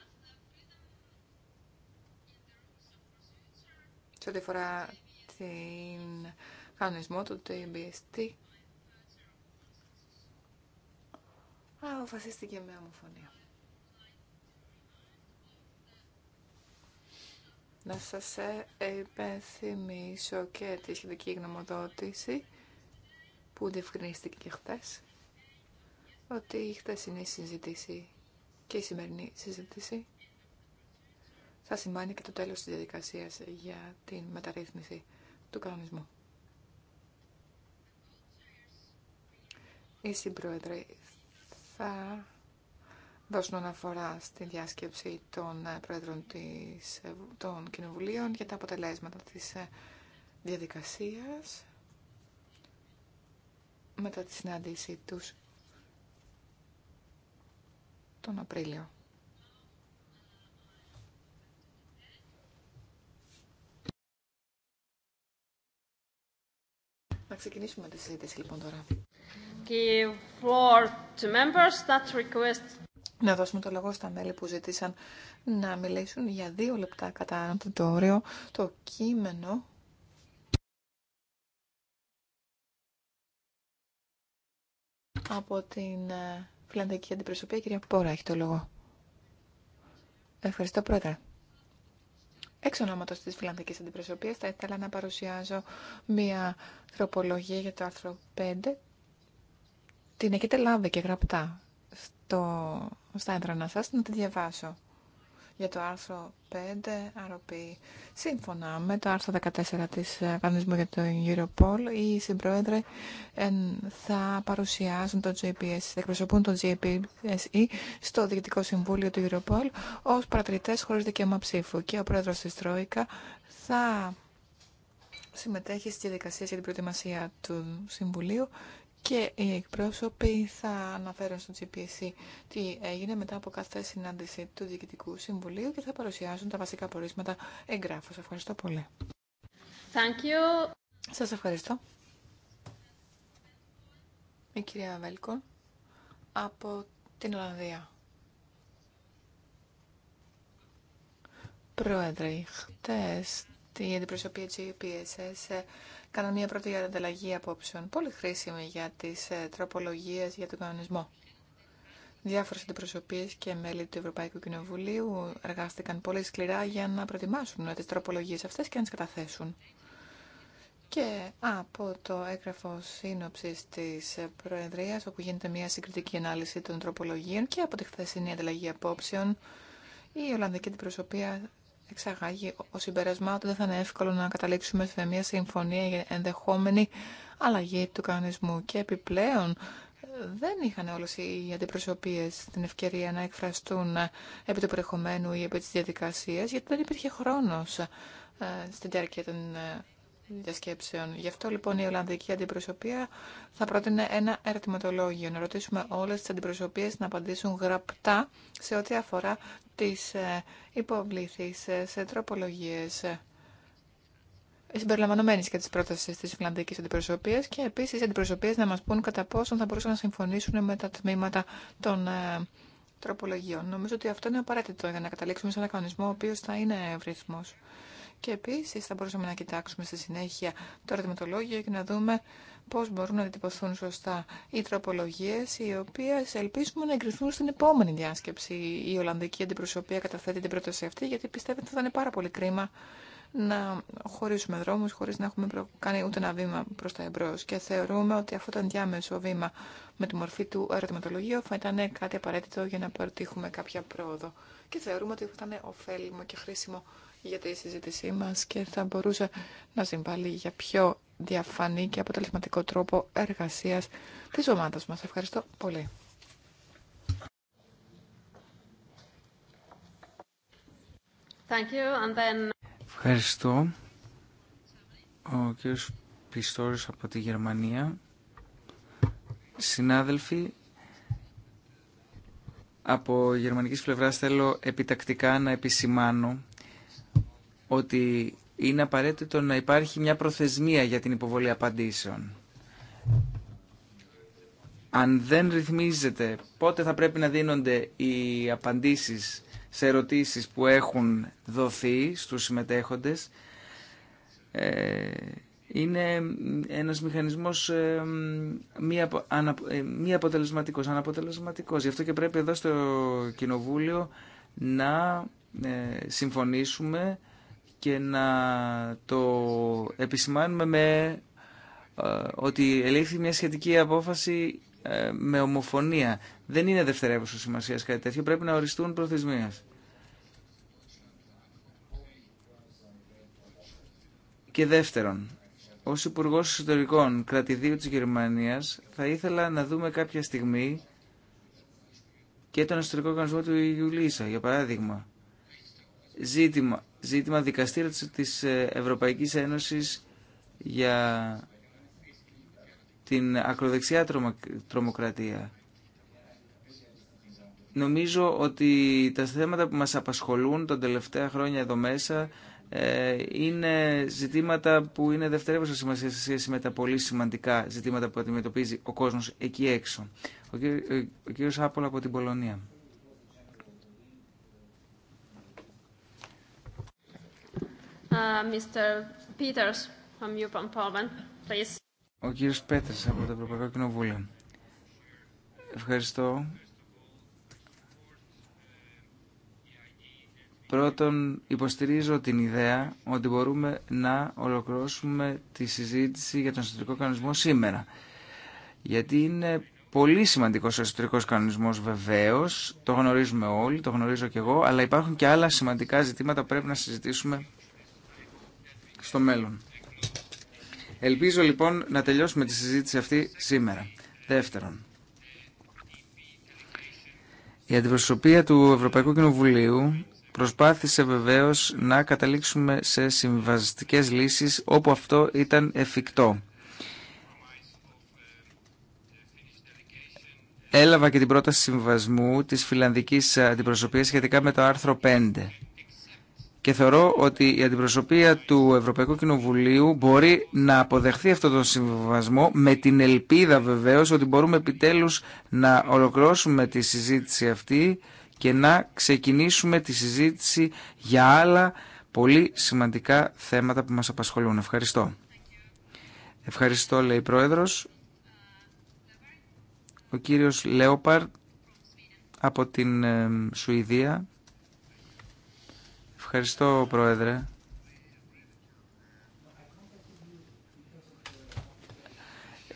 Σε ό,τι αφορά την κανονισμό του TBST, αποφασίστηκε με ομοφωνία. Να σας υπενθυμίσω και τη σχετική γνωμοδότηση που διευκρινίστηκε και χθε ότι η χθεσινή συζήτηση και η σημερινή συζήτηση θα σημάνει και το τέλος της διαδικασίας για την μεταρρύθμιση του κανονισμού. Οι συμπρόεδροι θα δώσουν αναφορά στη διάσκεψη των πρόεδρων της, των κοινοβουλίων για τα αποτελέσματα της διαδικασίας μετά τη συνάντησή τους τον Απρίλιο. Να ξεκινήσουμε τη συζήτηση λοιπόν τώρα. Να δώσουμε το λόγο στα μέλη που ζήτησαν να μιλήσουν για δύο λεπτά κατά το όριο το κείμενο από την ε, Φιλανδική Αντιπροσωπεία. Κυρία Πόρα, έχει το λόγο. Ευχαριστώ, πρώτα. Εξ ονόματος της Φιλανδικής Αντιπροσωπείας θα ήθελα να παρουσιάζω μία τροπολογία για το άρθρο 5. Την έχετε λάβει και γραπτά στο, στα έντρανα σας, να τη διαβάσω για το άρθρο 5, αρωπή. Σύμφωνα με το άρθρο 14 της ε, κανονισμού για το Europol, οι συμπρόεδροι θα παρουσιάσουν το GPS, θα εκπροσωπούν το GPSE στο Διοικητικό Συμβούλιο του Europol ως παρατηρητές χωρίς δικαίωμα ψήφου και ο πρόεδρος της Τρόικα θα συμμετέχει στις διαδικασίες για την προετοιμασία του Συμβουλίου και οι εκπρόσωποι θα αναφέρουν στο GPSC τι έγινε μετά από κάθε συνάντηση του Διοικητικού Συμβουλίου και θα παρουσιάσουν τα βασικά πορίσματα εγγράφως. Ευχαριστώ πολύ. Thank Σας ευχαριστώ. Η κυρία Βέλκον από την Ολλανδία. Πρόεδρε, χτες η αντιπροσωπεία GPSS Κάναμε μια πρώτη ανταλλαγή απόψεων, πολύ χρήσιμη για τις ε, τροπολογίε για τον κανονισμό. Διάφορες αντιπροσωπείε και μέλη του Ευρωπαϊκού Κοινοβουλίου εργάστηκαν πολύ σκληρά για να προετοιμάσουν ε, τις τροπολογίε αυτές και να τι καταθέσουν. Και από το έγγραφο σύνοψη τη ε, Προεδρία, όπου γίνεται μια συγκριτική ανάλυση των τροπολογίων και από τη χθεσινή ανταλλαγή απόψεων, η Ολλανδική Αντιπροσωπεία εξαγάγει ο συμπερασμά ότι δεν θα είναι εύκολο να καταλήξουμε σε μια συμφωνία για ενδεχόμενη αλλαγή του κανονισμού. Και επιπλέον δεν είχαν όλε οι αντιπροσωπείε την ευκαιρία να εκφραστούν επί του περιεχομένου ή επί τη διαδικασία, γιατί δεν υπήρχε χρόνος ε, στην διάρκεια των ε, διασκέψεων. Γι' αυτό λοιπόν η Ολλανδική Αντιπροσωπεία θα πρότεινε ένα ερωτηματολόγιο. Να ρωτήσουμε όλες τις αντιπροσωπείες να απαντήσουν γραπτά σε ό,τι αφορά τις ε, υποβλήθεις ε, σε τροπολογίες ε, και τις πρόταση της Φιλανδικής Αντιπροσωπείας και επίσης οι αντιπροσωπείες να μας πούν κατά πόσον θα μπορούσαν να συμφωνήσουν με τα τμήματα των τροπολογιών. Νομίζω ότι αυτό είναι απαραίτητο για να καταλήξουμε σε ένα κανονισμό ο οποίος θα είναι ευρύθμος. Και επίση θα μπορούσαμε να κοιτάξουμε στη συνέχεια το ερωτηματολόγιο και να δούμε πώ μπορούν να διατυπωθούν σωστά οι τροπολογίε, οι οποίε ελπίζουμε να εγκριθούν στην επόμενη διάσκεψη. Η Ολλανδική Αντιπροσωπεία καταθέτει την πρόταση αυτή, γιατί πιστεύετε ότι θα είναι πάρα πολύ κρίμα να χωρίσουμε δρόμους χωρίς να έχουμε κάνει ούτε ένα βήμα προς τα εμπρό. και θεωρούμε ότι αυτό το ενδιάμεσο βήμα με τη μορφή του ερωτηματολογίου θα ήταν κάτι απαραίτητο για να πετύχουμε κάποια πρόοδο και θεωρούμε ότι θα ήταν ωφέλιμο και χρήσιμο για τη συζήτησή μας και θα μπορούσε να συμβάλλει για πιο διαφανή και αποτελεσματικό τρόπο εργασίας της ομάδας μας. Ευχαριστώ πολύ. Thank you. And then Ευχαριστώ. Ο κύριος Πιστόρης από τη Γερμανία. Συνάδελφοι, από γερμανικής πλευράς θέλω επιτακτικά να επισημάνω ότι είναι απαραίτητο να υπάρχει μια προθεσμία για την υποβολή απαντήσεων. Αν δεν ρυθμίζεται πότε θα πρέπει να δίνονται οι απαντήσεις σε ερωτήσεις που έχουν δοθεί στους συμμετέχοντες ε, είναι ένας μηχανισμός ε, μη, ανα, ε, μη αποτελεσματικός, αναποτελεσματικός. Γι' αυτό και πρέπει εδώ στο Κοινοβούλιο να συμφωνήσουμε και να το επισημάνουμε με ότι ελήφθη μια σχετική απόφαση ε, με ομοφωνία. Δεν είναι δευτερεύουσα σημασία κάτι τέτοιο. Πρέπει να οριστούν προθεσμίε. Και δεύτερον, ω Υπουργό εσωτερικών Κρατηδίου τη Γερμανία, θα ήθελα να δούμε κάποια στιγμή και τον ιστορικό οργανισμό του Ιουλίσα, για παράδειγμα. Ζήτημα, ζήτημα δικαστήρα της ε, Ευρωπαϊκής Ένωσης για την ακροδεξιά τρομοκρατία. Νομίζω ότι τα θέματα που μας απασχολούν τα τελευταία χρόνια εδώ μέσα ε, είναι ζητήματα που είναι δευτερεύουσα σημασία σε σχέση με τα πολύ σημαντικά ζητήματα που αντιμετωπίζει ο κόσμος εκεί έξω. Ο, κύριο, ο κύριος Άπολα από την Πολωνία. Uh, Mr. Peters from please. Ο κύριος Πέτρας από το Ευρωπαϊκό Κοινοβούλιο. Ευχαριστώ. Πρώτον, υποστηρίζω την ιδέα ότι μπορούμε να ολοκληρώσουμε τη συζήτηση για τον εσωτερικό κανονισμό σήμερα. Γιατί είναι πολύ σημαντικό ο εσωτερικό κανονισμό βεβαίω, το γνωρίζουμε όλοι, το γνωρίζω και εγώ, αλλά υπάρχουν και άλλα σημαντικά ζητήματα που πρέπει να συζητήσουμε στο μέλλον. Ελπίζω λοιπόν να τελειώσουμε τη συζήτηση αυτή σήμερα. Δεύτερον, η αντιπροσωπεία του Ευρωπαϊκού Κοινοβουλίου προσπάθησε βεβαίως να καταλήξουμε σε συμβαστικές λύσεις όπου αυτό ήταν εφικτό. Έλαβα και την πρόταση συμβασμού της φιλανδικής αντιπροσωπείας σχετικά με το άρθρο 5 και θεωρώ ότι η αντιπροσωπεία του Ευρωπαϊκού Κοινοβουλίου μπορεί να αποδεχθεί αυτό τον συμβασμό με την ελπίδα βεβαίως ότι μπορούμε επιτέλους να ολοκληρώσουμε τη συζήτηση αυτή και να ξεκινήσουμε τη συζήτηση για άλλα πολύ σημαντικά θέματα που μας απασχολούν. Ευχαριστώ. Ευχαριστώ λέει η Πρόεδρος. Ο κύριος Λέοπαρ από την ε, Σουηδία Ευχαριστώ, Πρόεδρε.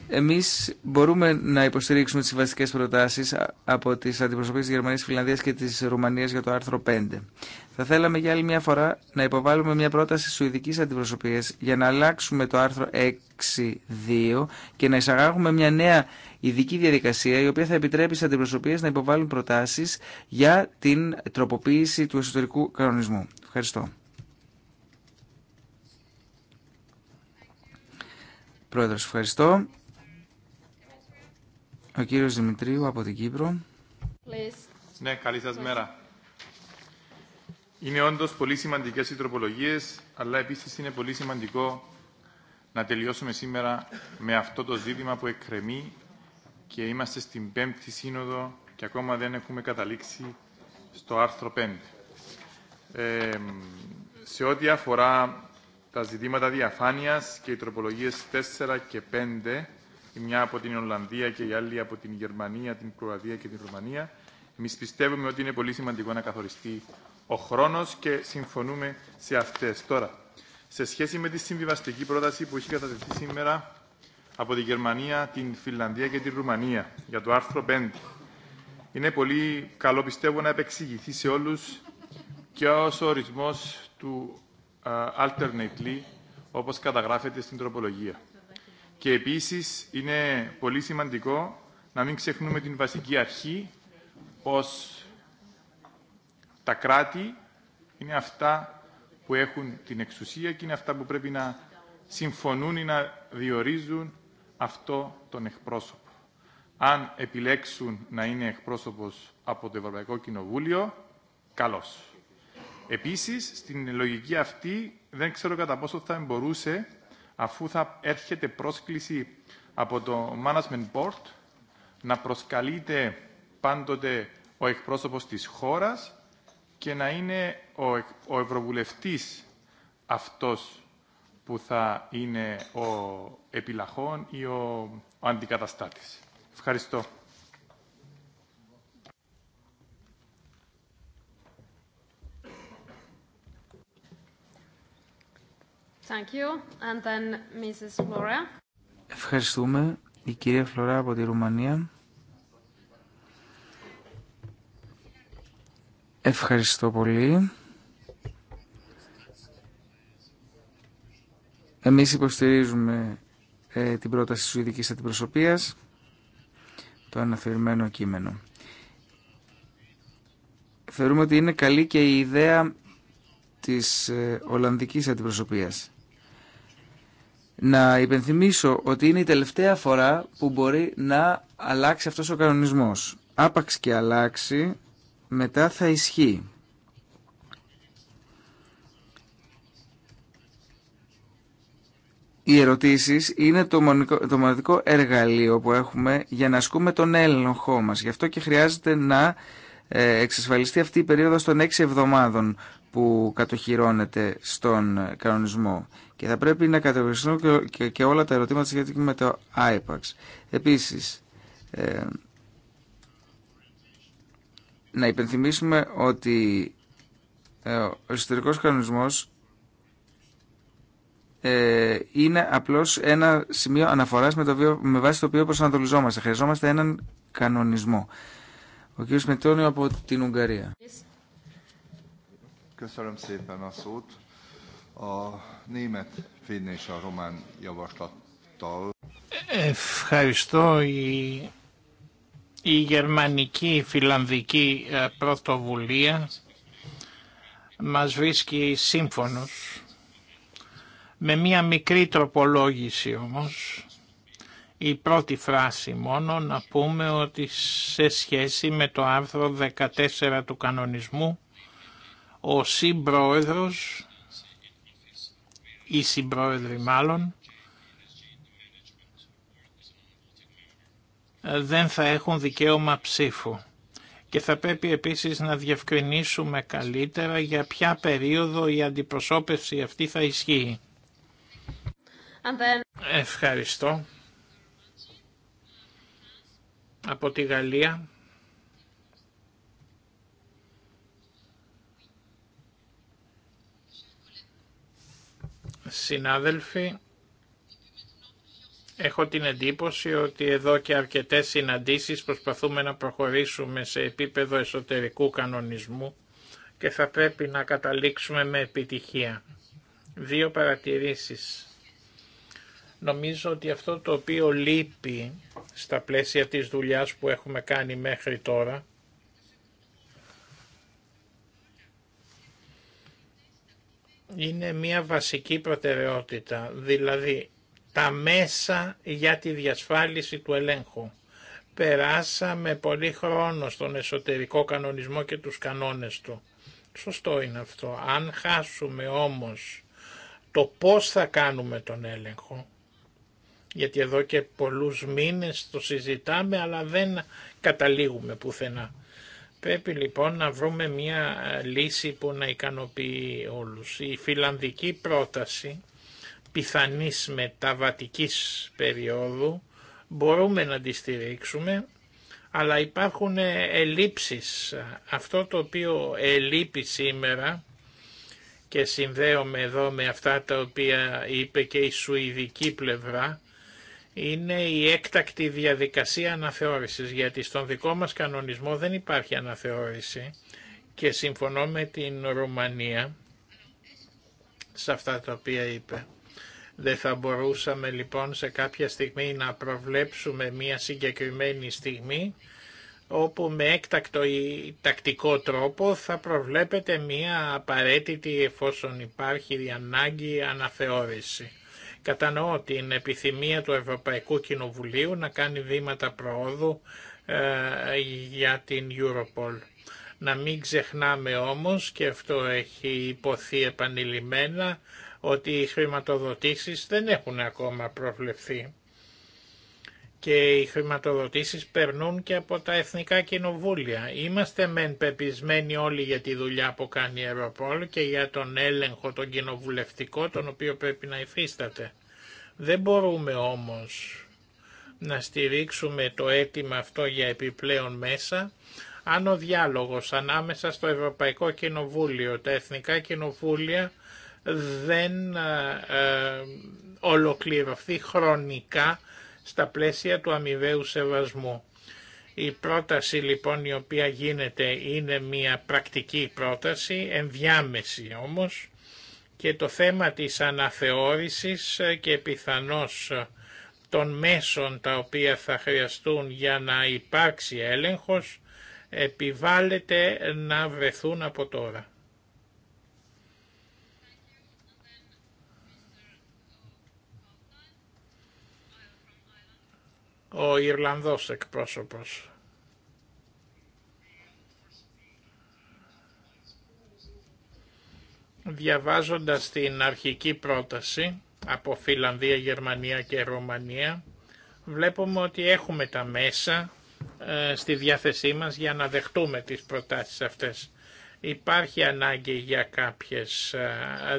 Εμείς μπορούμε να υποστηρίξουμε τις βασικές προτάσεις από τις αντιπροσωπείς της Γερμανίας, Φιλανδίας και της Ρουμανίας για το άρθρο 5. Θα θέλαμε για άλλη μια φορά να υποβάλουμε μια πρόταση σουηδικής αντιπροσωπείας για να αλλάξουμε το άρθρο 6.2 και να εισαγάγουμε μια νέα ειδική διαδικασία η οποία θα επιτρέπει στι αντιπροσωπείε να υποβάλουν προτάσει για την τροποποίηση του εσωτερικού κανονισμού. Ευχαριστώ. Πρόεδρος, ευχαριστώ. Ο κύριος Δημητρίου από την Κύπρο. Ναι, καλή σας μέρα. Είναι όντως πολύ σημαντικές οι τροπολογίες, αλλά επίσης είναι πολύ σημαντικό να τελειώσουμε σήμερα με αυτό το ζήτημα που εκκρεμεί και είμαστε στην πέμπτη σύνοδο και ακόμα δεν έχουμε καταλήξει στο άρθρο 5. Ε, σε ό,τι αφορά τα ζητήματα διαφάνειας και οι τροπολογίες 4 και 5, η μια από την Ολλανδία και η άλλη από την Γερμανία, την Κροατία και την Ρουμανία, εμεί πιστεύουμε ότι είναι πολύ σημαντικό να καθοριστεί ο χρόνο και συμφωνούμε σε αυτέ. Τώρα, σε σχέση με τη συμβιβαστική πρόταση που έχει κατατεθεί σήμερα από τη Γερμανία, την Φιλανδία και την Ρουμανία για το άρθρο 5. Είναι πολύ καλό πιστεύω να επεξηγηθεί σε όλους και ο ορισμός του alternately όπως καταγράφεται στην τροπολογία. Και επίσης είναι πολύ σημαντικό να μην ξεχνούμε την βασική αρχή πως τα κράτη είναι αυτά που έχουν την εξουσία και είναι αυτά που πρέπει να συμφωνούν ή να διορίζουν αυτό τον εκπρόσωπο. Αν επιλέξουν να είναι εκπρόσωπος από το Ευρωπαϊκό Κοινοβούλιο, καλώς. Επίσης, στην λογική αυτή δεν ξέρω κατά πόσο θα μπορούσε, αφού θα έρχεται πρόσκληση από το Management Board, να προσκαλείται πάντοτε ο εκπρόσωπος της χώρας και να είναι ο, ο Ευρωβουλευτής αυτός που θα είναι ο επιλαχών ή ο, αντικαταστάτης. Ευχαριστώ. Thank you. And then Mrs. Ευχαριστούμε. Η κυρία Φλωρά από τη Ρουμανία. Ευχαριστώ πολύ. Εμείς υποστηρίζουμε ε, την πρόταση της Σουηδικής Αντιπροσωπείας, το αναφερμένο κείμενο. Θεωρούμε ότι είναι καλή και η ιδέα της ε, Ολλανδικής Αντιπροσωπείας. Να υπενθυμίσω ότι είναι η τελευταία φορά που μπορεί να αλλάξει αυτός ο κανονισμός. Άπαξ και αλλάξει, μετά θα ισχύει. οι ερωτήσεις είναι το, μοναδικό εργαλείο που έχουμε για να ασκούμε τον έλεγχό μα. Γι' αυτό και χρειάζεται να ε, εξασφαλιστεί αυτή η περίοδο των έξι εβδομάδων που κατοχυρώνεται στον κανονισμό. Και θα πρέπει να κατευθυνθούν και, όλα τα ερωτήματα σχετικά με το IPAX. Επίσης, ε, να υπενθυμίσουμε ότι ε, ο εσωτερικός κανονισμός ε, είναι απλώς ένα σημείο αναφοράς με, βάση το οποίο προσανατολιζόμαστε. Χρειαζόμαστε έναν κανονισμό. Ο κ. Μετώνιο από την Ουγγαρία. Ευχαριστώ. Η, η γερμανική φιλανδική ε, πρωτοβουλία μας βρίσκει σύμφωνος με μία μικρή τροπολόγηση όμως, η πρώτη φράση μόνο να πούμε ότι σε σχέση με το άρθρο 14 του κανονισμού ο συμπρόεδρος ή συμπρόεδροι μάλλον δεν θα έχουν δικαίωμα ψήφου. Και θα πρέπει επίσης να διευκρινίσουμε καλύτερα για ποια περίοδο η αντιπροσώπευση αυτή θα ισχύει. Ευχαριστώ. Από τη Γαλλία. Συνάδελφοι, έχω την εντύπωση ότι εδώ και αρκετές συναντήσεις προσπαθούμε να προχωρήσουμε σε επίπεδο εσωτερικού κανονισμού και θα πρέπει να καταλήξουμε με επιτυχία. Δύο παρατηρήσεις. Νομίζω ότι αυτό το οποίο λείπει στα πλαίσια της δουλειάς που έχουμε κάνει μέχρι τώρα είναι μια βασική προτεραιότητα, δηλαδή τα μέσα για τη διασφάλιση του ελέγχου. Περάσαμε πολύ χρόνο στον εσωτερικό κανονισμό και τους κανόνες του. Σωστό είναι αυτό. Αν χάσουμε όμως το πώς θα κάνουμε τον έλεγχο, γιατί εδώ και πολλούς μήνες το συζητάμε αλλά δεν καταλήγουμε πουθενά. Πρέπει λοιπόν να βρούμε μια ε, λύση που να ικανοποιεί όλους. Η φιλανδική πρόταση πιθανής μεταβατικής περίοδου μπορούμε να τη στηρίξουμε αλλά υπάρχουν ε, ελλείψεις. Αυτό το οποίο ελείπει σήμερα και συνδέομαι εδώ με αυτά τα οποία είπε και η σουηδική πλευρά είναι η έκτακτη διαδικασία αναθεώρησης, γιατί στον δικό μας κανονισμό δεν υπάρχει αναθεώρηση και συμφωνώ με την Ρουμανία σε αυτά τα οποία είπε. Δεν θα μπορούσαμε λοιπόν σε κάποια στιγμή να προβλέψουμε μία συγκεκριμένη στιγμή όπου με έκτακτο ή τακτικό τρόπο θα προβλέπεται μία απαραίτητη εφόσον υπάρχει η ανάγκη αναθεώρηση. Κατανοώ την επιθυμία του Ευρωπαϊκού Κοινοβουλίου να κάνει βήματα προόδου ε, για την Europol. Να μην ξεχνάμε όμως, και αυτό έχει υποθεί επανειλημμένα, ότι οι χρηματοδοτήσεις δεν έχουν ακόμα προβλεφθεί και οι χρηματοδοτήσεις περνούν και από τα εθνικά κοινοβούλια. Είμαστε μεν πεπισμένοι όλοι για τη δουλειά που κάνει η Ευρωπόλ και για τον έλεγχο τον κοινοβουλευτικό τον οποίο πρέπει να υφίσταται. Δεν μπορούμε όμως να στηρίξουμε το αίτημα αυτό για επιπλέον μέσα αν ο διάλογος ανάμεσα στο Ευρωπαϊκό Κοινοβούλιο, τα Εθνικά Κοινοβούλια δεν ε, ε, ολοκληρωθεί χρονικά στα πλαίσια του αμοιβαίου σεβασμού. Η πρόταση λοιπόν η οποία γίνεται είναι μια πρακτική πρόταση, ενδιάμεση όμως, και το θέμα της αναθεώρησης και πιθανώς των μέσων τα οποία θα χρειαστούν για να υπάρξει έλεγχος επιβάλλεται να βρεθούν από τώρα. ο Ιρλανδός εκπρόσωπος. Διαβάζοντας την αρχική πρόταση από Φιλανδία, Γερμανία και Ρωμανία, βλέπουμε ότι έχουμε τα μέσα ε, στη διάθεσή μας για να δεχτούμε τις προτάσεις αυτές. Υπάρχει ανάγκη για κάποιες ε,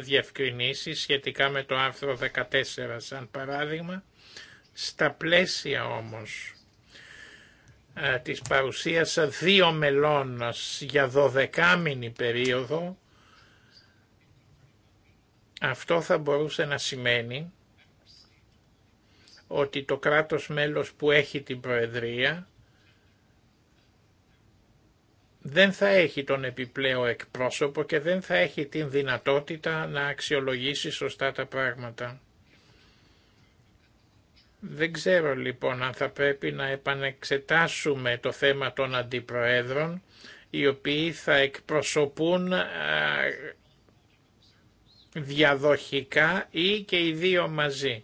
διευκρινήσεις σχετικά με το άρθρο 14 σαν παράδειγμα στα πλαίσια όμως ε, της παρουσίας δύο μελών για δωδεκάμινη περίοδο, αυτό θα μπορούσε να σημαίνει ότι το κράτος μέλος που έχει την Προεδρία δεν θα έχει τον επιπλέον εκπρόσωπο και δεν θα έχει την δυνατότητα να αξιολογήσει σωστά τα πράγματα. Δεν ξέρω λοιπόν αν θα πρέπει να επανεξετάσουμε το θέμα των αντιπροέδρων οι οποίοι θα εκπροσωπούν διαδοχικά ή και οι δύο μαζί.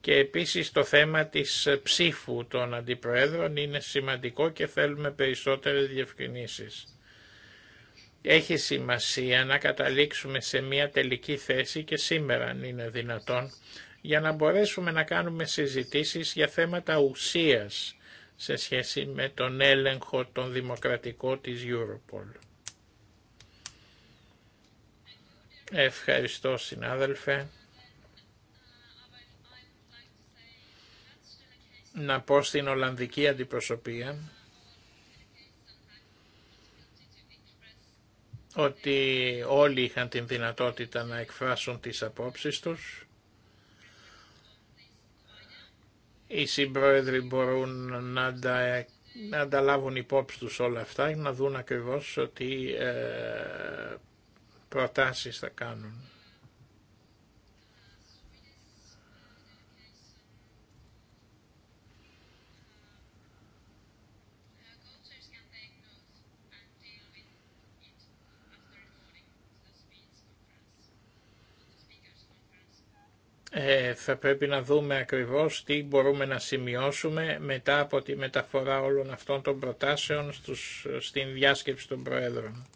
Και επίσης το θέμα της ψήφου των αντιπροέδρων είναι σημαντικό και θέλουμε περισσότερες διευκρινήσεις. Έχει σημασία να καταλήξουμε σε μια τελική θέση και σήμερα αν είναι δυνατόν για να μπορέσουμε να κάνουμε συζητήσεις για θέματα ουσίας σε σχέση με τον έλεγχο τον δημοκρατικό της Europol. Ευχαριστώ συνάδελφε. Να πω στην Ολλανδική Αντιπροσωπεία ότι όλοι είχαν την δυνατότητα να εκφράσουν τις απόψεις τους οι συμπρόεδροι μπορούν να τα, να υπόψη τους όλα αυτά και να δουν ακριβώς ότι ε, προτάσεις θα κάνουν. Ε, θα πρέπει να δούμε ακριβώς τι μπορούμε να σημειώσουμε μετά από τη μεταφορά όλων αυτών των προτάσεων στους, στην διάσκεψη των Προέδρων.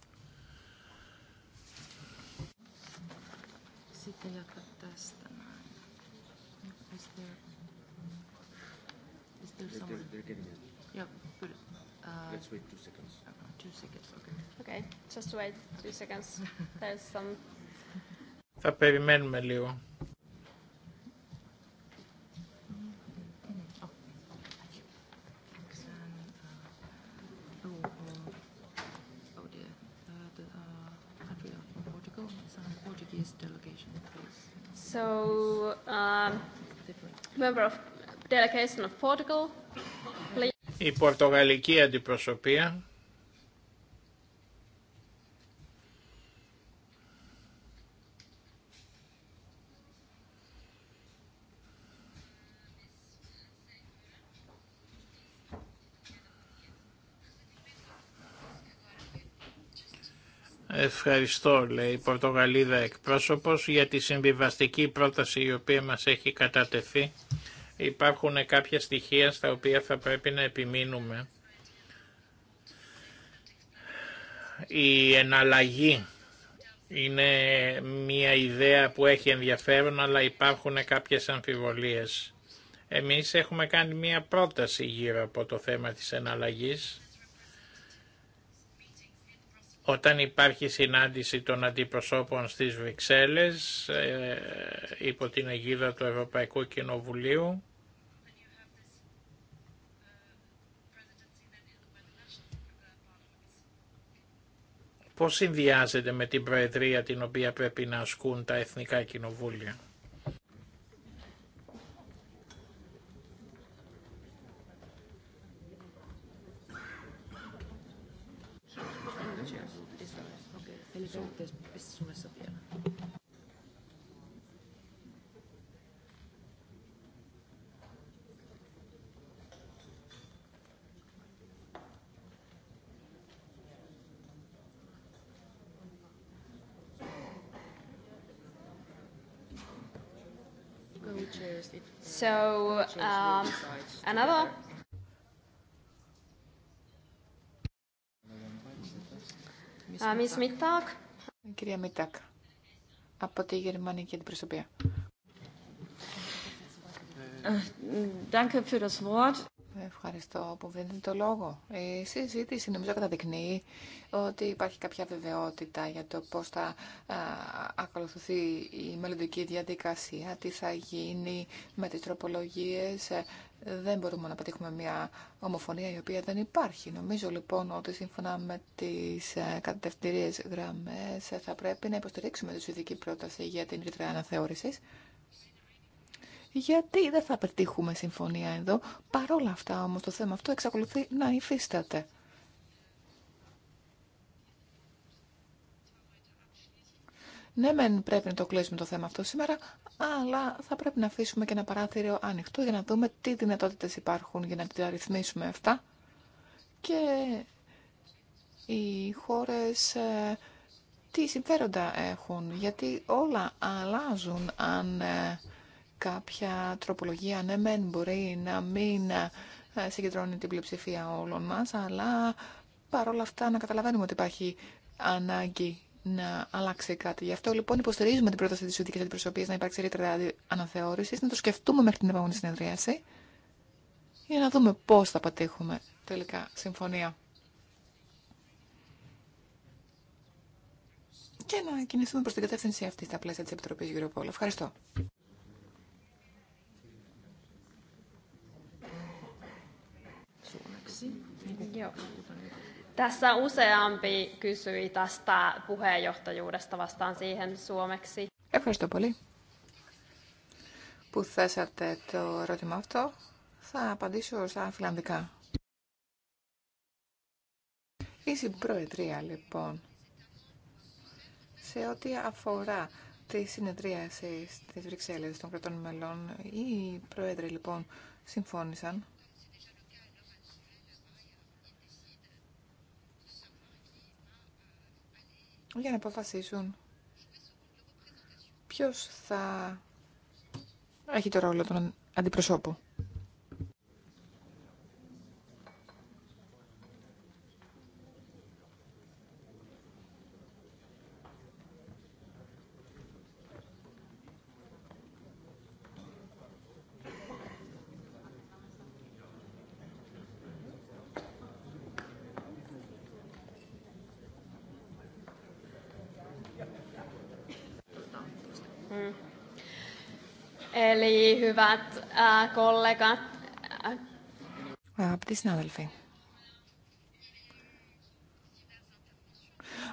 Θα περιμένουμε λίγο. Η Πορτογαλική αντιπροσωπεία. Ευχαριστώ, λέει η Πορτογαλίδα εκπρόσωπος, για τη συμβιβαστική πρόταση η οποία μας έχει κατατεθεί υπάρχουν κάποια στοιχεία στα οποία θα πρέπει να επιμείνουμε. Η εναλλαγή είναι μια ιδέα που έχει ενδιαφέρον, αλλά υπάρχουν κάποιες αμφιβολίες. Εμείς έχουμε κάνει μια πρόταση γύρω από το θέμα της εναλλαγής. Όταν υπάρχει συνάντηση των αντιπροσώπων στις Βρυξέλλες, ε, υπό την αιγίδα του Ευρωπαϊκού Κοινοβουλίου, πώς συνδυάζεται με την προεδρία την οποία πρέπει να ασκούν τα εθνικά κοινοβούλια. So, um, another. Uh, Miss Mittag. Κυρία Μιτάκ, από τη γερμανική αντιπροσωπεία. Ευχαριστώ äh, für das Wort. Ευχαριστώ που δίνετε το λόγο. Η συζήτηση νομίζω καταδεικνύει ότι υπάρχει κάποια βεβαιότητα για το πώς θα α, ακολουθηθεί η μελλοντική διαδικασία, τι θα γίνει με τις τροπολογίες. Δεν μπορούμε να πετύχουμε μια ομοφωνία η οποία δεν υπάρχει. Νομίζω λοιπόν ότι σύμφωνα με τις ε, κατευθυντηρίες γραμμές θα πρέπει να υποστηρίξουμε τη ειδική πρόταση για την ρήτρα αναθεώρησης γιατί δεν θα πετύχουμε συμφωνία εδώ. Παρόλα αυτά όμως το θέμα αυτό εξακολουθεί να υφίσταται. Ναι, μεν πρέπει να το κλείσουμε το θέμα αυτό σήμερα, αλλά θα πρέπει να αφήσουμε και ένα παράθυρο ανοιχτό για να δούμε τι δυνατότητες υπάρχουν για να τα ρυθμίσουμε αυτά. Και οι χώρες ε, τι συμφέροντα έχουν, γιατί όλα αλλάζουν αν ε, κάποια τροπολογία, ναι μεν μπορεί να μην ε, συγκεντρώνει την πλειοψηφία όλων μας, αλλά παρόλα αυτά να καταλαβαίνουμε ότι υπάρχει ανάγκη να αλλάξει κάτι. Γι' αυτό λοιπόν υποστηρίζουμε την πρόταση τη Ιουδική Αντιπροσωπεία να υπάρξει ρήτρα αναθεώρηση, να το σκεφτούμε μέχρι την επόμενη συνεδρίαση για να δούμε πώ θα πατήχουμε τελικά συμφωνία. Και να κινηθούμε προ την κατεύθυνση αυτή στα πλαίσια τη Επιτροπή Γεωργοπόλου. Ευχαριστώ. Tässä useampi kysyi tästä puheenjohtajuudesta vastaan siihen suomeksi. Ευχαριστώ πολύ που θέσατε το ερώτημα αυτό. Θα απαντήσω στα φιλανδικά. Η συμπροεδρία λοιπόν σε ό,τι αφορά τη συνεδρίαση της Βρυξέλλες των κρατών μελών οι πρόεδροι λοιπόν συμφώνησαν για να αποφασίσουν ποιος θα έχει το ρόλο των αντιπροσώπου. Eli hyvät kollegat. Αγαπητοί συνάδελφοι,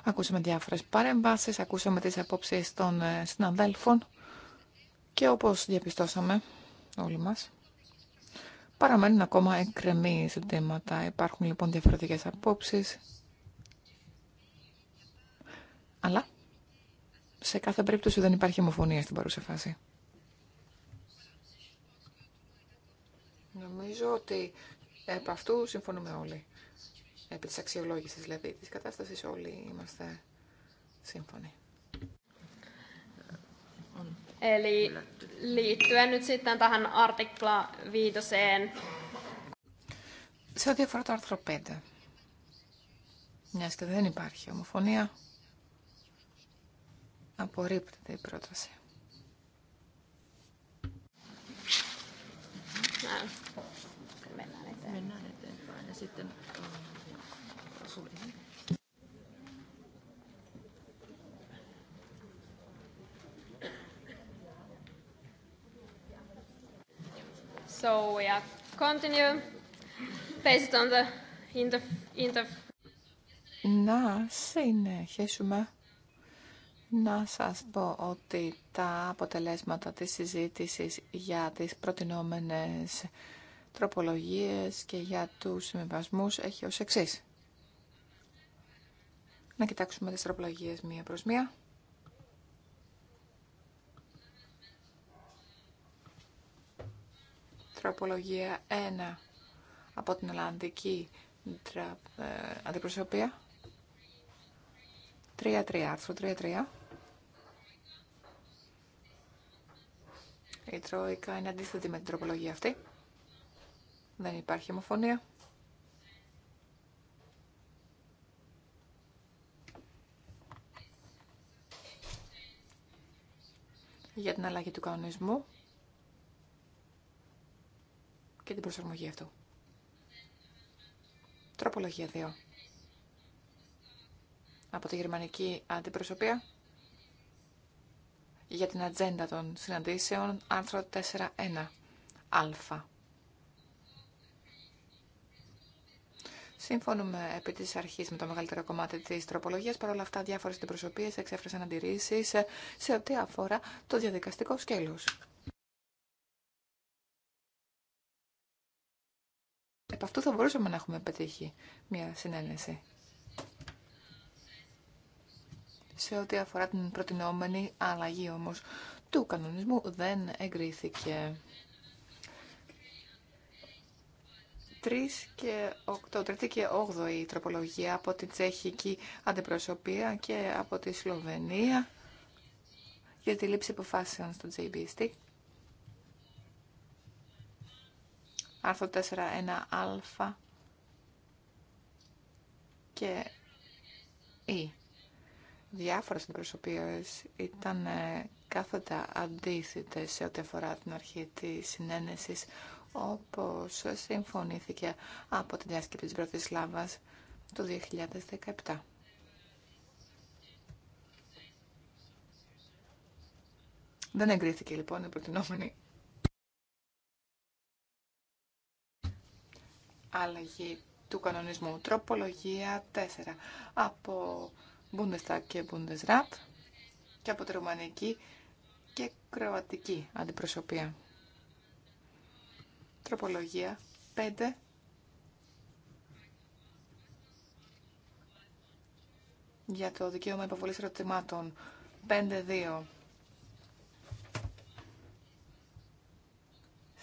ακούσαμε διάφορε παρέμβάσει, ακούσαμε τι απόψει των ε, συναδέλφων και όπω διαπιστώσαμε όλοι μα. παραμένουν ακόμα εκκρεμή ζητήματα. Υπάρχουν λοιπόν διαφορετικέ απόψει. αλλά σε κάθε περίπτωση δεν υπάρχει ομοφωνία στην παρούσα φάση. Νομίζω ότι επ' αυτού συμφωνούμε όλοι. Επί της αξιολόγησης δηλαδή της κατάστασης όλοι είμαστε σύμφωνοι. Eli liittyen nyt sitten Σε ό,τι αφορά το άρθρο 5. Μιας και δεν υπάρχει ομοφωνία, απορρίπτεται η πρόταση. Ναι. So we continue based on the in the in the να συνεχίσουμε να σας πω ότι τα αποτελέσματα της συζήτησης για τις προτινόμενες τροπολογίες και για τους συμβιβασμούς έχει ως εξή. Να κοιτάξουμε τις τροπολογίες μία προς μία. Τροπολογία 1 από την Ολλανδική ε, Αντιπροσωπεία. 3-3, άρθρο 3-3. Η Τρόικα είναι αντίθετη με την τροπολογία αυτή. Δεν υπάρχει ομοφωνία. για την αλλαγή του κανονισμού και την προσαρμογή αυτού. Τροπολογία 2. Από τη γερμανική αντιπροσωπεία για την ατζέντα των συναντήσεων, άρθρο 4.1. Α. Συμφωνούμε επί τη αρχή με το μεγαλύτερο κομμάτι τη τροπολογία. Παρ' όλα αυτά, διάφορε αντιπροσωπείε εξέφρασαν αντιρρήσει σε, ό,τι αφορά το διαδικαστικό σκέλο. Επ' αυτού θα μπορούσαμε να έχουμε πετύχει μια συνένεση. Σε ό,τι αφορά την προτινόμενη αλλαγή όμως του κανονισμού δεν εγκρίθηκε. 3 και 8, τρίτη και 8η τροπολογία από την τσεχική αντιπροσωπεία και από τη Σλοβενία για τη λήψη αποφάσεων στο JBST. αρθρο 1 4.1α και η διάφορες αντιπροσωπείες ήταν ε, κάθετα αντίθετες σε ό,τι αφορά την αρχή της συνένεσης όπως συμφωνήθηκε από την διάσκεψη της πρώτης το 2017. Δεν εγκρίθηκε λοιπόν η προτινόμενη αλλαγή του κανονισμού. Τροπολογία 4 από Bundestag και Bundesrat και από τη Ρουμανική και Κροατική αντιπροσωπεία. Τροπολογία 5. Για το δικαίωμα υποβολής ερωτημάτων. 5-2.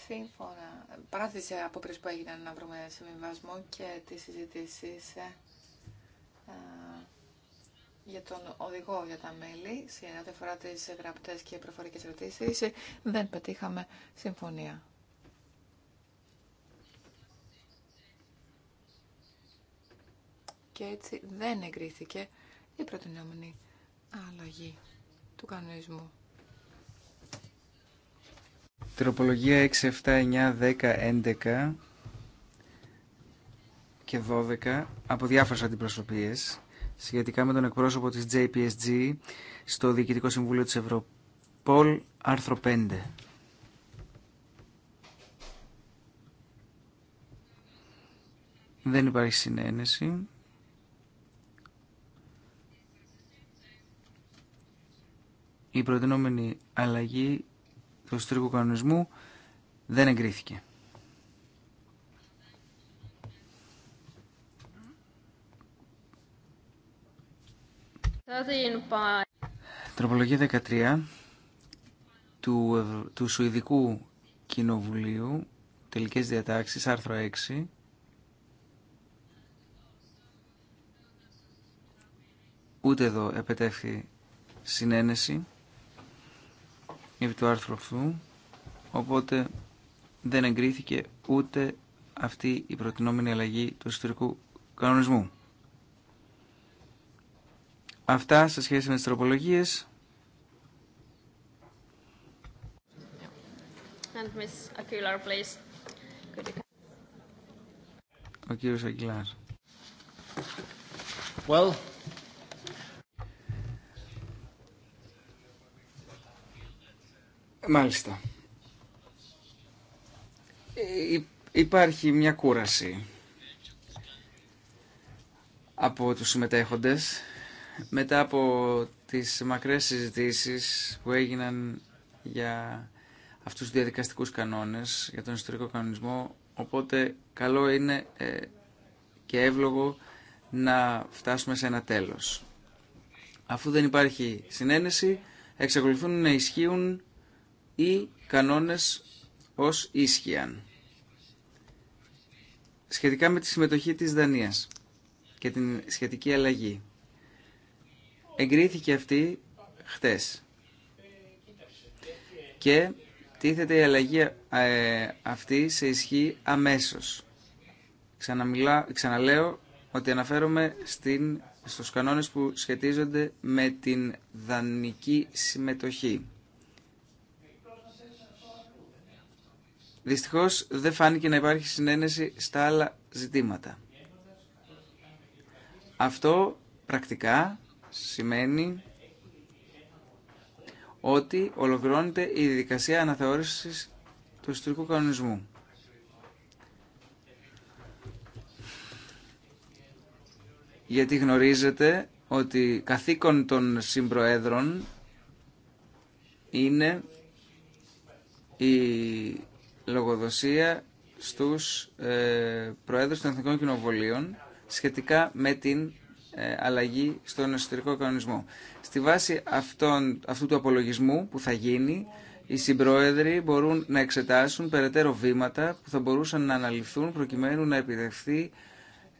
Σύμφωνα. Παράθεση από πριν που έγιναν να βρούμε συμβιβασμό και τις συζητήσεις ε, για τον οδηγό για τα μέλη, σε ό,τι αφορά τι και προφορικές ερωτήσει, ε, δεν πετύχαμε συμφωνία. και έτσι δεν εγκρίθηκε η προτινόμενη αλλαγή του κανονισμού. Τροπολογία 6, 7, 9, 10, 11 και 12 από διάφορες αντιπροσωπείες σχετικά με τον εκπρόσωπο της JPSG στο Διοικητικό Συμβούλιο της Ευρωπόλ, άρθρο 5. Δεν υπάρχει συνένεση. η προτινόμενη αλλαγή του εσωτερικού κανονισμού δεν εγκρίθηκε. Τροπολογία 13 του, του Σουηδικού Κοινοβουλίου, τελικές διατάξεις, άρθρο 6. Ούτε εδώ επετέφθη συνένεση επί του άρθρου αυτού, οπότε δεν εγκρίθηκε ούτε αυτή η προτινόμενη αλλαγή του ιστορικού κανονισμού. Αυτά σε σχέση με τις τροπολογίες. Μάλιστα. Ε, υπάρχει μια κούραση από τους συμμετέχοντες μετά από τις μακρές συζητήσεις που έγιναν για αυτούς τους διαδικαστικούς κανόνες, για τον ιστορικό κανονισμό, οπότε καλό είναι ε, και εύλογο να φτάσουμε σε ένα τέλος. Αφού δεν υπάρχει συνένεση, εξακολουθούν να ισχύουν ή κανόνες ως ίσχυαν σχετικά με τη συμμετοχή της Δανίας και την σχετική αλλαγή. Εγκρίθηκε αυτή χτες. Και τίθεται η αλλαγή ε, αυτή σε ισχύ αμέσως. Ξαναμιλά, ξαναλέω ότι αναφέρομαι στην, στους κανόνες που σχετίζονται με την Δανική συμμετοχή. Δυστυχώς δεν φάνηκε να υπάρχει συνένεση στα άλλα ζητήματα. Αυτό πρακτικά σημαίνει ότι ολοκληρώνεται η διαδικασία αναθεώρησης του ιστορικού κανονισμού. Γιατί γνωρίζετε ότι καθήκον των συμπροέδρων είναι η λογοδοσία στους ε, Προέδρους των Εθνικών Κοινοβολίων σχετικά με την ε, αλλαγή στον εσωτερικό κανονισμό. Στη βάση αυτών, αυτού του απολογισμού που θα γίνει, οι συμπρόεδροι μπορούν να εξετάσουν περαιτέρω βήματα που θα μπορούσαν να αναλυθούν προκειμένου να επιδεχθεί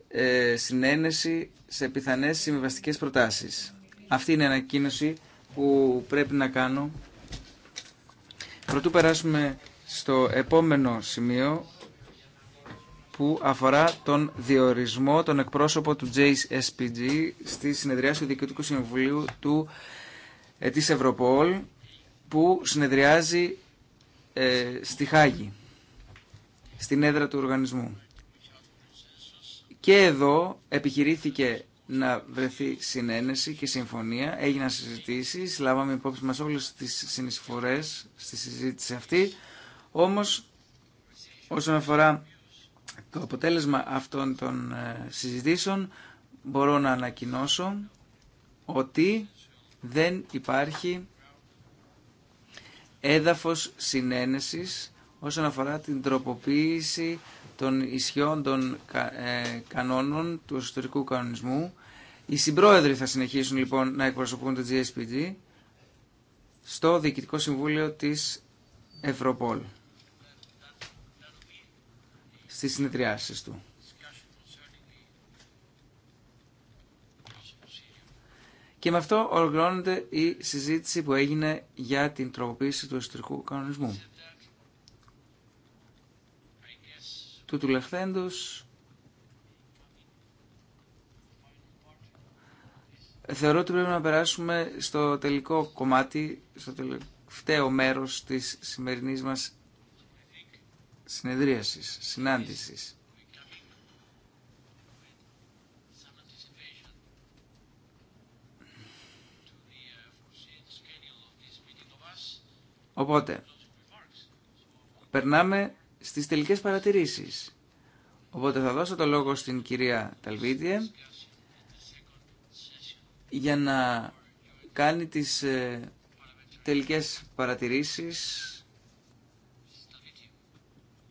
ε, συνένεση σε πιθανές συμβιβαστικέ προτάσεις. Αυτή είναι η ανακοίνωση που πρέπει να κάνω. Πρωτού περάσουμε στο επόμενο σημείο που αφορά τον διορισμό, τον εκπρόσωπο του JSPG στη συνεδριάση του Διοικητικού Συμβουλίου του, ε, της Ευρωπόλ που συνεδριάζει ε, στη Χάγη, στην έδρα του οργανισμού. Και εδώ επιχειρήθηκε να βρεθεί συνένεση και συμφωνία, έγιναν συζητήσεις, λάβαμε υπόψη μας όλες τις συνεισφορές στη συζήτηση αυτή όμως, όσον αφορά το αποτέλεσμα αυτών των ε, συζητήσεων, μπορώ να ανακοινώσω ότι δεν υπάρχει έδαφος συνένεσης όσον αφορά την τροποποίηση των ισχυών των ε, κανόνων του ιστορικού κανονισμού. Οι συμπρόεδροι θα συνεχίσουν λοιπόν να εκπροσωπούν το GSPG στο Διοικητικό Συμβούλιο της Ευρωπόλ στις συνεδριάσεις του. Και με αυτό ολοκληρώνεται η συζήτηση που έγινε για την τροποποίηση του εσωτερικού κανονισμού. Του τουλεχθέντος θεωρώ ότι πρέπει να περάσουμε στο τελικό κομμάτι, στο τελευταίο μέρος της σημερινής μας συνεδρίασης, συνάντησης. Οπότε, περνάμε στις τελικές παρατηρήσεις. Οπότε θα δώσω το λόγο στην κυρία Ταλβίτιε για να κάνει τις ε, τελικές παρατηρήσεις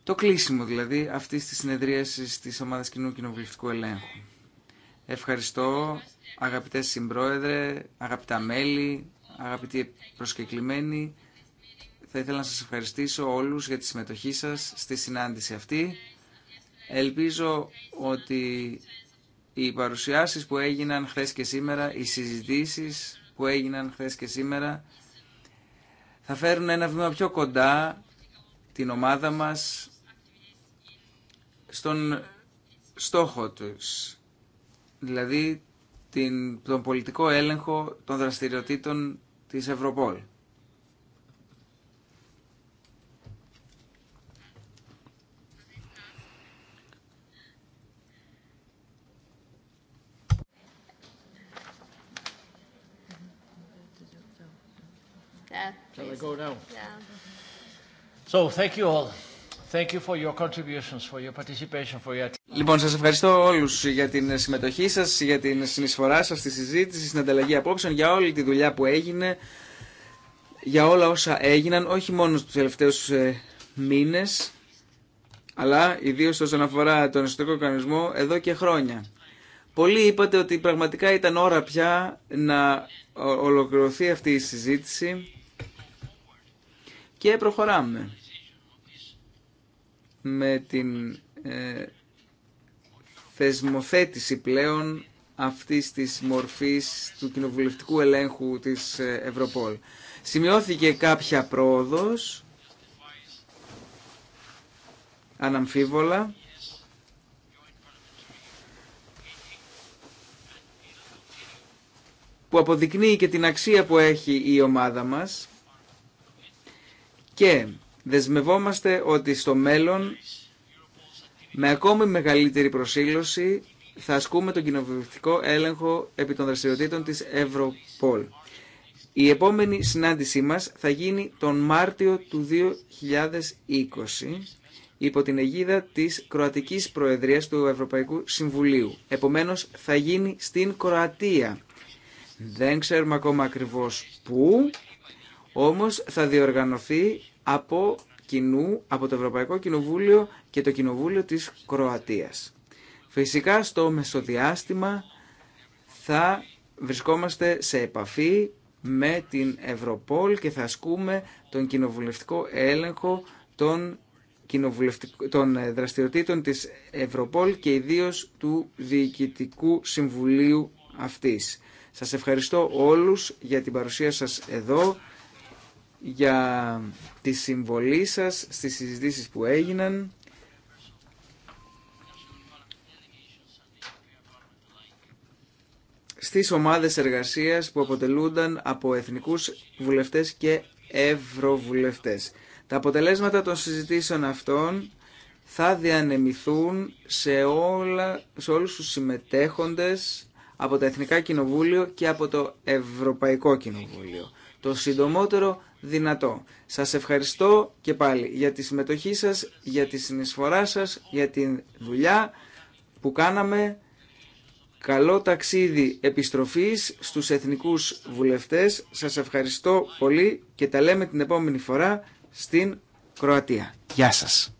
το κλείσιμο δηλαδή αυτή της συνεδρίασης της Ομάδας Κοινού Κοινοβουλευτικού Ελέγχου. Ευχαριστώ αγαπητέ συμπρόεδρε, αγαπητά μέλη, αγαπητοί προσκεκλημένοι. Θα ήθελα να σας ευχαριστήσω όλους για τη συμμετοχή σας στη συνάντηση αυτή. Ελπίζω ότι οι παρουσιάσεις που έγιναν χθες και σήμερα, οι συζητήσεις που έγιναν χθες και σήμερα, θα φέρουν ένα βήμα πιο κοντά την ομάδα μας στον στόχο τους, δηλαδή την, τον πολιτικό έλεγχο των δραστηριοτήτων της Ευρωπόλ. Shall I go now? Yeah. So, thank you all. Thank Λοιπόν, σας ευχαριστώ όλους για την συμμετοχή σας, για την συνεισφορά σας στη συζήτηση, στην ανταλλαγή απόψεων, για όλη τη δουλειά που έγινε, για όλα όσα έγιναν, όχι μόνο στους τελευταίους ε, μήνες, αλλά ιδίω όσον αφορά τον εσωτερικό οργανισμό εδώ και χρόνια. Πολλοί είπατε ότι πραγματικά ήταν ώρα πια να ολοκληρωθεί αυτή η συζήτηση και προχωράμε με την ε, θεσμοθέτηση πλέον αυτής της μορφής του κοινοβουλευτικού ελέγχου της ε, Ευρωπόλ. Σημειώθηκε κάποια πρόοδος, αναμφίβολα, που αποδεικνύει και την αξία που έχει η ομάδα μας και δεσμευόμαστε ότι στο μέλλον με ακόμη μεγαλύτερη προσήλωση θα ασκούμε τον κοινοβουλευτικό έλεγχο επί των δραστηριοτήτων της Ευρωπόλ. Η επόμενη συνάντησή μας θα γίνει τον Μάρτιο του 2020 υπό την αιγίδα της Κροατικής Προεδρίας του Ευρωπαϊκού Συμβουλίου. Επομένως θα γίνει στην Κροατία. Δεν ξέρουμε ακόμα ακριβώς πού, όμως θα διοργανωθεί από κοινού, από το Ευρωπαϊκό Κοινοβούλιο και το Κοινοβούλιο της Κροατίας. Φυσικά στο μεσοδιάστημα θα βρισκόμαστε σε επαφή με την Ευρωπόλ και θα ασκούμε τον κοινοβουλευτικό έλεγχο των, των ε, δραστηριοτήτων της Ευρωπόλ και ιδίως του Διοικητικού Συμβουλίου αυτής. Σας ευχαριστώ όλους για την παρουσία σας εδώ για τη συμβολή σας στις συζητήσεις που έγιναν. στις ομάδες εργασίας που αποτελούνταν από εθνικούς βουλευτές και ευρωβουλευτές. Τα αποτελέσματα των συζητήσεων αυτών θα διανεμηθούν σε, όλα, σε όλους τους συμμετέχοντες από το Εθνικά Κοινοβούλιο και από το Ευρωπαϊκό Κοινοβούλιο. Το συντομότερο δυνατό. Σας ευχαριστώ και πάλι για τη συμμετοχή σας, για τη συνεισφορά σας, για τη δουλειά που κάναμε. Καλό ταξίδι επιστροφής στους εθνικούς βουλευτές. Σας ευχαριστώ πολύ και τα λέμε την επόμενη φορά στην Κροατία. Γεια σας.